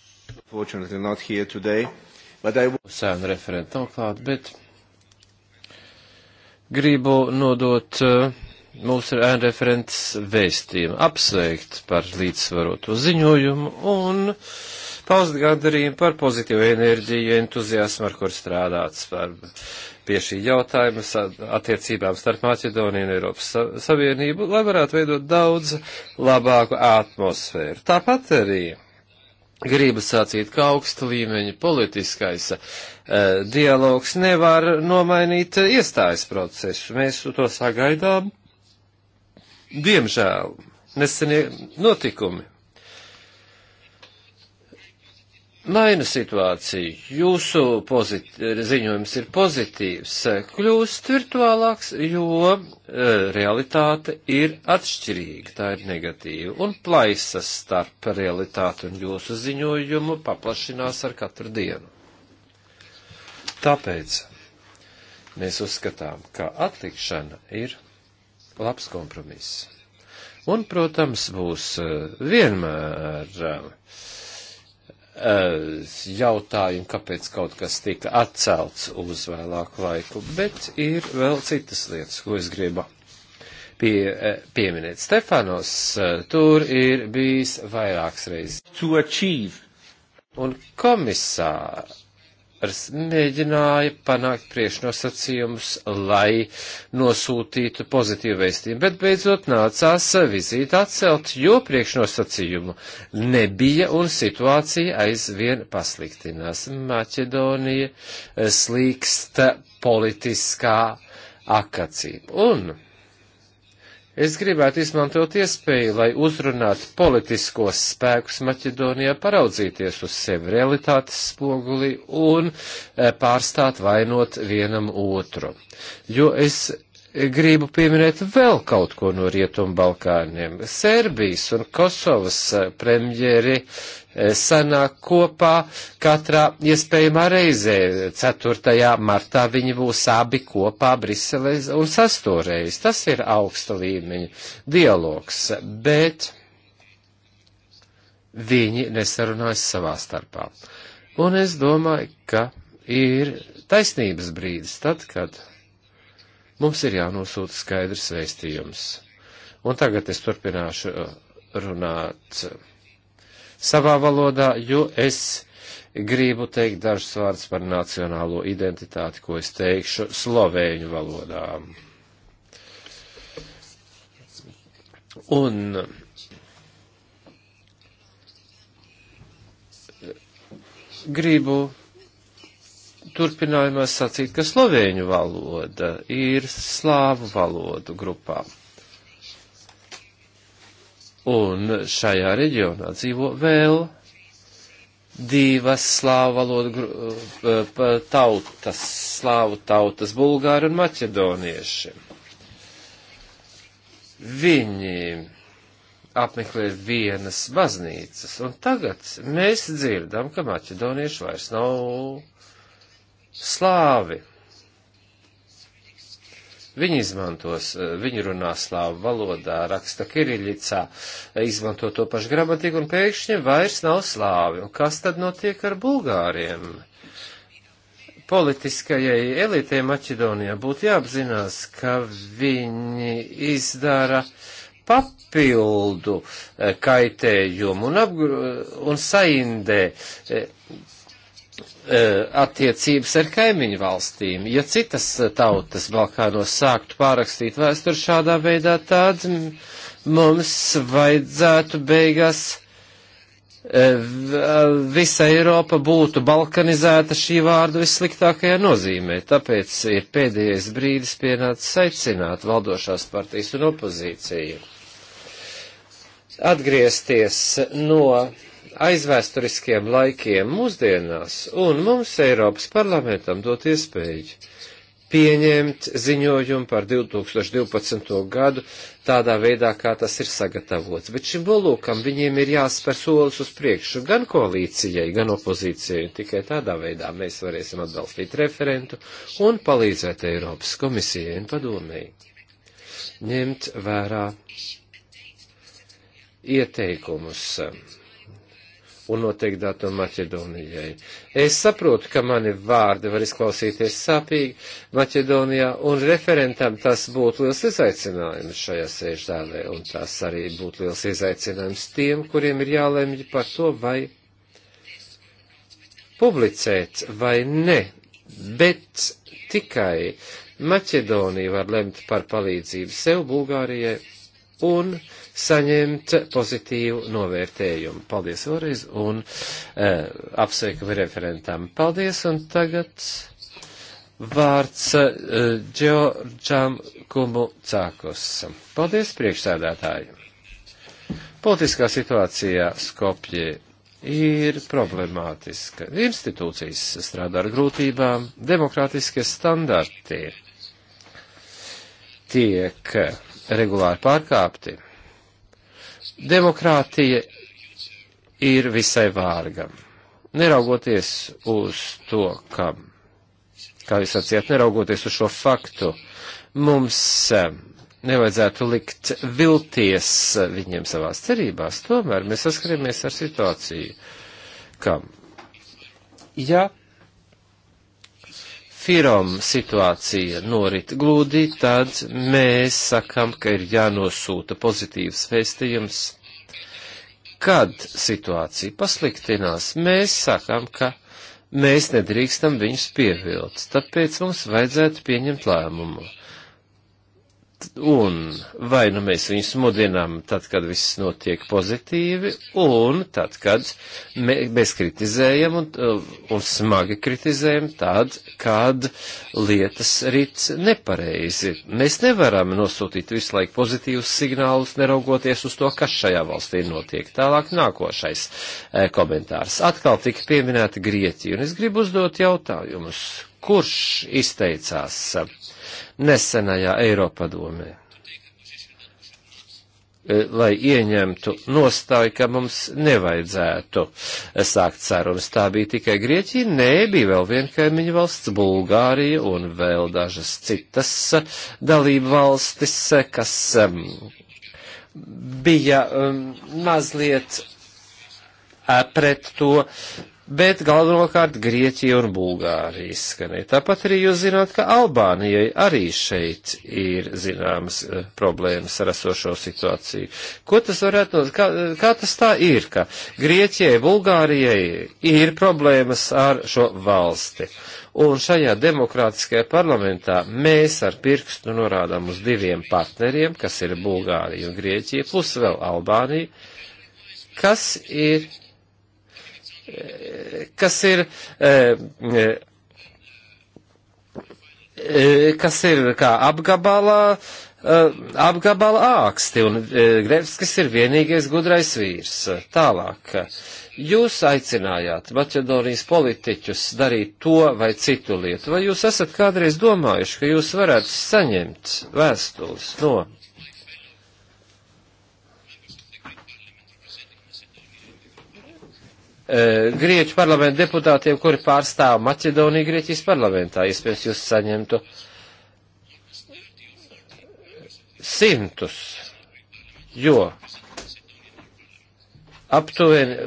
fortunately not here today, but I will... Sēna referenta nav klāt, bet gribu nodot uh, mūsu referents vēstījumu, apsveikt par līdzsvaroto ziņojumu un uh, paust gandarījumu par pozitīvu enerģiju, entuziasmu, ar kur strādāts par, pie šī jautājuma attiecībām starp Maķedoniju un Eiropas Savienību, lai varētu veidot daudz labāku atmosfēru. Tāpat arī gribas sacīt, ka augsta līmeņa politiskais uh, dialogs nevar nomainīt iestājas procesu. Mēs to sagaidām. Diemžēl nesenie notikumi maina situāciju. Jūsu ziņojums ir pozitīvs, kļūst virtuālāks, jo e, realitāte ir atšķirīga, tā ir negatīva, un plaisas starp realitāti un jūsu ziņojumu paplašinās ar katru dienu. Tāpēc mēs uzskatām, ka atlikšana ir labs kompromiss. Un, protams, būs e, vienmēr uh, Eh, jautājumu, kāpēc kaut kas tika atcelts uz vēlāku laiku, bet ir vēl citas lietas, ko es gribu pie, eh, pieminēt. Stefanos eh, tur ir bijis vairākas reizes. Un komisārs mēģināja panākt priekšnosacījumus, lai nosūtītu pozitīvu vēstījumu, bet beidzot nācās vizīti atcelt, jo priekšnosacījumu nebija un situācija aizvien pasliktinās. Maķedonija eh, slīksta politiskā akacība. Un Es gribētu izmantot iespēju, lai uzrunātu politiskos spēkus Maķedonijā, paraudzīties uz sevi realitātes spoguli un eh, pārstāt vainot vienam otru. Jo es gribu pieminēt vēl kaut ko no Rietumu Balkāniem. Serbijas un Kosovas eh, premjeri sanāk kopā katrā iespējamā reizē. 4. martā viņi būs abi kopā Briselē un sastoreiz. Tas ir augsta līmeņa dialogs, bet viņi nesarunājas savā starpā. Un es domāju, ka ir taisnības brīdis tad, kad mums ir jānosūta skaidrs vēstījums. Un tagad es turpināšu uh, runāt savā valodā, jo es gribu teikt dažus vārdus par nacionālo identitāti, ko es teikšu slovēņu valodā. Un gribu turpinājumā sacīt, ka slovēņu valoda ir slāvu valodu grupām. Un šajā reģionā dzīvo vēl divas slāvu valodu uh, uh, tautas, slāvu tautas, bulgāri un maķedonieši. Viņi apmeklē vienas baznīcas, un tagad mēs dzirdam, ka maķedonieši vairs nav slāvi. Viņi izmantos, eh, viņi runā slāvu valodā, raksta kiriļicā, eh, izmanto to pašu gramatiku un pēkšņi vairs nav slāvi. Un kas tad notiek ar bulgāriem? Politiskajai elitei Maķedonijā būtu jāapzinās, ka viņi izdara papildu eh, kaitējumu un, apgru, un saindē Eh, attiecības ar kaimiņu valstīm. Ja citas eh, tautas Balkānos sāktu pārakstīt vēsturi šādā veidā, tad mums vajadzētu beigās eh, visa Eiropa būtu balkanizēta šī vārdu vissliktākajā nozīmē. Tāpēc ir pēdējais brīdis pienācis aicināt valdošās partijas un opozīciju atgriezties no aizvēsturiskiem laikiem mūsdienās, un mums Eiropas parlamentam dot iespēju pieņemt ziņojumu par 2012. gadu tādā veidā, kā tas ir sagatavots. Bet šim nolūkam viņiem ir jāspēr solis uz priekšu gan koalīcijai, gan opozīcijai. Tikai tādā veidā mēs varēsim atbalstīt referentu un palīdzēt Eiropas komisijai un padomēji ņemt vērā ieteikumus un noteikti datumu Maķedonijai. Es saprotu, ka mani vārdi var izklausīties sāpīgi Maķedonijā, un referentam tas būtu liels izaicinājums šajā sēžzālē, un tas arī būtu liels izaicinājums tiem, kuriem ir jālemj par to, vai publicēt vai ne, bet tikai Maķedonija var lemt par palīdzību sev Bulgārijai un saņemt pozitīvu novērtējumu. Paldies vēlreiz un e, eh, apsveikam referentam. Paldies un tagad vārds e, Džordžam Kumu Cākus. Paldies priekšsēdētāji. Politiskā situācijā Skopjē ir problemātiska. Institūcijas strādā ar grūtībām, demokrātiskie standarti tiek regulāri pārkāpti. Demokrātija ir visai vārga. Neraugoties uz to, ka, kā jūs atsiet, neraugoties uz šo faktu, mums eh, nevajadzētu likt vilties viņiem savās cerībās, tomēr mēs saskaramies ar situāciju, ka, ja Firom situācija norit glūdi, tad mēs sakam, ka ir jānosūta pozitīvs vēstījums. Kad situācija pasliktinās, mēs sakam, ka mēs nedrīkstam viņus pievilt, tāpēc mums vajadzētu pieņemt lēmumu. Un vai nu mēs viņus mudinām tad, kad viss notiek pozitīvi, un tad, kad mē, mēs kritizējam un, un smagi kritizējam tad, kad lietas rit nepareizi. Mēs nevaram nosūtīt visu laiku pozitīvus signālus, neraugoties uz to, kas šajā valstī notiek. Tālāk nākošais e, komentārs. Atkal tika pieminēta Grieķija, un es gribu uzdot jautājumus. Kurš izteicās? E, nesenajā Eiropadomē, e, lai ieņemtu nostāju, ka mums nevajadzētu sākt sarunas. Tā bija tikai Grieķija, nē, bija vēl viena kaimiņu valsts, Bulgārija un vēl dažas citas dalību valstis, kas um, bija um, mazliet e, pret to bet galvenokārt Grieķija un Bulgārija izskanēja. Tāpat arī jūs zināt, ka Albānijai arī šeit ir zināmas eh, problēmas ar esošo situāciju. Ko tas varētu nozīmēt? Kā, kā tas tā ir, ka Grieķijai, Bulgārijai ir problēmas ar šo valsti? Un šajā demokrātiskajā parlamentā mēs ar pirkstu norādām uz diviem partneriem, kas ir Bulgārija un Grieķija, plus vēl Albānija, kas ir kas ir e, e, e, kas ir kā apgabalā, apgabala āksti, un Grevskis ir vienīgais gudrais vīrs. Tālāk, jūs aicinājāt Maķedonijas politiķus darīt to vai citu lietu, vai jūs esat kādreiz domājuši, ka jūs varētu saņemt vēstules no Eh, Grieķu parlamenta deputātiem, kuri pārstāv Maķedoniju Grieķijas parlamentā. Iespējams, jūs saņemtu simtus, jo aptuveni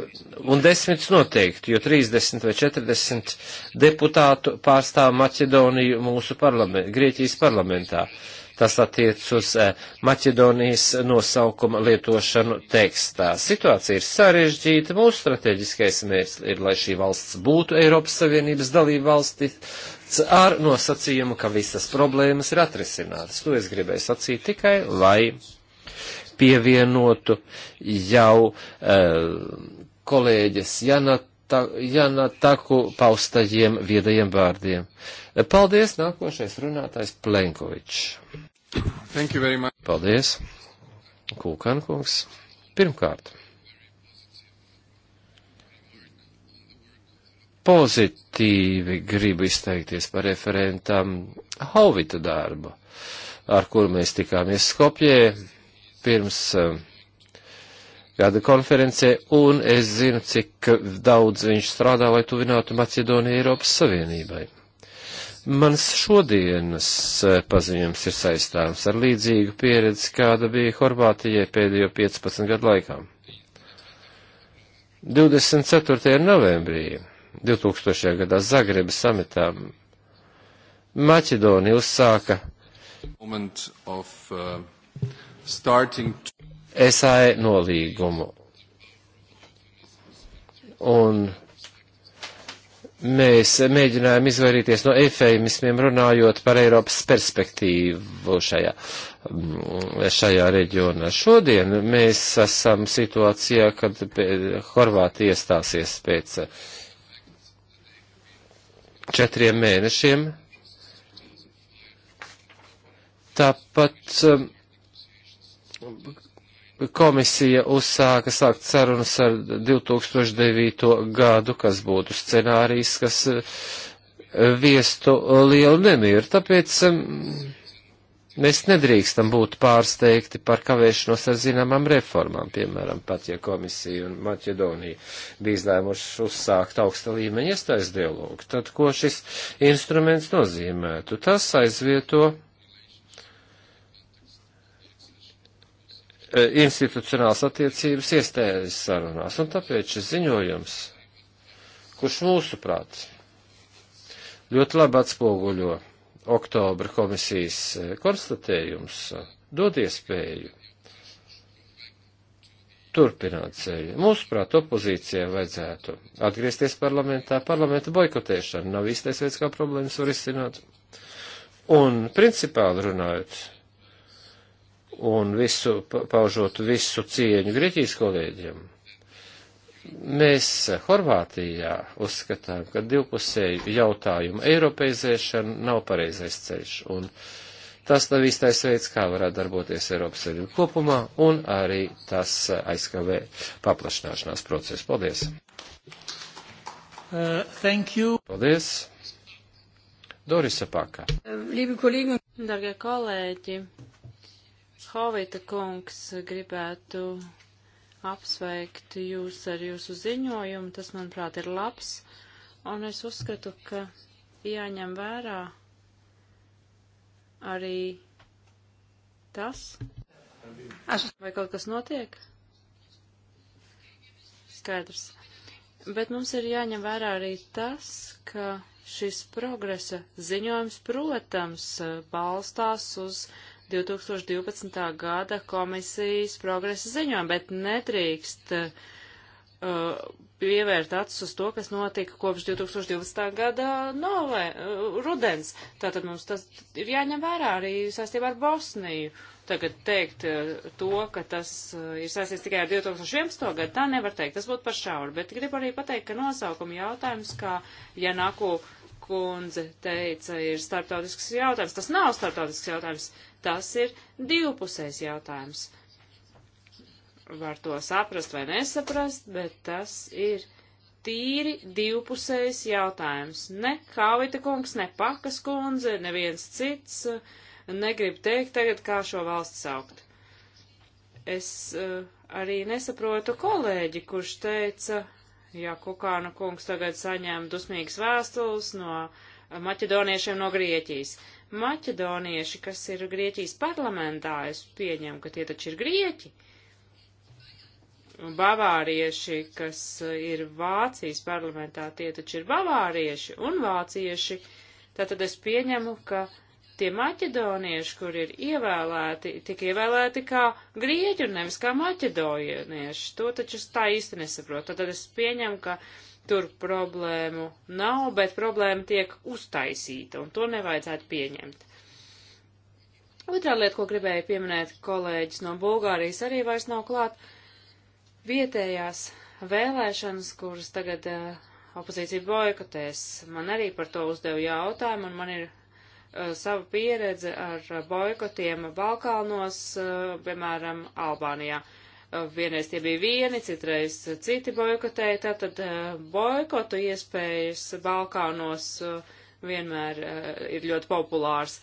un desmitus noteikti, jo 30 vai 40 deputātu pārstāv Maķedoniju mūsu parlament, Grieķijas parlamentā. Uh, Tas attiec uz eh, Maķedonijas nosaukuma lietošanu tekstā. Situācija ir sarežģīta. Mūsu strateģiskais mērķis ir, lai šī valsts būtu Eiropas Savienības dalība valsti ar nosacījumu, ka visas problēmas ir atrisinātas. To es gribēju sacīt tikai, lai pievienotu jau uh, kolēģis Janat ta, Jana Taku paustajiem viedajiem vārdiem. Paldies, nākošais runātājs Plenkovičs. Thank you very much. Paldies, Kūkankungs. Pirmkārt, pozitīvi gribu izteikties par referentam Hauvita darbu, ar kuru mēs tikāmies Skopjē pirms uh, gada konferencē, un es zinu, cik daudz viņš strādā, lai tuvinātu Maķedoniju Eiropas Savienībai. Mans šodienas eh, paziņojums ir saistāms ar līdzīgu pieredzi, kāda bija Horvātijai pēdējo 15 gadu laikā. 24. novembrī 2000. gadā Zagreba samitā Maķedonija uzsāka of, uh, starting... SAE nolīgumu. Un mēs mēģinājām izvairīties no efeimismiem runājot par Eiropas perspektīvu šajā, mm, šajā reģionā. Šodien mēs esam situācijā, kad Horvātija iestāsies pēc četriem mēnešiem. Tāpat mm, komisija uzsāka sākt sarunas ar 2009. gadu, kas būtu scenārijs, kas eh, viestu lielu nemieru. Tāpēc mēs nedrīkstam būt pārsteigti par kavēšanos ar zināmām reformām, piemēram, pat ja komisija un Maķedonija bija izlēmuši uzsākt augsta līmeņa iestājas dialogu. Tad ko šis instruments nozīmētu? Tas aizvieto E, institucionāls attiecības iestējas sarunās, un tāpēc šis ziņojums, kurš mūsuprāt ļoti labi atspoguļo oktobra komisijas e, konstatējums, dod iespēju turpināt ceļu. Mūsuprāt, opozīcijai vajadzētu atgriezties parlamentā. Parlamenta boikotēšana nav īstais veids, kā problēmas var izcināt. Un principāli runājot, un visu, paužot visu cieņu Grieķijas kolēģiem. Mēs Horvātijā uzskatām, ka divpusēju jautājumu eiropeizēšana nav pareizais ceļš, un tas nav īstais veids, kā varētu darboties Eiropas Savienība kopumā, un arī tas aizskavē paplašināšanās procesu. Paldies! Uh, thank you. Paldies! Dorisa Paka. Liebe Kollegen, darbie kolēģi, Hovita kungs, gribētu apsveikt jūs ar jūsu ziņojumu. Tas, manuprāt, ir labs. Un es uzskatu, ka jāņem vērā arī tas, vai kaut kas notiek? Skaidrs. Bet mums ir jāņem vērā arī tas, ka šis progresa ziņojums, protams, balstās uz 2012. gada komisijas progresa ziņojumu, bet netrīkst uh, pievērt acis uz to, kas notika kopš 2012. gada novē, uh, rudens. Tātad mums tas ir jāņem vērā arī saistībā ar Bosniju. Tagad teikt uh, to, ka tas uh, ir saistīts tikai ar 2011. gadu, tā nevar teikt, tas būtu par šauri, bet gribu arī pateikt, ka nosaukuma jautājums, kā Janaku. Ja kundze teica, ir startautisks jautājums. Tas nav startautisks jautājums, tas ir divpusējs jautājums. Var to saprast vai nesaprast, bet tas ir tīri divpusējs jautājums. Ne Kāvita kungs, ne Pakas kundze, neviens cits uh, negrib teikt tagad, kā šo valsts saukt. Es uh, arī nesaprotu kolēģi, kurš teica, uh, ja Kukāna kungs tagad saņem dusmīgas vēstules no maķedoniešiem no Grieķijas. Maķedonieši, kas ir Grieķijas parlamentā, es pieņemu, ka tie taču ir Grieķi. Bavārieši, kas ir Vācijas parlamentā, tie taču ir bavārieši un vācieši. Tātad es pieņemu, ka uh, tie maķedonieši, kur ir ievēlēti, tik ievēlēti kā grieķi un nevis kā maķedonieši. To taču es tā īsti nesaprotu. Tad es pieņemu, ka tur problēmu nav, bet problēma tiek uztaisīta, un to nevajadzētu pieņemt. Otrā lieta, ko gribēju pieminēt, kolēģis no Bulgārijas arī vairs nav klāt. Vietējās vēlēšanas, kuras tagad uh, opozīcija bojkotēs, man arī par to uzdevu jautājumu, un man ir Uh, sava pieredze ar boikotiem Balkānos, uh, piemēram, Albānijā. Uh, vienreiz tie bija vieni, citreiz citi boikotēji, tātad boikotu iespējas Balkānos vienmēr ir ļoti populārs.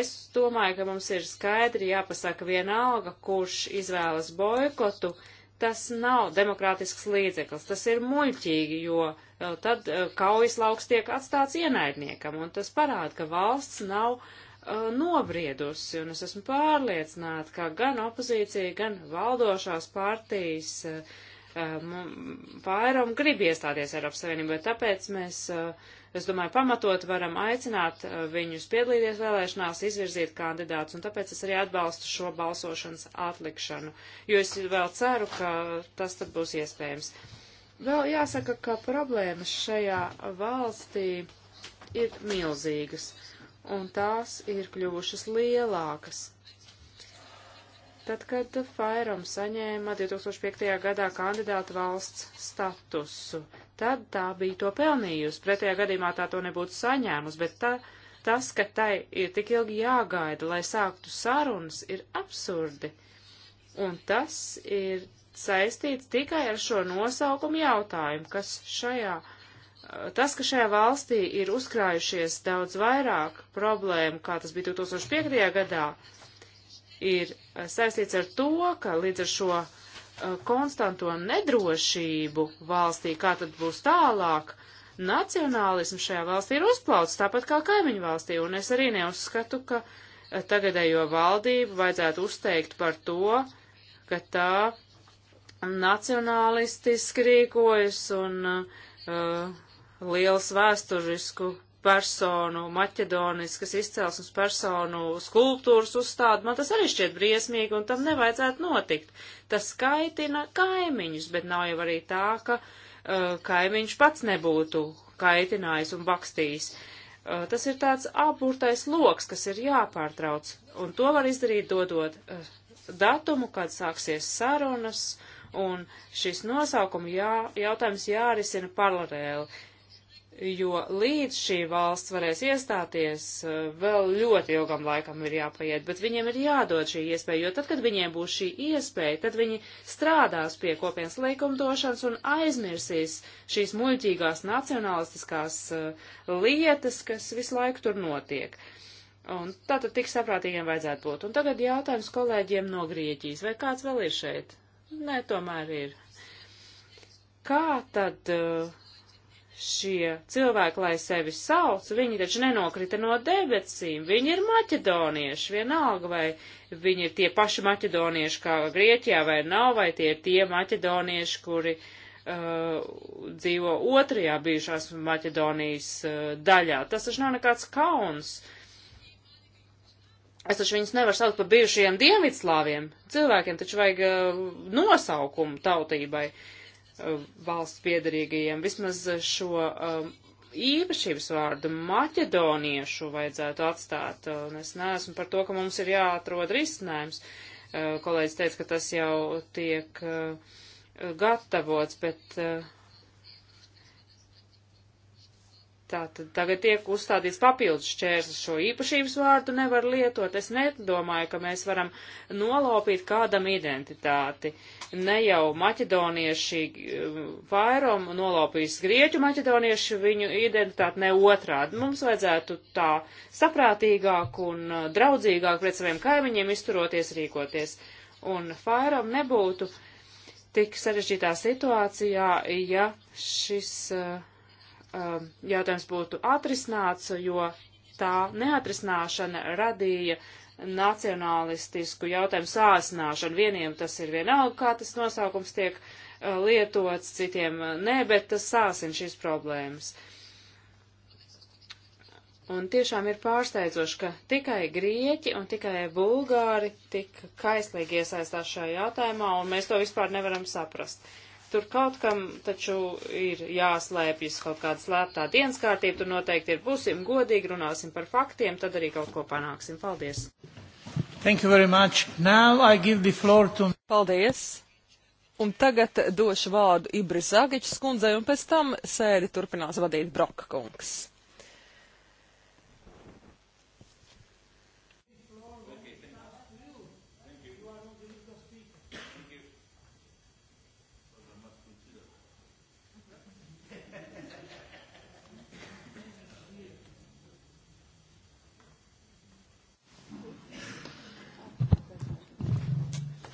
Es domāju, ka mums ir skaidri jāpasaka vienalga, kurš izvēlas boikotu, tas nav demokrātisks līdzeklis, tas ir muļķīgi, jo uh, tad eh, kaujas lauks tiek atstāts ienaidniekam, un tas parāda, ka valsts nav uh, nobriedusi, un es esmu pārliecināta, ka gan opozīcija, gan valdošās partijas uh, vairumu grib iestāties Eiropas Savienībā, tāpēc mēs, es domāju, pamatot varam aicināt viņus piedalīties vēlēšanās, izvirzīt kandidātus, un tāpēc es arī atbalstu šo balsošanas atlikšanu, jo es vēl ceru, ka tas tad būs iespējams. Vēl jāsaka, ka problēmas šajā valstī ir milzīgas, un tās ir kļuvušas lielākas. Tad, kad Fairam saņēma 2005. gadā kandidāta valsts statusu, tad tā bija to pelnījusi. Pretējā gadījumā tā to nebūtu saņēmusi, bet tā, tas, ka tai ir tik ilgi jāgaida, lai sāktu sarunas, ir absurdi. Un tas ir saistīts tikai ar šo nosaukumu jautājumu, kas šajā, tas, ka šajā valstī ir uzkrājušies daudz vairāk problēmu, kā tas bija 2005. gadā, ir eh, saistīts ar to, ka līdz ar šo eh, konstanto nedrošību valstī, kā tad būs tālāk, nacionālisms šajā valstī ir uzplaucis, tāpat kā kaimiņu valstī, un es arī neuzskatu, ka eh, tagadējo valdību vajadzētu uzteikt par to, ka tā nacionālistiski rīkojas un uh, liels vēsturisku personu, maķedoniskas izcelsmes personu skulptūras uzstāda, man tas arī šķiet briesmīgi un tam nevajadzētu notikt. Tas skaitina kaimiņus, bet nav jau arī tā, ka uh, kaimiņš pats nebūtu kaitinājis un bakstījis. Uh, tas ir tāds apurtais loks, kas ir jāpārtrauc, un to var izdarīt dodot uh, datumu, kad sāksies sarunas, uh, Un šis nosaukuma jā, jautājums jārisina paralēli, jo līdz šī valsts varēs iestāties, eh, vēl ļoti ilgam laikam ir jāpaiet, bet viņiem ir jādod šī iespēja, jo tad, kad viņiem būs šī iespēja, tad viņi strādās pie kopienas likumdošanas un aizmirsīs šīs muļķīgās nacionalistiskās eh, lietas, kas visu laiku tur notiek. Un tātad tik saprātīgiem vajadzētu būt. Un tagad jautājums kolēģiem no Grieķijas. Vai kāds vēl ir šeit? Nē, tomēr ir. Kā tad uh, šie cilvēki, lai sevi sauc, viņi taču nenokrita no debesīm, viņi ir maķedonieši, vienalga vai viņi ir tie paši maķedonieši kā Grieķijā vai nav, vai tie ir tie maķedonieši, kuri uh, dzīvo otrajā bijušās Maķedonijas uh, daļā. Tas taču nav nekāds kauns. Uh, Es taču viņus nevaru saukt par bijušajiem Dienvidslāviem. Cilvēkiem taču vajag uh, nosaukumu tautībai uh, valsts piedarīgajiem. Vismaz šo um, īpašības vārdu maķedoniešu vajadzētu atstāt. Un es neesmu par to, ka mums ir jāatrod risinājums. Uh, kolēģis teica, ka tas jau tiek gatavots, bet Tātad tagad tiek uzstādīts papildus šķērslis šo īpašības vārdu nevar lietot. Es nedomāju, ka mēs varam nolaupīt kādam identitāti. Ne jau maķedonieši eh, vairom nolaupīs grieķu maķedonieši viņu identitāti ne otrādi. Mums vajadzētu tā saprātīgāk un eh, draudzīgāk pret saviem kaimiņiem izturoties, rīkoties. Un vairom nebūtu tik sarežģītā situācijā, ja šis. Uh, Um, jautājums būtu atrisināts, jo tā neatrisināšana radīja nacionālistisku jautājumu sāsināšanu. Vieniem tas ir vienalga, kā tas nosaukums tiek uh, lietots, citiem uh, nē, bet tas sāsina šīs problēmas. Un tiešām ir pārsteidzoši, ka tikai grieķi un tikai bulgāri tik kaislīgi iesaistās šajā jautājumā, un mēs to vispār nevaram saprast. Uh, Tur kaut kam taču ir jāslēpjas kaut kāda slēptā dienas kārtība, tur noteikti ir būsim godīgi, runāsim par faktiem, tad arī kaut ko panāksim. Paldies! Thank you very much. Now I give the floor to... Paldies! Un tagad došu vārdu Ibris Zagičs kundzei, un pēc tam sēdi turpinās vadīt Broka kungs.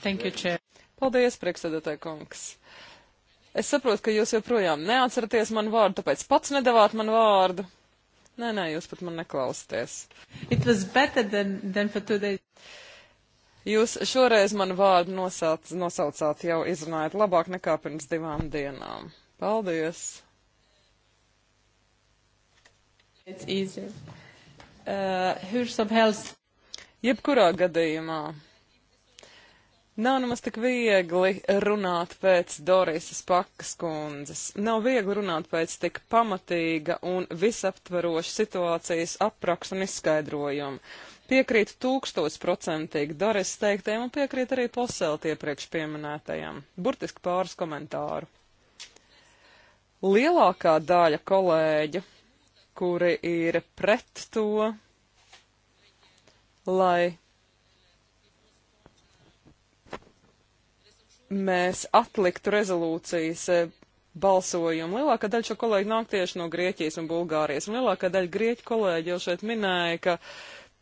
Thank you, Chair. Paldies, priekšsēdētāji kungs. Es saprotu, ka jūs joprojām neatceraties manu vārdu, tāpēc pats nedavāt manu vārdu. Nē, nē, jūs pat man neklausāties. Than, than jūs šoreiz manu vārdu nosauc, nosaucāt jau izrunājot labāk nekā pirms divām dienām. Paldies! It's easier. Uh, hur som helst. Jebkurā gadījumā Nav nemaz tik viegli runāt pēc Dorisas Pakas kundzes. Nav viegli runāt pēc tik pamatīga un visaptveroša situācijas apraksta un izskaidrojuma. Piekrītu tūkstošprocentīgi Doris teiktajam un piekrīt arī posēlt iepriekš pieminētajam. Burtiski pāris komentāru. Lielākā daļa kolēģu, kuri ir pret to, lai mēs atliktu rezolūcijas e, balsojumu. Lielākā daļa šo kolēģu nāk tieši no Grieķijas un Bulgārijas, un lielākā daļa grieķu kolēģi jau šeit minēja, ka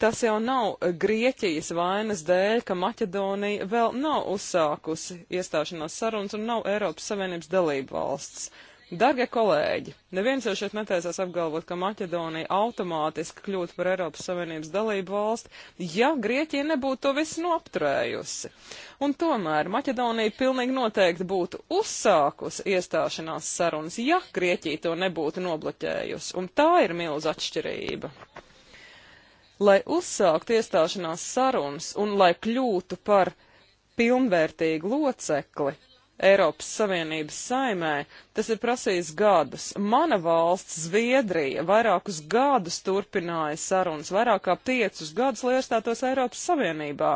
tas jau nav Grieķijas vainas dēļ, ka Maķedonija vēl nav uzsākusi iestāšanās sarunas un nav Eiropas Savienības dalība valsts. Dargie kolēģi, neviens jau šeit netaisās apgalvot, ka Maķedonija automātiski kļūtu par Eiropas Savienības dalību valsti, ja Grieķija nebūtu to visu noapturējusi. Un tomēr Maķedonija pilnīgi noteikti būtu uzsākusi iestāšanās sarunas, ja Grieķija to nebūtu nobloķējusi. Un tā ir milz atšķirība lai uzsāktu iestāšanās sarunas un lai kļūtu par pilnvērtīgu locekli, Eiropas Savienības saimē, tas ir prasījis gadus. Mana valsts, Zviedrija, vairākus gadus turpināja sarunas, vairāk kā piecus gadus, lai iestātos Eiropas Savienībā.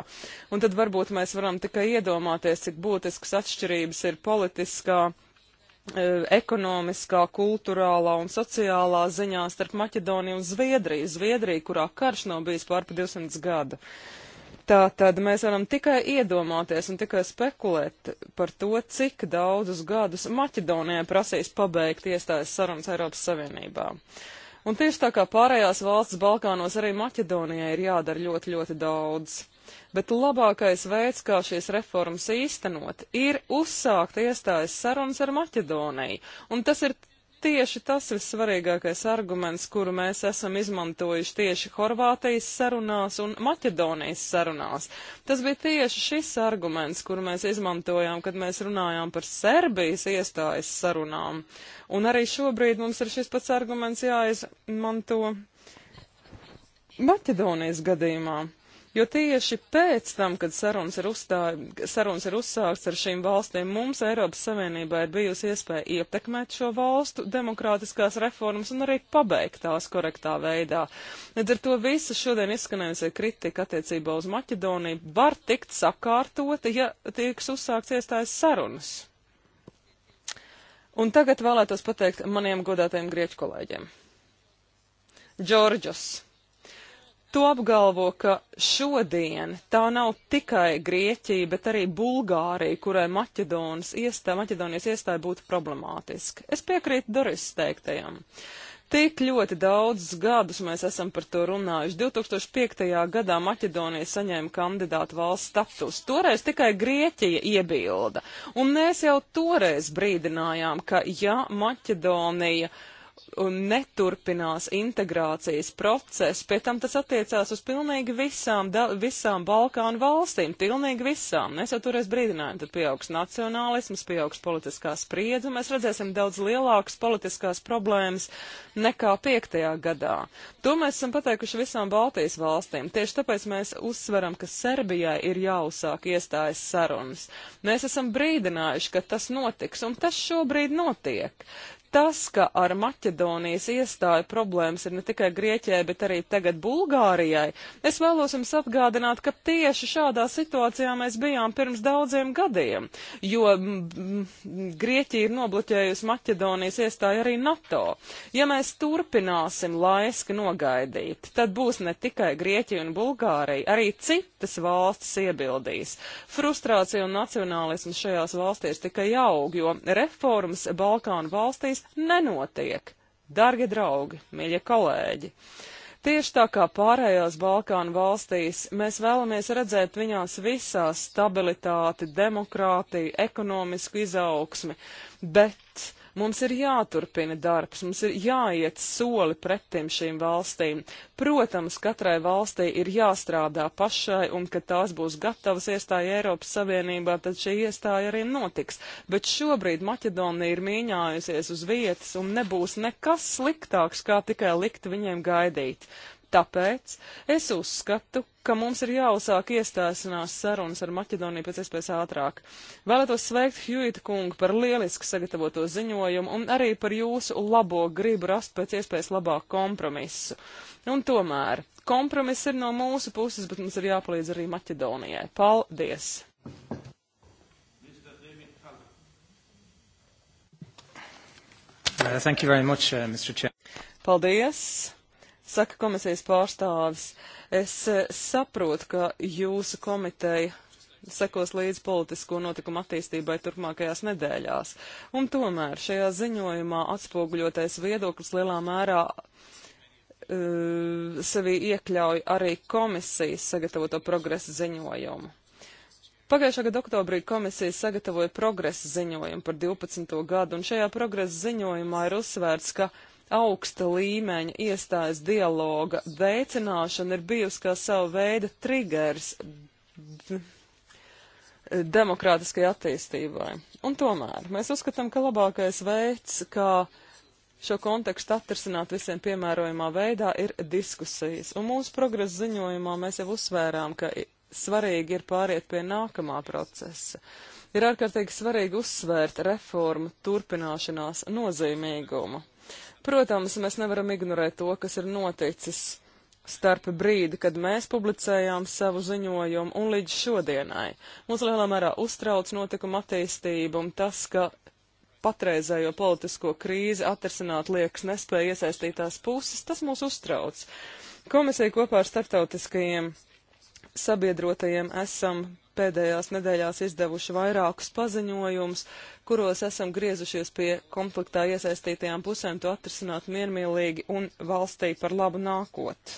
Un tad varbūt mēs varam tikai iedomāties, cik būtiskas atšķirības ir politiskā e, ekonomiskā, kultūrālā un sociālā ziņā starp Maķedoniju un Zviedriju. Zviedriju, kurā karš nav bijis pārpa 200 gadu. Uh, Tā tad mēs varam tikai iedomāties un tikai spekulēt par to, cik daudzus gadus Maķedonijai prasīs pabeigt iestājas sarunas Eiropas Savienībā. Un tieši tā kā pārējās valsts Balkānos arī Maķedonijai ir jādara ļoti, ļoti daudz. Bet labākais veids, kā šīs reformas īstenot, ir uzsākt iestājas sarunas ar Maķedoniju. Un tas ir tieši tas vissvarīgākais arguments, kuru mēs esam izmantojuši tieši Horvātijas sarunās un Maķedonijas sarunās. Tas bija tieši šis arguments, kuru mēs izmantojām, kad mēs runājām par Serbijas iestājas sarunām. Un arī šobrīd mums ir šis pats arguments jāizmanto Maķedonijas gadījumā. Jo tieši pēc tam, kad sarunas ir, uzstā, sarunas ir uzsākts ar šīm valstīm, mums Eiropas Savienībā ir bijusi iespēja ietekmēt šo valstu demokrātiskās reformas un arī pabeigt tās korektā veidā. Līdz ar to visa šodien izskanējusi kritika attiecībā uz Maķedoniju var tikt sakārtota, ja tieks uzsākts iestājas sarunas. Un tagad vēlētos pateikt maniem godātajiem grieķu kolēģiem. Džordžos. To apgalvo, ka šodien tā nav tikai Grieķija, bet arī Bulgārija, kurai Maķedonas iestāja, Maķedonijas iestāja būtu problemātiski. Es piekrītu Doris teiktajam. Tik ļoti daudz gadus mēs esam par to runājuši. 2005. gadā Maķedonija saņēma kandidātu valsts status. Toreiz tikai Grieķija iebilda. Un mēs jau toreiz brīdinājām, ka ja Maķedonija uh, un neturpinās integrācijas process, pie tam tas attiecās uz pilnīgi visām, da, visām Balkānu valstīm, pilnīgi visām. Mēs jau toreiz brīdinājām, tad pieaugs nacionālisms, pieaugs politiskā spriedze, un mēs redzēsim daudz lielākas politiskās problēmas nekā piektajā gadā. To mēs esam pateikuši visām Baltijas valstīm. Tieši tāpēc mēs uzsveram, ka Serbijai ir jāuzsāk iestājas sarunas. Mēs esam brīdinājuši, ka tas notiks, un tas šobrīd notiek. Tas, ka ar Maķedonijas iestāju problēmas ir ne tikai Grieķijai, bet arī tagad Bulgārijai, es vēlos jums atgādināt, ka tieši šādā situācijā mēs bijām pirms daudziem gadiem, jo Grieķija ir nobloķējusi Maķedonijas iestāju arī NATO. Ja mēs turpināsim laiski nogaidīt, tad būs ne tikai Grieķija un Bulgārija, arī citas valstis iebildīs. Frustrācija un nacionālisms šajās valstīs tikai aug, jo reformas Balkānu valstīs gandrīz nenotiek. Dargie draugi, mīļie kolēģi! Tieši tā kā pārējās Balkānu valstīs, mēs vēlamies redzēt viņās visās stabilitāti, demokrātiju, ekonomisku izaugsmi, bet Mums ir jāturpina darbs, mums ir jāiet soli pretim šīm valstīm. Protams, katrai valstī ir jāstrādā pašai, un kad tās būs gatavas iestāja Eiropas Savienībā, tad šī iestāja arī notiks. Bet šobrīd Maķedonija ir mīņājusies uz vietas, un nebūs nekas sliktāks, kā tikai likt viņiem gaidīt. Tāpēc es uzskatu, ka mums ir jāuzsāk iestāšanās sarunas ar Maķedoniju pēc iespējas ātrāk. Vēlētos sveikt Hjūita kungu par lieliski sagatavoto ziņojumu un arī par jūsu labo gribu rast pēc iespējas labāku kompromisu. Un tomēr, kompromiss ir no mūsu puses, bet mums ir jāpalīdz arī Maķedonijai. Paldies! Uh, thank you very much, uh, Mr. Chair. Paldies! saka komisijas pārstāvis. Es e, saprotu, ka jūsu komiteja sekos līdz politisko notikumu attīstībai turpmākajās nedēļās, un tomēr šajā ziņojumā atspoguļotais viedoklis lielā mērā uh, sevī iekļauj arī komisijas sagatavoto progresa ziņojumu. Pagājušā gada oktobrī komisija sagatavoja progresa ziņojumu par 12. gadu, un šajā progresa ziņojumā ir uzsvērts, ka augsta līmeņa iestājas dialoga veicināšana ir bijusi kā sava veida triggers demokrātiskai attīstībai. Un tomēr mēs uzskatām, ka labākais veids, kā šo kontekstu atrisināt visiem piemērojumā veidā, ir diskusijas. Un mūsu progresa ziņojumā mēs jau uzsvērām, ka svarīgi ir pāriet pie nākamā procesa. Ir ārkārtīgi svarīgi uzsvērt reformu turpināšanās nozīmīgumu. Protams, mēs nevaram ignorēt to, kas ir noticis starp brīdi, kad mēs publicējām savu ziņojumu un līdz šodienai. Mums lielā mērā uztrauc notikuma attīstība un tas, ka patreizējo politisko krīzi atrisināt liekas nespēja iesaistītās puses, tas mūs uztrauc. Komisija kopā ar starptautiskajiem sabiedrotajiem esam pēdējās nedēļās izdevuši vairākus paziņojumus, kuros esam griezušies pie konfliktā iesaistītajām pusēm to atrisināt miermīlīgi un valstī par labu nākotni.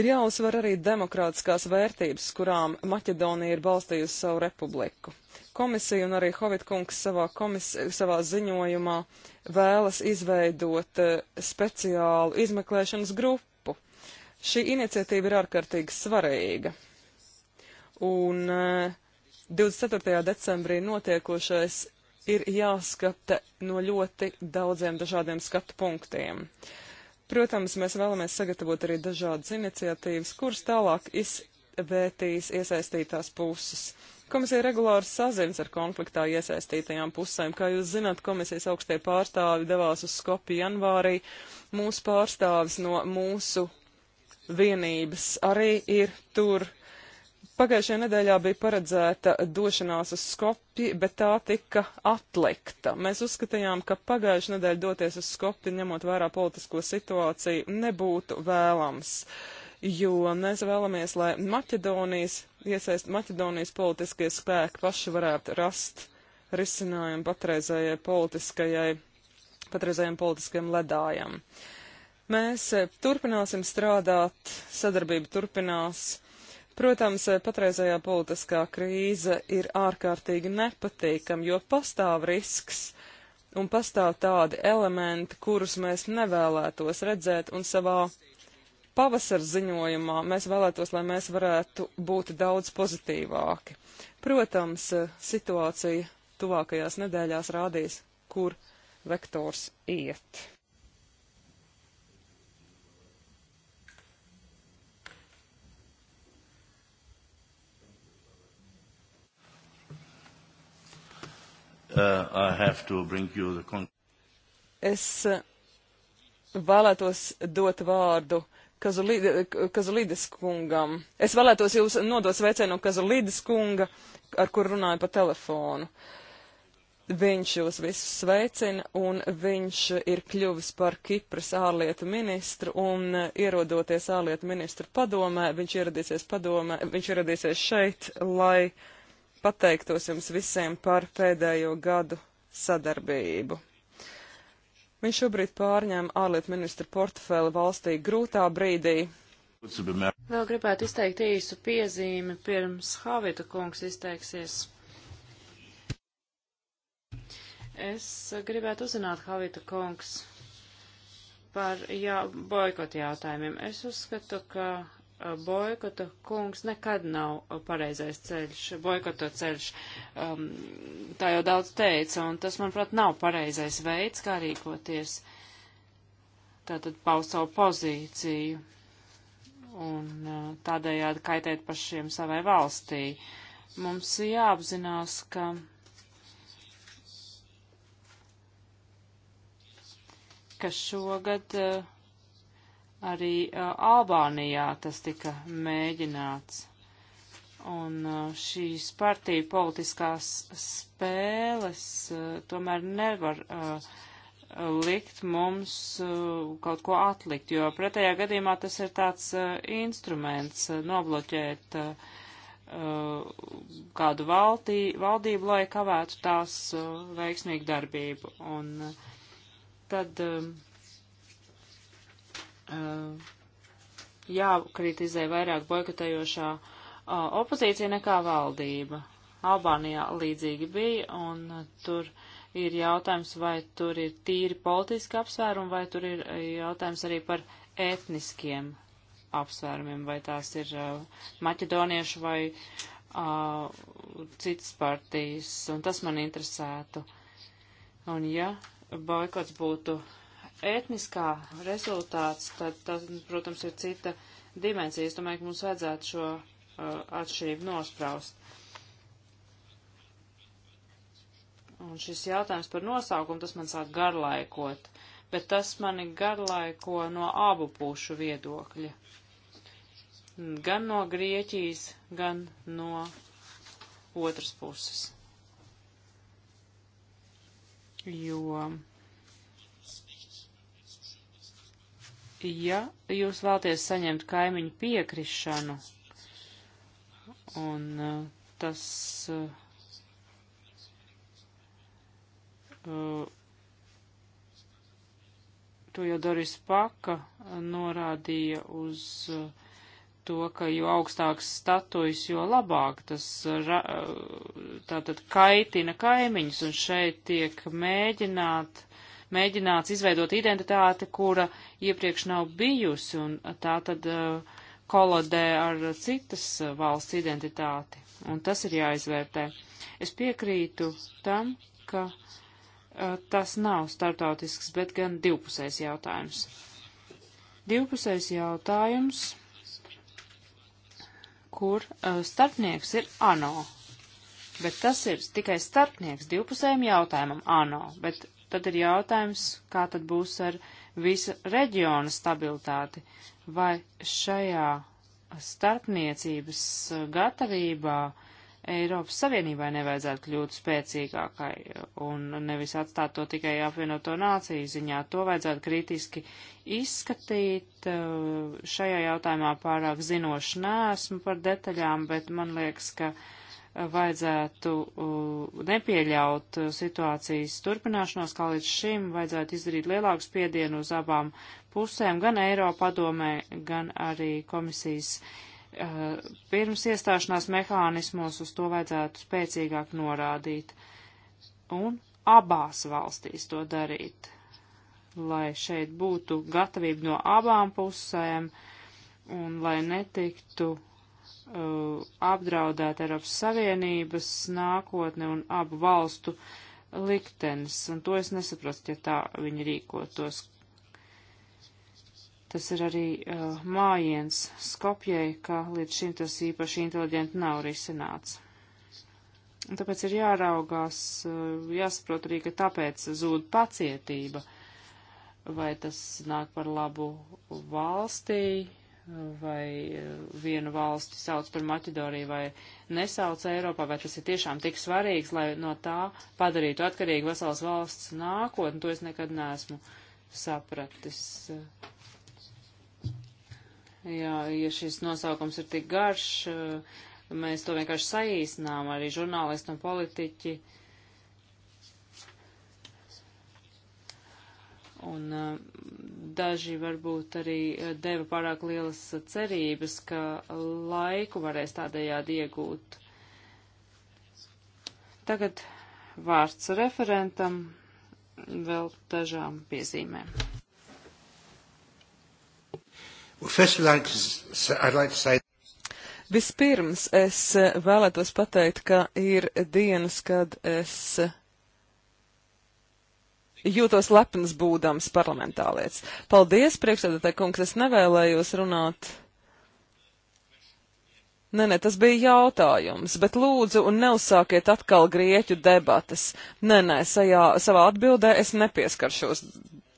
Ir jāuzsver arī demokrātiskās vērtības, kurām Maķedonija ir balstījusi savu republiku. Komisija un arī Hovitkungs savā, komisi, savā ziņojumā vēlas izveidot eh, speciālu izmeklēšanas grupu. Šī iniciatīva ir ārkārtīgi svarīga un 24. Eh, decembrī notiekošais ir jāskata no ļoti daudziem dažādiem skatu punktiem. Protams, mēs vēlamies sagatavot arī dažādas iniciatīvas, kuras tālāk izvērtīs iesaistītās puses. Komisija regulāri sazins ar konfliktā iesaistītajām pusēm. Kā jūs zināt, komisijas augstie pārstāvi devās uz Skopju janvārī. Mūsu pārstāvis no mūsu vienības arī ir tur. Pagājušajā nedēļā bija paredzēta došanās uz Skopju, bet tā tika atlikta. Mēs uzskatījām, ka pagājušajā nedēļā doties uz Skopju, ņemot vērā politisko situāciju, nebūtu vēlams, jo mēs vēlamies, lai Maķedonijas, iesaist Maķedonijas politiskie spēki paši varētu rast risinājumu patreizējai politiskajai, patreizējiem politiskajiem ledājam. Mēs turpināsim strādāt, sadarbība turpinās Protams, eh, patreizējā politiskā krīze ir ārkārtīgi nepatīkam, jo pastāv risks un pastāv tādi elementi, kurus mēs nevēlētos redzēt un savā pavasara ziņojumā mēs vēlētos, lai mēs varētu būt daudz pozitīvāki. Protams, eh, situācija tuvākajās nedēļās rādīs, kur vektors iet. uh, I have to bring you the Es uh, vēlētos dot vārdu Kazulīdes Kazulide, kungam. Es vēlētos jūs nodot sveicienu Kazulīdes kunga, ar kur runāju pa telefonu. Viņš jūs visus sveicina, un viņš ir kļuvis par Kipras ārlietu ministru, un uh, ierodoties ārlietu ministru padomē, viņš ieradīsies padomē, viņš ieradīsies šeit, lai pateiktos jums visiem par pēdējo gadu sadarbību. Viņš šobrīd pārņem ārlietu ministra portfeli valstī grūtā brīdī. Vēl gribētu izteikt īsu piezīmi pirms Havita kungs izteiksies. Es gribētu uzzināt, Havita kungs, par jā, boikotu jautājumiem. Es uzskatu, ka boikota kungs nekad nav pareizais ceļš, boikota ceļš. Um, tā jau daudz teica, un tas, manuprāt, nav pareizais veids, kā rīkoties. Tātad paust savu pozīciju un uh, tādējādi kaitēt pašiem savai valstī. Mums jāapzinās, ka ka šogad uh, Arī uh, Albānijā tas tika mēģināts. Un uh, šīs partiju politiskās spēles uh, tomēr nevar uh, likt mums uh, kaut ko atlikt, jo pretējā gadījumā tas ir tāds uh, instruments uh, nobloķēt uh, kādu valdī, valdību, lai kavētu tās uh, veiksmīgu darbību. Un uh, tad. Uh, Uh, jākritizē vairāk boikotējošā uh, opozīcija nekā valdība. Albānijā līdzīgi bija, un uh, tur ir jautājums, vai tur ir tīri politiski apsvērumi, vai tur ir jautājums arī par etniskiem apsvērumiem, vai tās ir maķedoniešu vai uh, citas partijas, un tas man interesētu. Un ja boikots būtu etniskā rezultāts, tad, tad protams, ir cita dimensija. Es domāju, ka mums vajadzētu šo uh, atšķirību nospraust. Un šis jautājums par nosaukumu, tas man sāk garlaikot, bet tas mani garlaiko no abu pušu viedokļa. Gan no Grieķijas, gan no otras puses. Jo ja jūs vēlaties saņemt kaimiņu piekrišanu, un uh, tas uh, uh to jau Doris Paka uh, norādīja uz uh, to, ka jo augstāks statujas, jo labāk tas uh, ra, tātad kaitina kaimiņus, un šeit tiek mēģināt mēģināts izveidot identitāti, kura iepriekš nav bijusi, un tā tad uh, kolodē ar citas uh, valsts identitāti, un tas ir jāizvērtē. Es piekrītu tam, ka uh, tas nav startautisks, bet gan divpusējs jautājums. Divpusējs jautājums, kur uh, starpnieks ir ANO, bet tas ir tikai starpnieks divpusējiem jautājumam ANO, bet tad ir jautājums, kā tad būs ar visa reģiona stabilitāti. Vai šajā starpniecības gatavībā Eiropas Savienībai nevajadzētu kļūt spēcīgākai un nevis atstāt to tikai apvienoto nāciju ziņā. To vajadzētu kritiski izskatīt. Šajā jautājumā pārāk zinoši nesmu par detaļām, bet man liekas, ka uh, vajadzētu nepieļaut uh, situācijas turpināšanos, kā līdz šim vajadzētu izdarīt lielāku spiedienu uz abām pusēm, gan Eiropadomē, gan arī komisijas uh, pirms iestāšanās mehānismos uz to vajadzētu spēcīgāk norādīt. Un abās valstīs to darīt, lai šeit būtu gatavība no abām pusēm un lai netiktu uh, Uh, apdraudēt Eiropas Savienības nākotne un abu valstu liktenis, un to es nesaprastu, ja tā viņi rīkotos. Tas ir arī uh, mājiens Skopjai, ka līdz šim tas īpaši inteliģenti nav risināts. Un tāpēc ir jāraugās, uh, jāsaprot arī, ka tāpēc zūd pacietība, vai tas nāk par labu valstī, vai eh, vienu valsti sauc par Maķedoniju vai nesauc Eiropā, vai tas ir tiešām tik svarīgs, lai no tā padarītu atkarīgu veselas valsts nākotni, to es nekad neesmu sapratis. Jā, ja šis nosaukums ir tik garš, eh, mēs to vienkārši saīsinām, arī žurnālisti un politiķi Un uh, daži varbūt arī uh, deva pārāk lielas uh, cerības, ka laiku varēs tādējādi iegūt. Tagad vārds referentam vēl dažām piezīmēm. Vispirms es vēlētos pateikt, ka ir dienas, kad es jūtos lepns būdams parlamentālietis. Paldies, priekšsēdētāji kungs, es nevēlējos runāt. Nē, nē, tas bija jautājums, bet lūdzu un neuzsākiet atkal grieķu debatas. Nē, nē, sajā, savā atbildē es nepieskaršos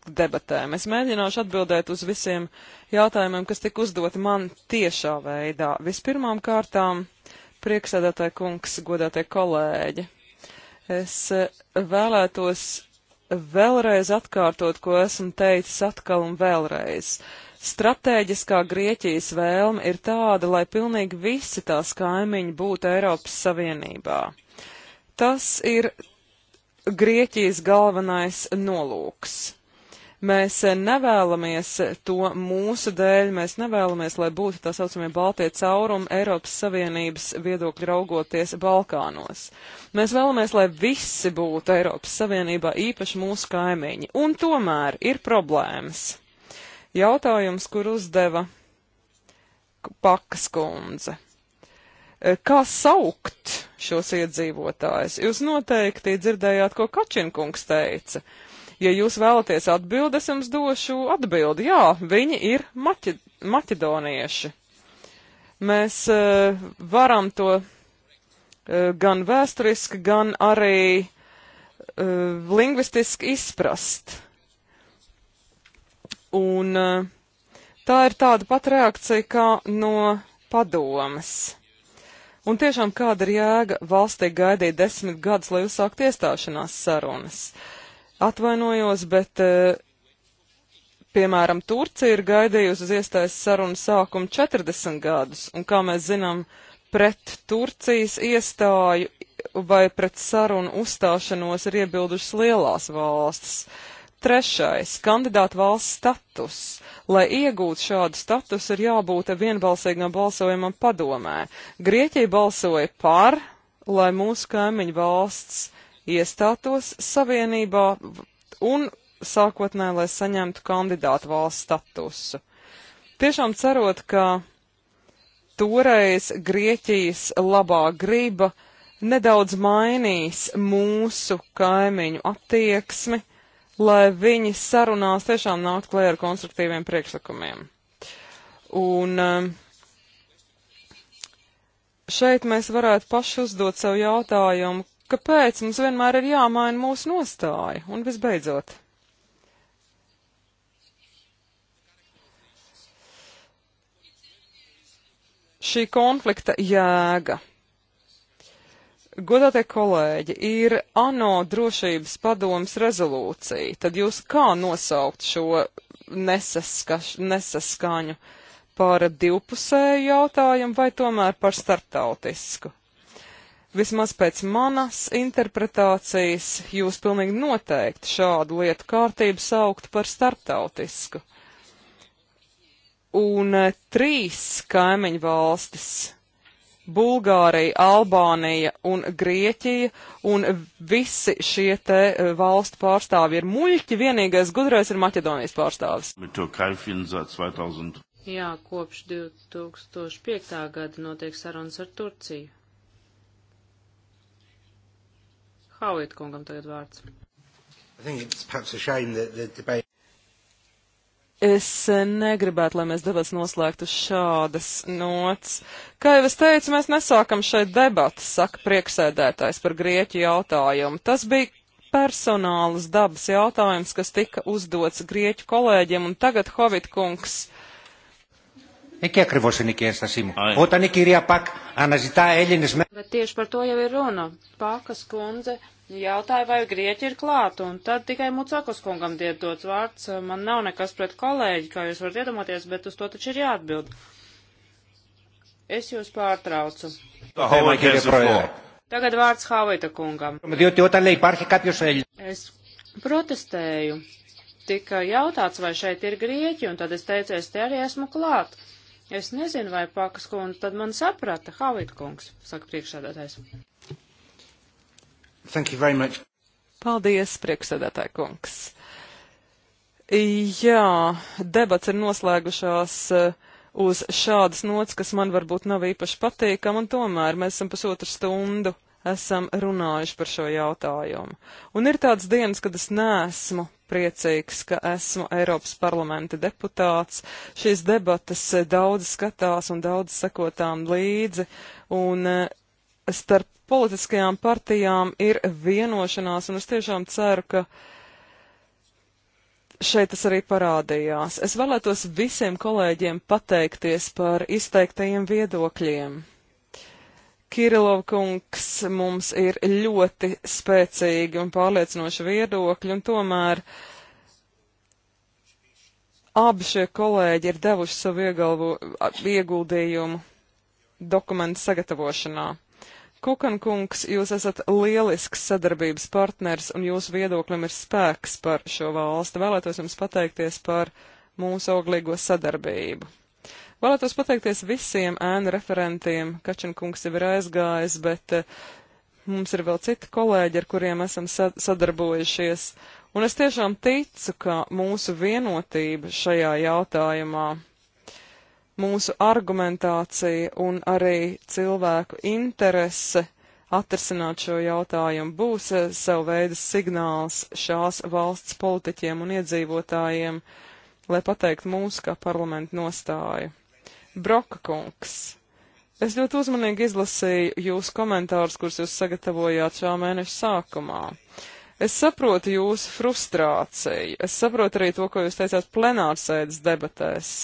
debatēm. Es mēģināšu atbildēt uz visiem jautājumiem, kas tika uzdoti man tiešā veidā. Vispirmām kārtām, priekšsēdētāji kungs, godātie kolēģi, es eh, vēlētos vēlreiz atkārtot, ko esmu teicis atkal un vēlreiz. Stratēģiskā Grieķijas vēlme ir tāda, lai pilnīgi visi tās kaimiņi būtu Eiropas Savienībā. Tas ir Grieķijas galvenais nolūks. Mēs nevēlamies to mūsu dēļ, mēs nevēlamies, lai būtu tā saucamie baltie caurumi Eiropas Savienības viedokļi raugoties Balkānos. Mēs vēlamies, lai visi būtu Eiropas Savienībā, īpaši mūsu kaimiņi. Un tomēr ir problēmas. Jautājums, kur uzdeva Pakas kundze kā saukt šos iedzīvotājus. Jūs noteikti dzirdējāt, ko Kačinkungs teica. Ja jūs vēlaties atbildi, es jums došu atbildi. Jā, viņi ir maķi, maķedonieši. Mēs uh, varam to uh, gan vēsturiski, gan arī uh, lingvistiski izprast. Un uh, tā ir tāda pat reakcija kā no padomas. Un tiešām kāda ir jēga valstī gaidīt desmit gadus, lai uzsākt iestāšanās sarunas? Uh, Atvainojos, bet, eh, piemēram, Turcija ir gaidījusi uz iestājas sarunu sākumu 40 gadus, un kā mēs zinām, pret Turcijas iestāju vai pret sarunu uzstāšanos ir iebildušas lielās valstis. Trešais - kandidāta valsts status. Lai iegūtu šādu statusu, ir jābūt vienbalsīgam balsojumam padomē. Grieķija balsoja par, lai mūsu kaimiņu valsts iestātos savienībā un sākotnē, lai saņemtu kandidātu valsts statusu. Tiešām cerot, ka toreiz Grieķijas labā griba nedaudz mainīs mūsu kaimiņu attieksmi, lai viņi sarunās tiešām nākt klē ar konstruktīviem priekšlikumiem. Un um, šeit mēs varētu paši uzdot sev jautājumu, kāpēc mums vienmēr ir jāmaina mūsu nostāja. Un visbeidzot. Šī konflikta jēga. Godātie kolēģi, ir ANO drošības padomas rezolūcija, tad jūs kā nosaukt šo nesaska, nesaskaņu par divpusēju jautājumu vai tomēr par starptautisku? Vismaz pēc manas interpretācijas jūs pilnīgi noteikti šādu lietu kārtību saukt par starptautisku. Un eh, trīs kaimiņu valstis - Bulgārija, Albānija un Grieķija, un visi šie te eh, valstu pārstāvi ir muļķi, vienīgais gudrais ir Maķedonijas pārstāvis. Jā, kopš 2005. gada notiek sarunas ar Turciju. Hauiet kungam tagad vārds. Es negribētu, lai mēs debats noslēgtu šādas nots. Kā jau es teicu, mēs nesākam šeit debatas, saka prieksēdētājs par Grieķu jautājumu. Tas bija personālas dabas jautājums, kas tika uzdots Grieķu kolēģiem, un tagad Hovitkungs Εκεί ακριβώ είναι και η ένστασή μου. Άρα. Όταν η κυρία Πακ αναζητά Έλληνε μέσα. Bet tieši par to jau ir runa. Pakas kundze jautāja, vai grieķi ir klāt, un tad tikai Mucakos kungam tiek dots vārds. Man nav nekas pret kolēģi, kā jūs varat iedomāties, bet uz to taču ir jāatbild. Es jūs pārtraucu. Tēmā, kirja, projā. Tagad vārds Havita kungam. Es protestēju tika jautāts, vai šeit ir grieķi, un tad es teicu, es te arī esmu klāt. Es nezinu, vai pakas kundze tad man saprata, Havit kungs, saka priekšsēdētājs. Thank you very much. Paldies, priekšsēdētāja kungs. Jā, debats ir noslēgušās eh, uz šādas nots, kas man varbūt nav īpaši patīkam, un tomēr mēs esam pusotru stundu esam runājuši par šo jautājumu. Un ir tāds dienas, kad es nesmu priecīgs, ka esmu Eiropas parlamenta deputāts. Šīs debatas eh, daudz skatās un daudz sekotām līdzi, un eh, starp politiskajām partijām ir vienošanās, un es tiešām ceru, ka šeit tas arī parādījās. Es vēlētos visiem kolēģiem pateikties par izteiktajiem viedokļiem. Kirilovkungs mums ir ļoti spēcīgi un pārliecinoši viedokļi, un tomēr abi šie kolēģi ir devuši savu iegalvo, ieguldījumu dokumentu sagatavošanā. Kukankungs, jūs esat lielisks sadarbības partners, un jūsu viedoklim ir spēks par šo valsti. Vēlētos jums pateikties par mūsu auglīgo sadarbību. Vēlētos pateikties visiem ēnu referentiem. Kačenkungs jau ir aizgājis, bet eh, mums ir vēl citi kolēģi, ar kuriem esam sadarbojušies. Un es tiešām ticu, ka mūsu vienotība šajā jautājumā, mūsu argumentācija un arī cilvēku interese atrisināt šo jautājumu būs eh, sev veidas signāls šās valsts politiķiem un iedzīvotājiem, lai pateiktu mūsu kā parlamentu nostāju. Broka kungs. Es ļoti uzmanīgi izlasīju jūsu komentārus, kurus jūs sagatavojāt šā mēneša sākumā. Es saprotu jūsu frustrāciju, es saprotu arī to, ko jūs teicāt plenārsēdes debatēs,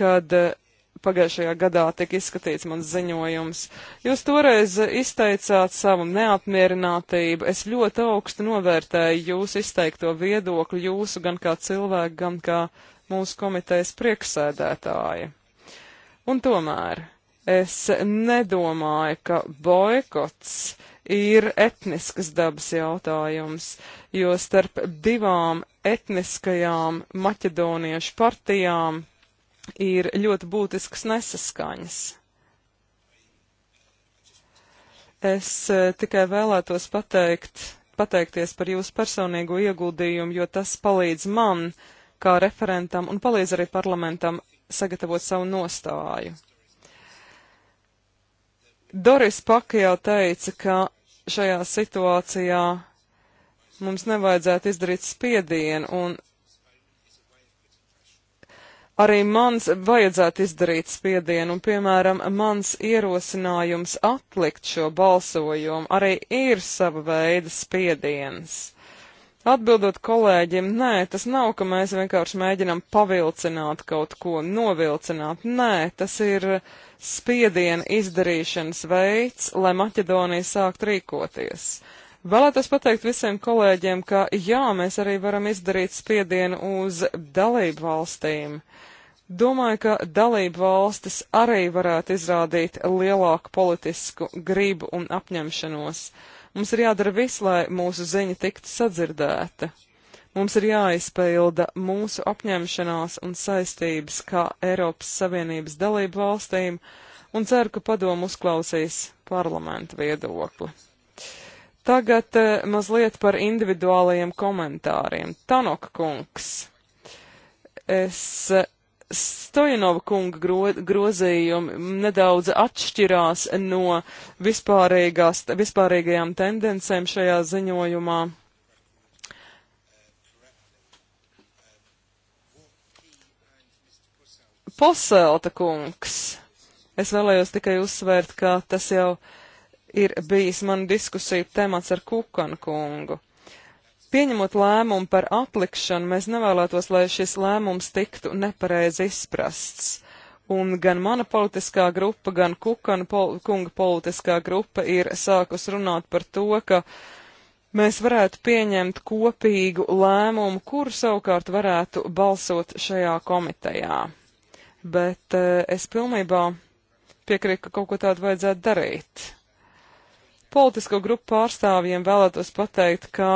kad eh, pagājušajā gadā tika izskatīts mans ziņojums. Jūs toreiz izteicāt savu neapmierinātību, es ļoti augstu novērtēju jūsu izteikto viedokli, jūsu gan kā cilvēku, gan kā mūsu komitejas priekšsēdētāju. Un tomēr es nedomāju, ka boikots ir etniskas dabas jautājums, jo starp divām etniskajām maķedoniešu partijām ir ļoti būtisks nesaskaņas. Es eh, tikai vēlētos pateikt, pateikties par jūsu personīgo ieguldījumu, jo tas palīdz man kā referentam un palīdz arī parlamentam sagatavot savu nostāju. Doris Paka jau teica, ka šajā situācijā mums nevajadzētu izdarīt spiedienu, un arī mans vajadzētu izdarīt spiedienu, un, piemēram, mans ierosinājums atlikt šo balsojumu arī ir sava veida spiediens. Atbildot kolēģim, nē, tas nav, ka mēs vienkārši mēģinam pavilcināt kaut ko, novilcināt. Nē, tas ir spiediena izdarīšanas veids, lai Maķedonija sākt rīkoties. Vēlētos pateikt visiem kolēģiem, ka jā, mēs arī varam izdarīt spiedienu uz dalību valstīm. Domāju, ka dalību valstis arī varētu izrādīt lielāku politisku gribu un apņemšanos. Uh, Mums ir jādara viss, lai mūsu ziņa tiktu sadzirdēta. Mums ir jāizpilda mūsu apņemšanās un saistības kā Eiropas Savienības dalību valstīm, un ceru, ka padomu uzklausīs parlamenta viedokli. Tagad eh, mazliet par individuālajiem komentāriem. Tanok kungs, es Stojanova kunga gro, grozījumi nedaudz atšķirās no vispārīgajām tendencēm šajā ziņojumā. Poselta kungs. Es vēlējos tikai uzsvērt, ka tas jau ir bijis man diskusija temats ar Kukana kungu. Uh, Pieņemot lēmumu par atlikšanu, mēs nevēlētos, lai šis lēmums tiktu nepareizi izprasts. Un gan mana politiskā grupa, gan Kukana pol kunga politiskā grupa ir sākus runāt par to, ka mēs varētu pieņemt kopīgu lēmumu, kuru savukārt varētu balsot šajā komitejā. Bet eh, es pilnībā piekrītu, ka kaut ko tādu vajadzētu darīt politisko grupu pārstāvjiem vēlētos pateikt, ka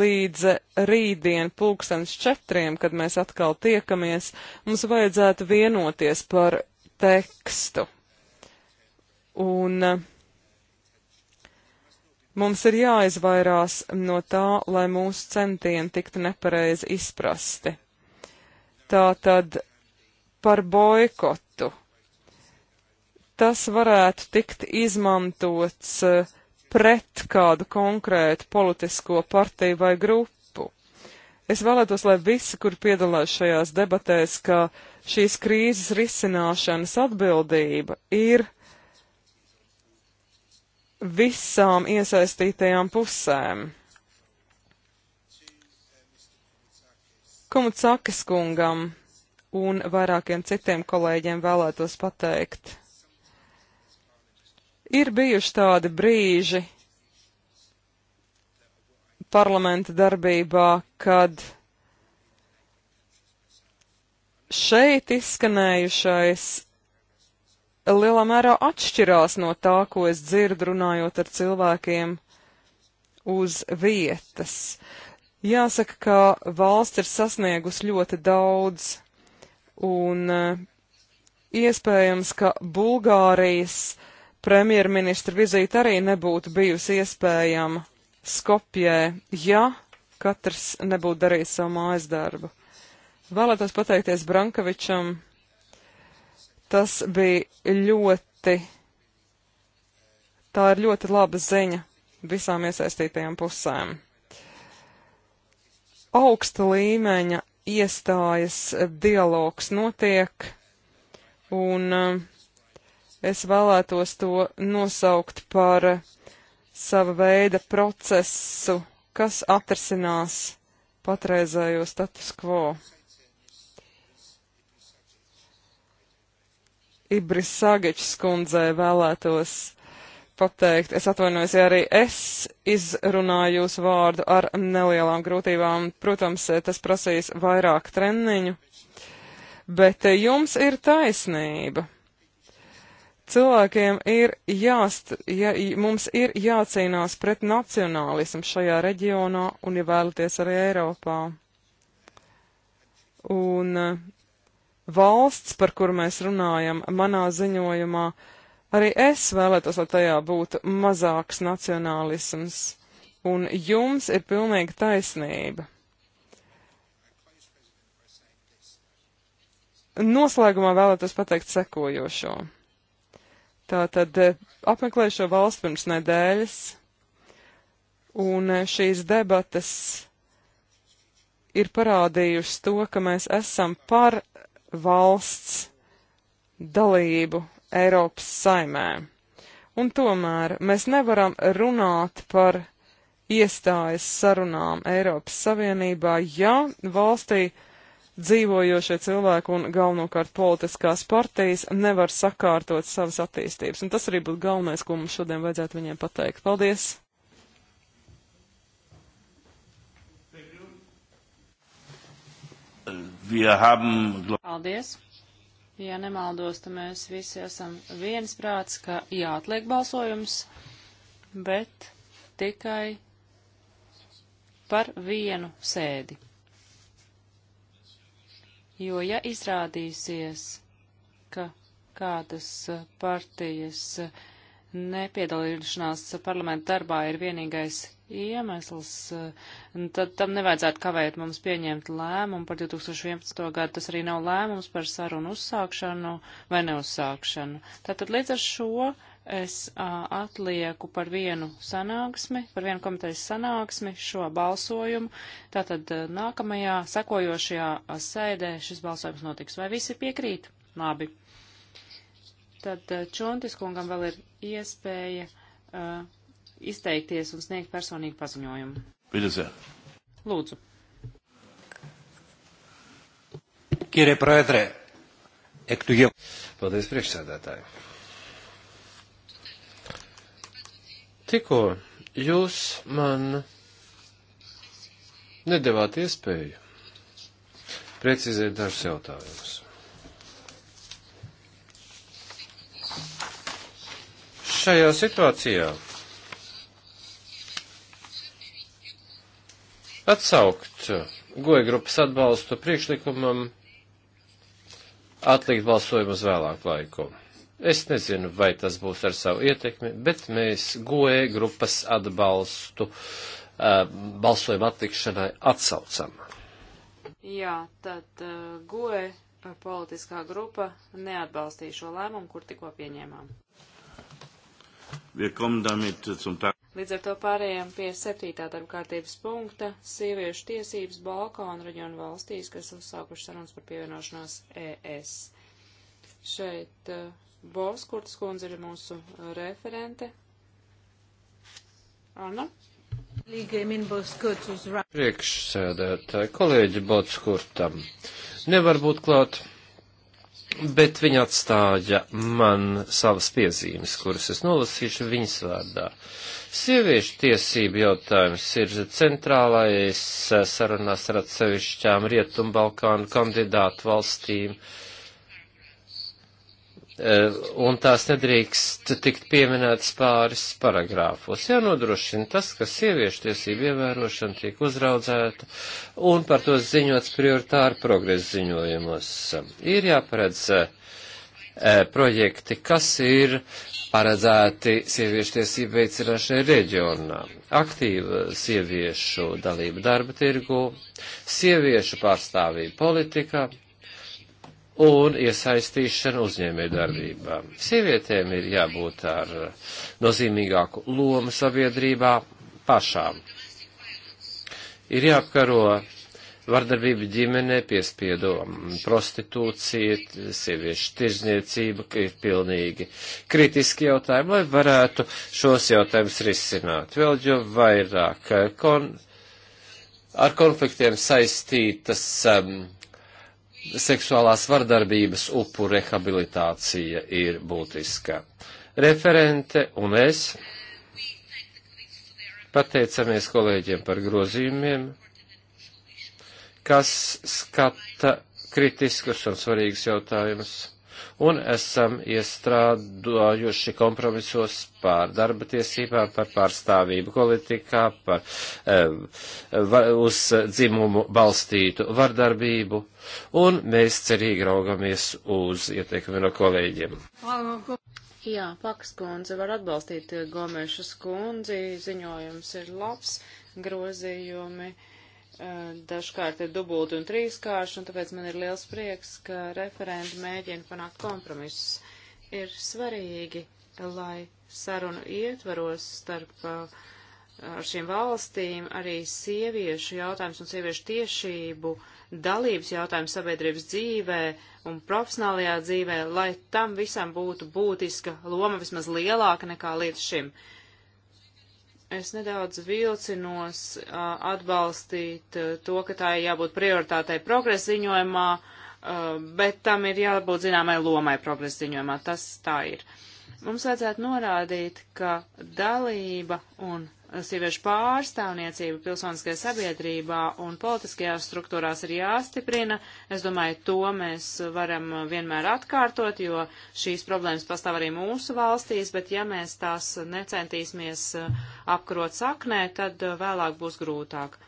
līdz rītdien pulkstens četriem, kad mēs atkal tiekamies, mums vajadzētu vienoties par tekstu. Un mums ir jāizvairās no tā, lai mūsu centieni tiktu nepareizi izprasti. Tātad par boikotu. Tas varētu tikt izmantots uh, pret kādu konkrētu politisko partiju vai grupu. Es vēlētos, lai visi, kur piedalās šajās debatēs, ka šīs krīzes risināšanas atbildība ir visām iesaistītajām pusēm. Komucakis kungam un vairākiem citiem kolēģiem vēlētos pateikt. Ir bijuši tādi brīži parlamenta darbībā, kad šeit izskanējušais lielā mērā atšķirās no tā, ko es dzirdu runājot ar cilvēkiem uz vietas. Jāsaka, ka valsts ir sasniegusi ļoti daudz, un eh, iespējams, ka Bulgārijas uh, premjerministra vizīte arī nebūtu bijusi iespējama Skopjē, ja katrs nebūtu darījis savu mājas darbu. Vēlētos pateikties Brankovičam. Tas bija ļoti, tā ir ļoti laba ziņa visām iesaistītajām pusēm. Augsta līmeņa iestājas dialogs notiek, un uh, Es vēlētos to nosaukt par sava veida procesu, kas atrasinās patreizējo status quo. Ibris Sāgečs kundzei vēlētos pateikt, es atvainojos, ja arī es izrunāju jūsu vārdu ar nelielām grūtībām. Protams, tas prasīs vairāk treniņu, bet jums ir taisnība. Cilvēkiem ir jāst, ja, mums ir jācīnās pret nacionālismu šajā reģionā un, ja vēlaties, arī Eiropā. Un eh, valsts, par kuru mēs runājam manā ziņojumā, arī es vēlētos, lai tajā būtu mazāks nacionālisms. Un jums ir pilnīga taisnība. Noslēgumā vēlētos pateikt sekojošo. Tātad eh, apmeklēju šo valstu pirms nedēļas, un eh, šīs debatas ir parādījusi to, ka mēs esam par valsts dalību Eiropas saimē. Un tomēr mēs nevaram runāt par iestājas sarunām Eiropas Savienībā, ja valstī dzīvojošie cilvēki un galvenokārt politiskās partijas nevar sakārtot savas attīstības. Un tas arī būtu galvenais, ko mums šodien vajadzētu viņiem pateikt. Paldies! Paldies! Ja nemaldos, tad mēs visi esam viensprāts, ka jāatliek balsojums, bet tikai par vienu sēdi jo ja izrādīsies, ka kādas eh, partijas uh, nepiedalīšanās parlamenta darbā ir vienīgais iemesls, tad tam nevajadzētu kavēt mums pieņemt lēmumu par 2011. gadu. Tas arī nav lēmums par sarunu uzsākšanu vai neuzsākšanu. Tātad līdz ar šo es a, atlieku par vienu sanāksmi, par vienu komitejas sanāksmi šo balsojumu. Tātad nākamajā sekojošajā sēdē šis balsojums notiks. Vai visi piekrīt? Labi. Tad eh, Čontis kungam vēl ir iespēja uh, izteikties un sniegt personīgu paziņojumu. Vidusē. Lūdzu. Kīrie proedrē, ektu jau. Paldies priekšsēdētāji. Tikko jūs man nedavāt iespēju precizēt dažus jautājumus. šajā situācijā atsaukt goja grupas atbalstu priekšlikumam atlikt balsojumu uz vēlāku laiku. Es nezinu, vai tas būs ar savu ietekmi, bet mēs goja grupas atbalstu uh, balsojumu atlikšanai atsaucam. Jā, tad uh, goja politiskā grupa neatbalstīja šo lēmumu, kur tikko pieņēmām. Līdz ar to pārējām pie septītā darba kārtības punkta - sieviešu tiesības Balkānu reģionu valstīs, kas uzsākuši sarunas par pievienošanos ES. Šeit uh, eh, Bovs Kurtas kundze ir mūsu eh, referente. Anna? Priekšsēdētāji, kolēģi Bots Kurtam. Nevar būt klāt bet viņa atstāja man savas piezīmes, kuras es nolasīšu viņas vārdā. Sieviešu tiesību jautājums ir centrālais eh, sarunās ar atsevišķām Rietumbalkānu kandidātu valstīm. Uh, Eh, un tās nedrīkst tikt pieminētas pāris paragrāfos. Jānodrošina tas, ka sieviešu tiesību ievērošana tiek uzraudzēta un par to ziņots prioritāri progresa ziņojumos. Ir jāparedz eh, projekti, kas ir paredzēti sieviešu tiesību veicināšanai reģionā, aktīva sieviešu dalība darba tirgu, sieviešu pārstāvība politikā, un iesaistīšana uzņēmējdarbībā. Sievietēm ir jābūt ar eh, nozīmīgāku lomu sabiedrībā pašām. Ir jāapkaro vardarbība ģimenē, piespiedu um, prostitūcija, sieviešu tirzniecība, ka ir pilnīgi kritiski jautājumi, lai varētu šos jautājumus risināt. Vēl jau vairāk eh, kon ar konfliktiem saistītas. Um, seksuālās vardarbības upu rehabilitācija ir būtiska. Referente un es pateicamies kolēģiem par grozījumiem, kas skata kritiskus un svarīgus jautājumus un esam iestrādājuši kompromisos par darba tiesībām, par pārstāvību politikā, par um, uz dzimumu balstītu vardarbību, un mēs cerīgi raugamies uz ieteikumu no kolēģiem. Jā, Pakas kundze var atbalstīt Gomešas kundzi, ziņojums ir labs, grozījumi dažkārt ir dubulti un trīskārši, un tāpēc man ir liels prieks, ka referenti mēģina panākt kompromisus. Ir svarīgi, lai sarunu ietvaros starp uh, ar šīm valstīm arī sieviešu jautājums un sieviešu tiešību dalības jautājums sabiedrības dzīvē un profesionālajā dzīvē, lai tam visam būtu būtiska loma vismaz lielāka nekā līdz šim. Uh, es nedaudz vilcinos atbalstīt to, ka tā ir jābūt prioritātei progresa ziņojumā, bet tam ir jābūt zināmai lomai progresa ziņojumā. Tas tā ir. Mums vajadzētu norādīt, ka dalība un sieviešu pārstāvniecība pilsoniskajā sabiedrībā un politiskajās struktūrās ir jāstiprina. Es domāju, to mēs varam vienmēr atkārtot, jo šīs problēmas pastāv arī mūsu valstīs, bet ja mēs tās necentīsimies eh, apkarot saknē, tad eh, vēlāk būs grūtāk.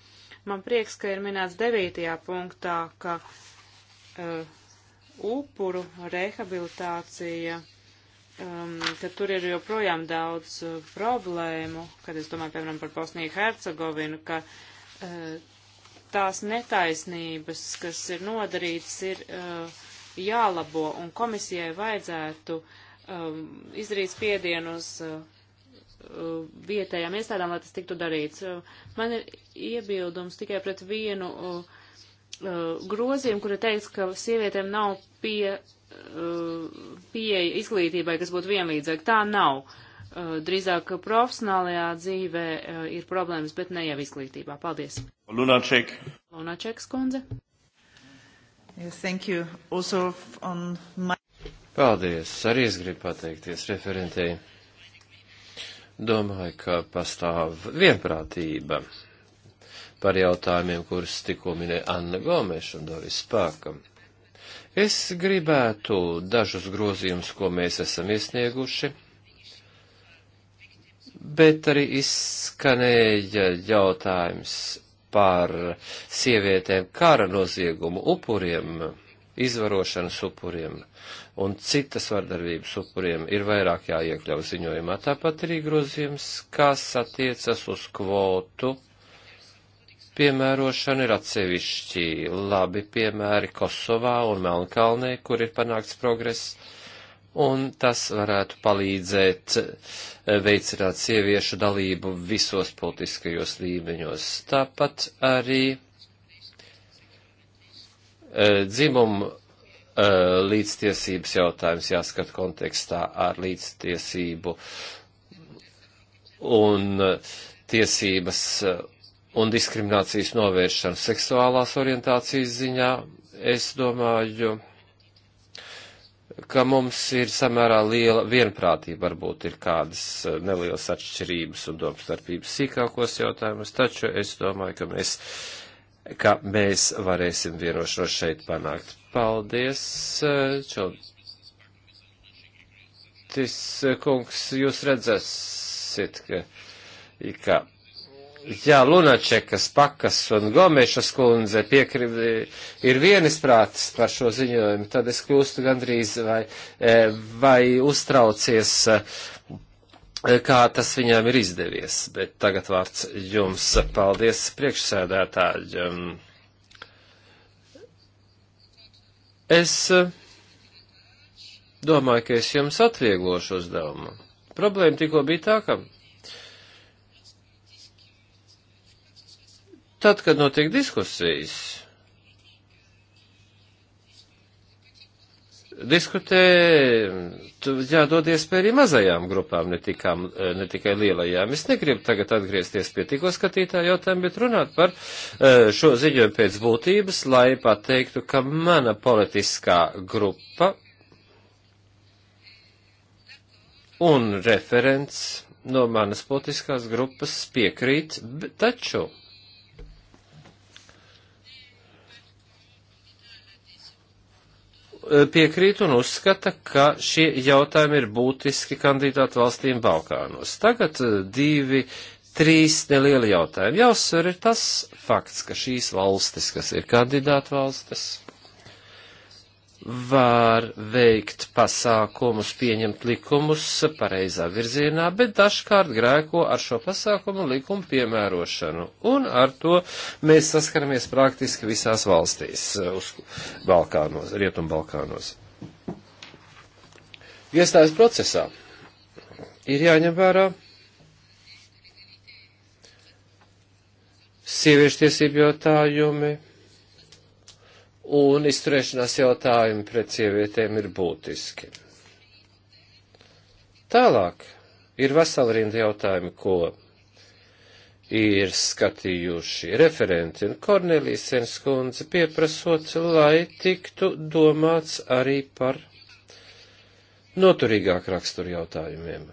Man prieks, ka ir minēts devītajā punktā, ka uh, upuru rehabilitācija um, ka tur ir joprojām daudz uh, problēmu, kad es domāju, piemēram, par Bosniju Hercegovinu, ka uh, tās netaisnības, kas ir nodarītas, ir uh, jālabo, un komisijai vajadzētu um, izdarīt spiedienu uz uh, uh vietējām iestādām, lai tas tiktu darīts. Uh, man ir iebildums tikai pret vienu uh, grozījumu, kura teica, ka sievietēm nav pie Uh, pieeja izglītībai, kas būtu vienlīdzīga. Tā nav. Uh, drīzāk profesionālajā dzīvē uh, ir problēmas, bet ne jau izglītībā. Paldies. Lunaček. Lunaček skundze. Yes, thank you. Also on my... Paldies. Arī es gribu pateikties referentei. Domāju, ka pastāv vienprātība par jautājumiem, kurus tikko minēja Anna Gomeša un Doris Pākam. Es gribētu dažus grozījumus, ko mēs esam iesnieguši, bet arī izskanēja jautājums par sievietēm kara noziegumu upuriem, izvarošanas upuriem un citas vardarbības upuriem ir vairāk jāiekļauj ziņojumā. Tāpat arī grozījums, kas attiecas uz kvotu piemērošana ir atsevišķi labi piemēri Kosovā un Melnkalnē, kur ir panākts progress, un tas varētu palīdzēt eh, veicināt sieviešu dalību visos politiskajos līmeņos. Tāpat arī eh, dzimumu eh, līdztiesības jautājums jāskat kontekstā ar līdztiesību un tiesības un diskriminācijas novēršanu seksuālās orientācijas ziņā, es domāju, ka mums ir samērā liela vienprātība, varbūt ir kādas eh, nelielas atšķirības un domstarpības sīkākos jautājumus, taču es domāju, ka mēs, ka mēs varēsim vienošanos šeit panākt. Paldies, eh, Čotis eh, kungs, jūs redzēsiet, ka, ka Jā, Lunačekas, Pakas un Gomešas kundze piekri, ir vienisprātis par šo ziņojumu, tad es kļūstu gandrīz vai, e, vai uztraucies, e, kā tas viņām ir izdevies. Bet tagad vārds jums. Paldies, priekšsēdētāji. Es e, domāju, ka es jums atvieglošu uzdevumu. Problēma tikko bija tā, ka Tad, kad notiek diskusijas, diskutē, tu jādod iespēju arī mazajām grupām, ne, tikām, ne tikai lielajām. Es negribu tagad atgriezties pie tikko skatītāju jautājumu, bet runāt par eh, šo ziņojumu pēc būtības, lai pateiktu, ka mana politiskā grupa un referents no manas politiskās grupas piekrīt, taču Eh, piekrīt un uzskata, ka šie jautājumi ir būtiski kandidātu valstīm Balkānos. Tagad eh, divi, trīs nelieli jautājumi. Jāuzsver ir tas fakts, ka šīs valstis, kas ir kandidātu valstis, var veikt pasākumus, pieņemt likumus pareizā virzienā, bet dažkārt grēko ar šo pasākumu likumu piemērošanu. Un ar to mēs saskaramies praktiski visās valstīs, eh, uz Balkānos, Rietumbalkānos. Iestājas procesā ir jāņem vērā sieviešu tiesību jautājumi un izturēšanās jautājumi pret sievietēm ir būtiski. Tālāk ir vesela rinda jautājumu, ko ir skatījuši referenti un Kornelīsens kundze pieprasot, lai tiktu domāts arī par noturīgāk raksturu jautājumiem.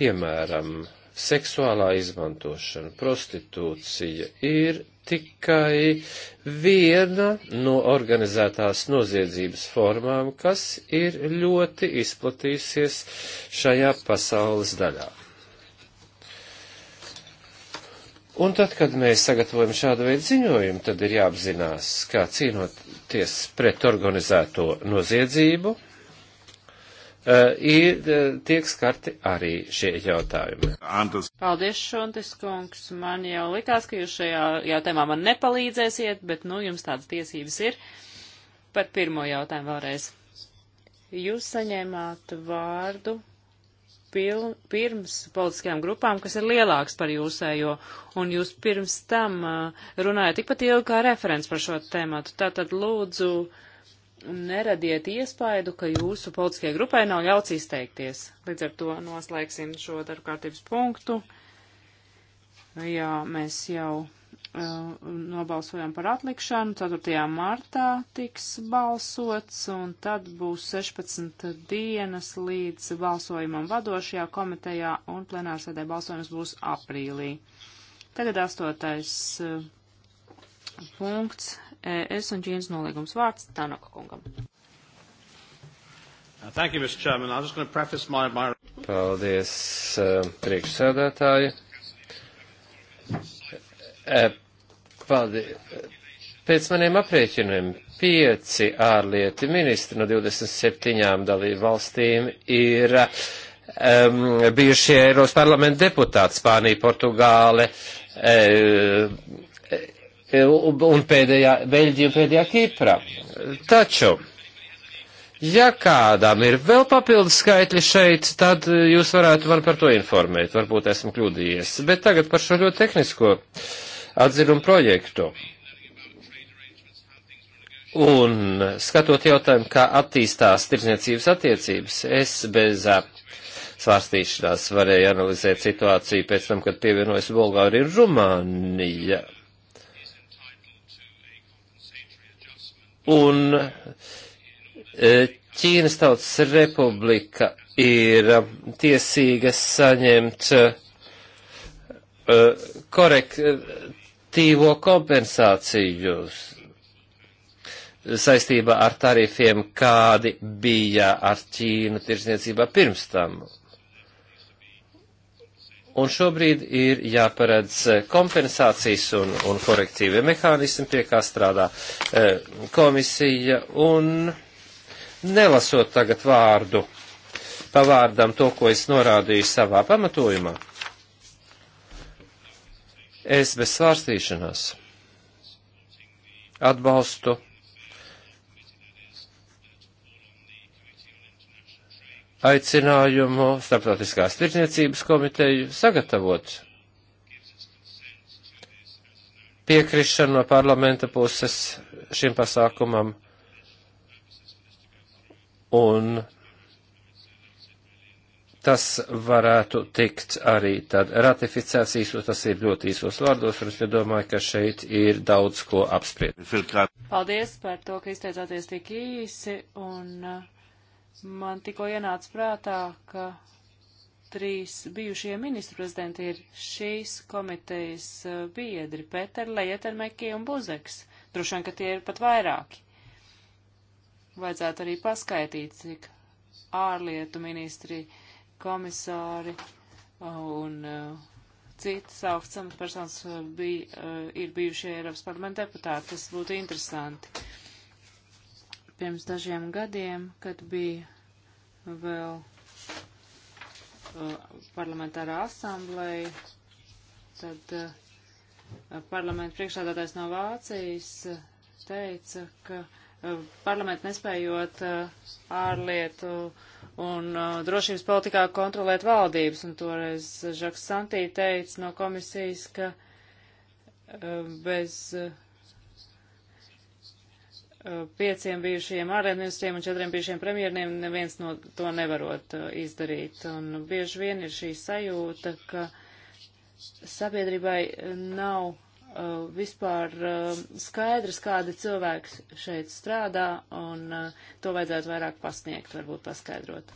Piemēram, seksuālā izmantošana, prostitūcija ir tikai viena no organizētās noziedzības formām, kas ir ļoti izplatījusies šajā pasaules daļā. Un tad, kad mēs sagatavojam šādu veidu ziņojumu, tad ir jāapzinās, kā cīnoties pret organizēto noziedzību, Eh, ir, eh, tiek skarti arī šie jautājumi. Antus. Paldies, Šontis kungs. Man jau likās, ka jūs šajā jautājumā man nepalīdzēsiet, bet nu jums tādas tiesības ir. Par pirmo jautājumu vēlreiz. Jūs saņēmāt vārdu pil, pirms politiskajām grupām, kas ir lielāks par jūsējo, un jūs pirms tam eh, runājat tikpat ilgi kā referents par šo tēmatu. Tātad lūdzu. Uh, neradiet iespaidu, ka jūsu politiskajai grupai nav ļauts izteikties. Līdz ar to noslēgsim šo darba kārtības punktu. Jā, mēs jau uh, nobalsojam par atlikšanu. 4. martā tiks balsots, un tad būs 16 dienas līdz balsojumam vadošajā komitejā, un plenārsēdē balsojums būs aprīlī. Tagad 8. Uh, punkts ES un Ķīnas nolīgums. Vārds Tanaka kungam. Uh, thank you, Mr. Chairman. I'm just going to preface my, my... Paldies, uh, priekšsēdētāji. Uh, Paldies. Pēc maniem aprēķiniem pieci ārlietu ministri no 27 dalību valstīm ir um, bijušie Eiropas parlamenta deputāti Spānija, Portugāle, um, E, un pēdējā Beļģija un pēdējā Kipra. Taču, ja kādam ir vēl papildus skaitļi šeit, tad e, jūs varētu man par to informēt, varbūt esmu kļūdījies. Bet tagad par šo ļoti tehnisko atzinumu projektu. Un skatot jautājumu, kā attīstās tirdzniecības attiecības, es bez e, svārstīšanās varēju analizēt situāciju pēc tam, kad pievienojas Bulgārija un Rumānija. Un e, Ķīnas Tautas Republika ir e, tiesīga saņemt e, korektīvo kompensāciju saistībā ar tarifiem, kādi bija ar Ķīnu tirsniecībā pirms tam. Un šobrīd ir jāparedz eh, kompensācijas un, un korektīvie mehānismi, pie kā strādā e, komisija. Un nelasot tagad vārdu pavārdam to, ko es norādīju savā pamatojumā, es bez svārstīšanās atbalstu aicinājumu Starptautiskās tirdzniecības komiteju sagatavot piekrišanu no parlamenta puses šim pasākumam un tas varētu tikt arī tad ratificēts īsos, tas ir ļoti īsos vārdos, un es domāju, ka šeit ir daudz ko apspriest. Paldies par to, ka izteicāties tik īsi, un uh, Man tikko ienāca prātā, ka trīs bijušie ministru prezidenti ir šīs komitejas eh, biedri - Peter, Lejetermeki un Buzeks. Droši vien, ka tie ir pat vairāki. Vajadzētu arī paskaitīt, cik ārlietu ministri, komisāri eh, un uh, citas augstsamas personas bija, uh, ir bijušie Eiropas parlamenta deputāti. Tas būtu interesanti pirms dažiem gadiem, kad bija vēl uh, parlamentārā asambleja, tad uh, parlamenta priekšādātājs no Vācijas uh, teica, ka uh, parlamentu nespējot uh, ārlietu un uh, drošības politikā kontrolēt valdības, un toreiz Žaks Santī teica no komisijas, ka bez uh, pieciem bijušajiem ārējiem un četriem bijušajiem premjeriem neviens no to nevarot uh, izdarīt. Un bieži vien ir šī sajūta, ka sabiedrībai uh, nav uh, vispār skaidrs, kādi cilvēki šeit strādā, un to vajadzētu vairāk pasniegt, varbūt paskaidrot.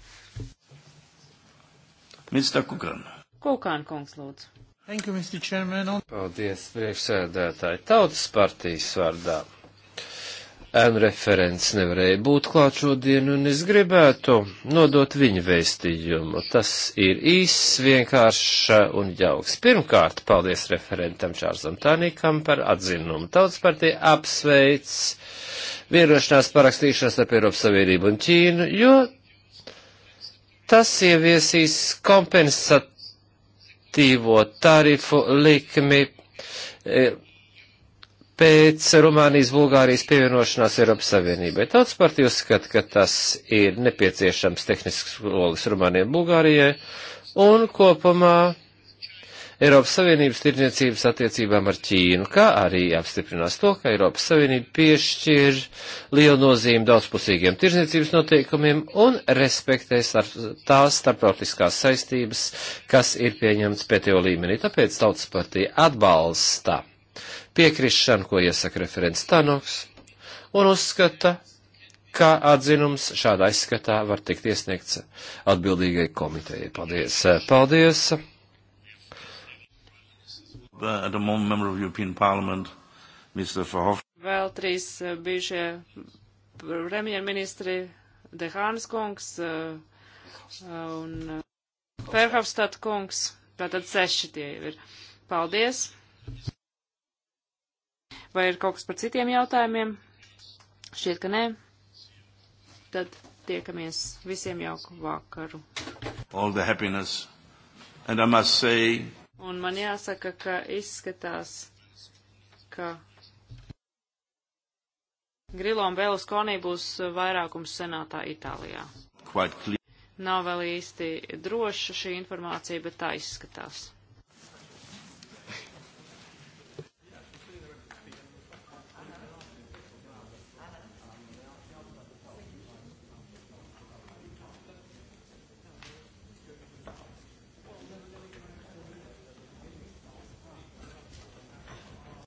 Mr. Kukan. Kukan kungs, lūdzu. Thank you, Mr. Chairman. Paldies, priekšsēdētāji. Tautas partijas vārdā ēnu referents nevarēja būt klāt šodien, un es gribētu nodot viņu vēstījumu. Tas ir īss, vienkāršs un jauks. Pirmkārt, paldies referentam Čārzam Tānīkam par atzinumu. Tautas partija apsveic vienošanās parakstīšanas ar Eiropas Savienību un Ķīnu, jo tas ieviesīs kompensatīvo tarifu likmi. E, pēc Rumānijas Bulgārijas pievienošanās Eiropas Savienībai. Tautas partija uzskata, ka tas ir nepieciešams tehnisks solis Rumānijai Bulgārijai un kopumā Eiropas Savienības tirdzniecības attiecībām ar Ķīnu, kā arī apstiprinās to, ka Eiropas Savienība piešķir lielu nozīmi daudzpusīgiem tirdzniecības noteikumiem un respektē tās starptautiskās saistības, kas ir pieņemts pēdējo līmenī. Tāpēc Tautas partija atbalsta piekrišanu, ko iesaka referents Tanoks, un uzskata, ka atzinums šādā izskatā var tikt iesniegts atbildīgai komitejai. Paldies! Paldies! Vēl trīs eh, bijušie premjerministri Dehānas kungs eh, un Ferhofstad eh, kungs, tātad seši tie ir. Paldies! Vai ir kaut kas par citiem jautājumiem? Šķiet, ka nē. Tad tiekamies visiem jauku vakaru. All the happiness. And I must say. Un man jāsaka, ka izskatās, ka Grilo un Beluskonī būs vairākums senātā Itālijā. Nav vēl īsti droša šī informācija, bet tā izskatās.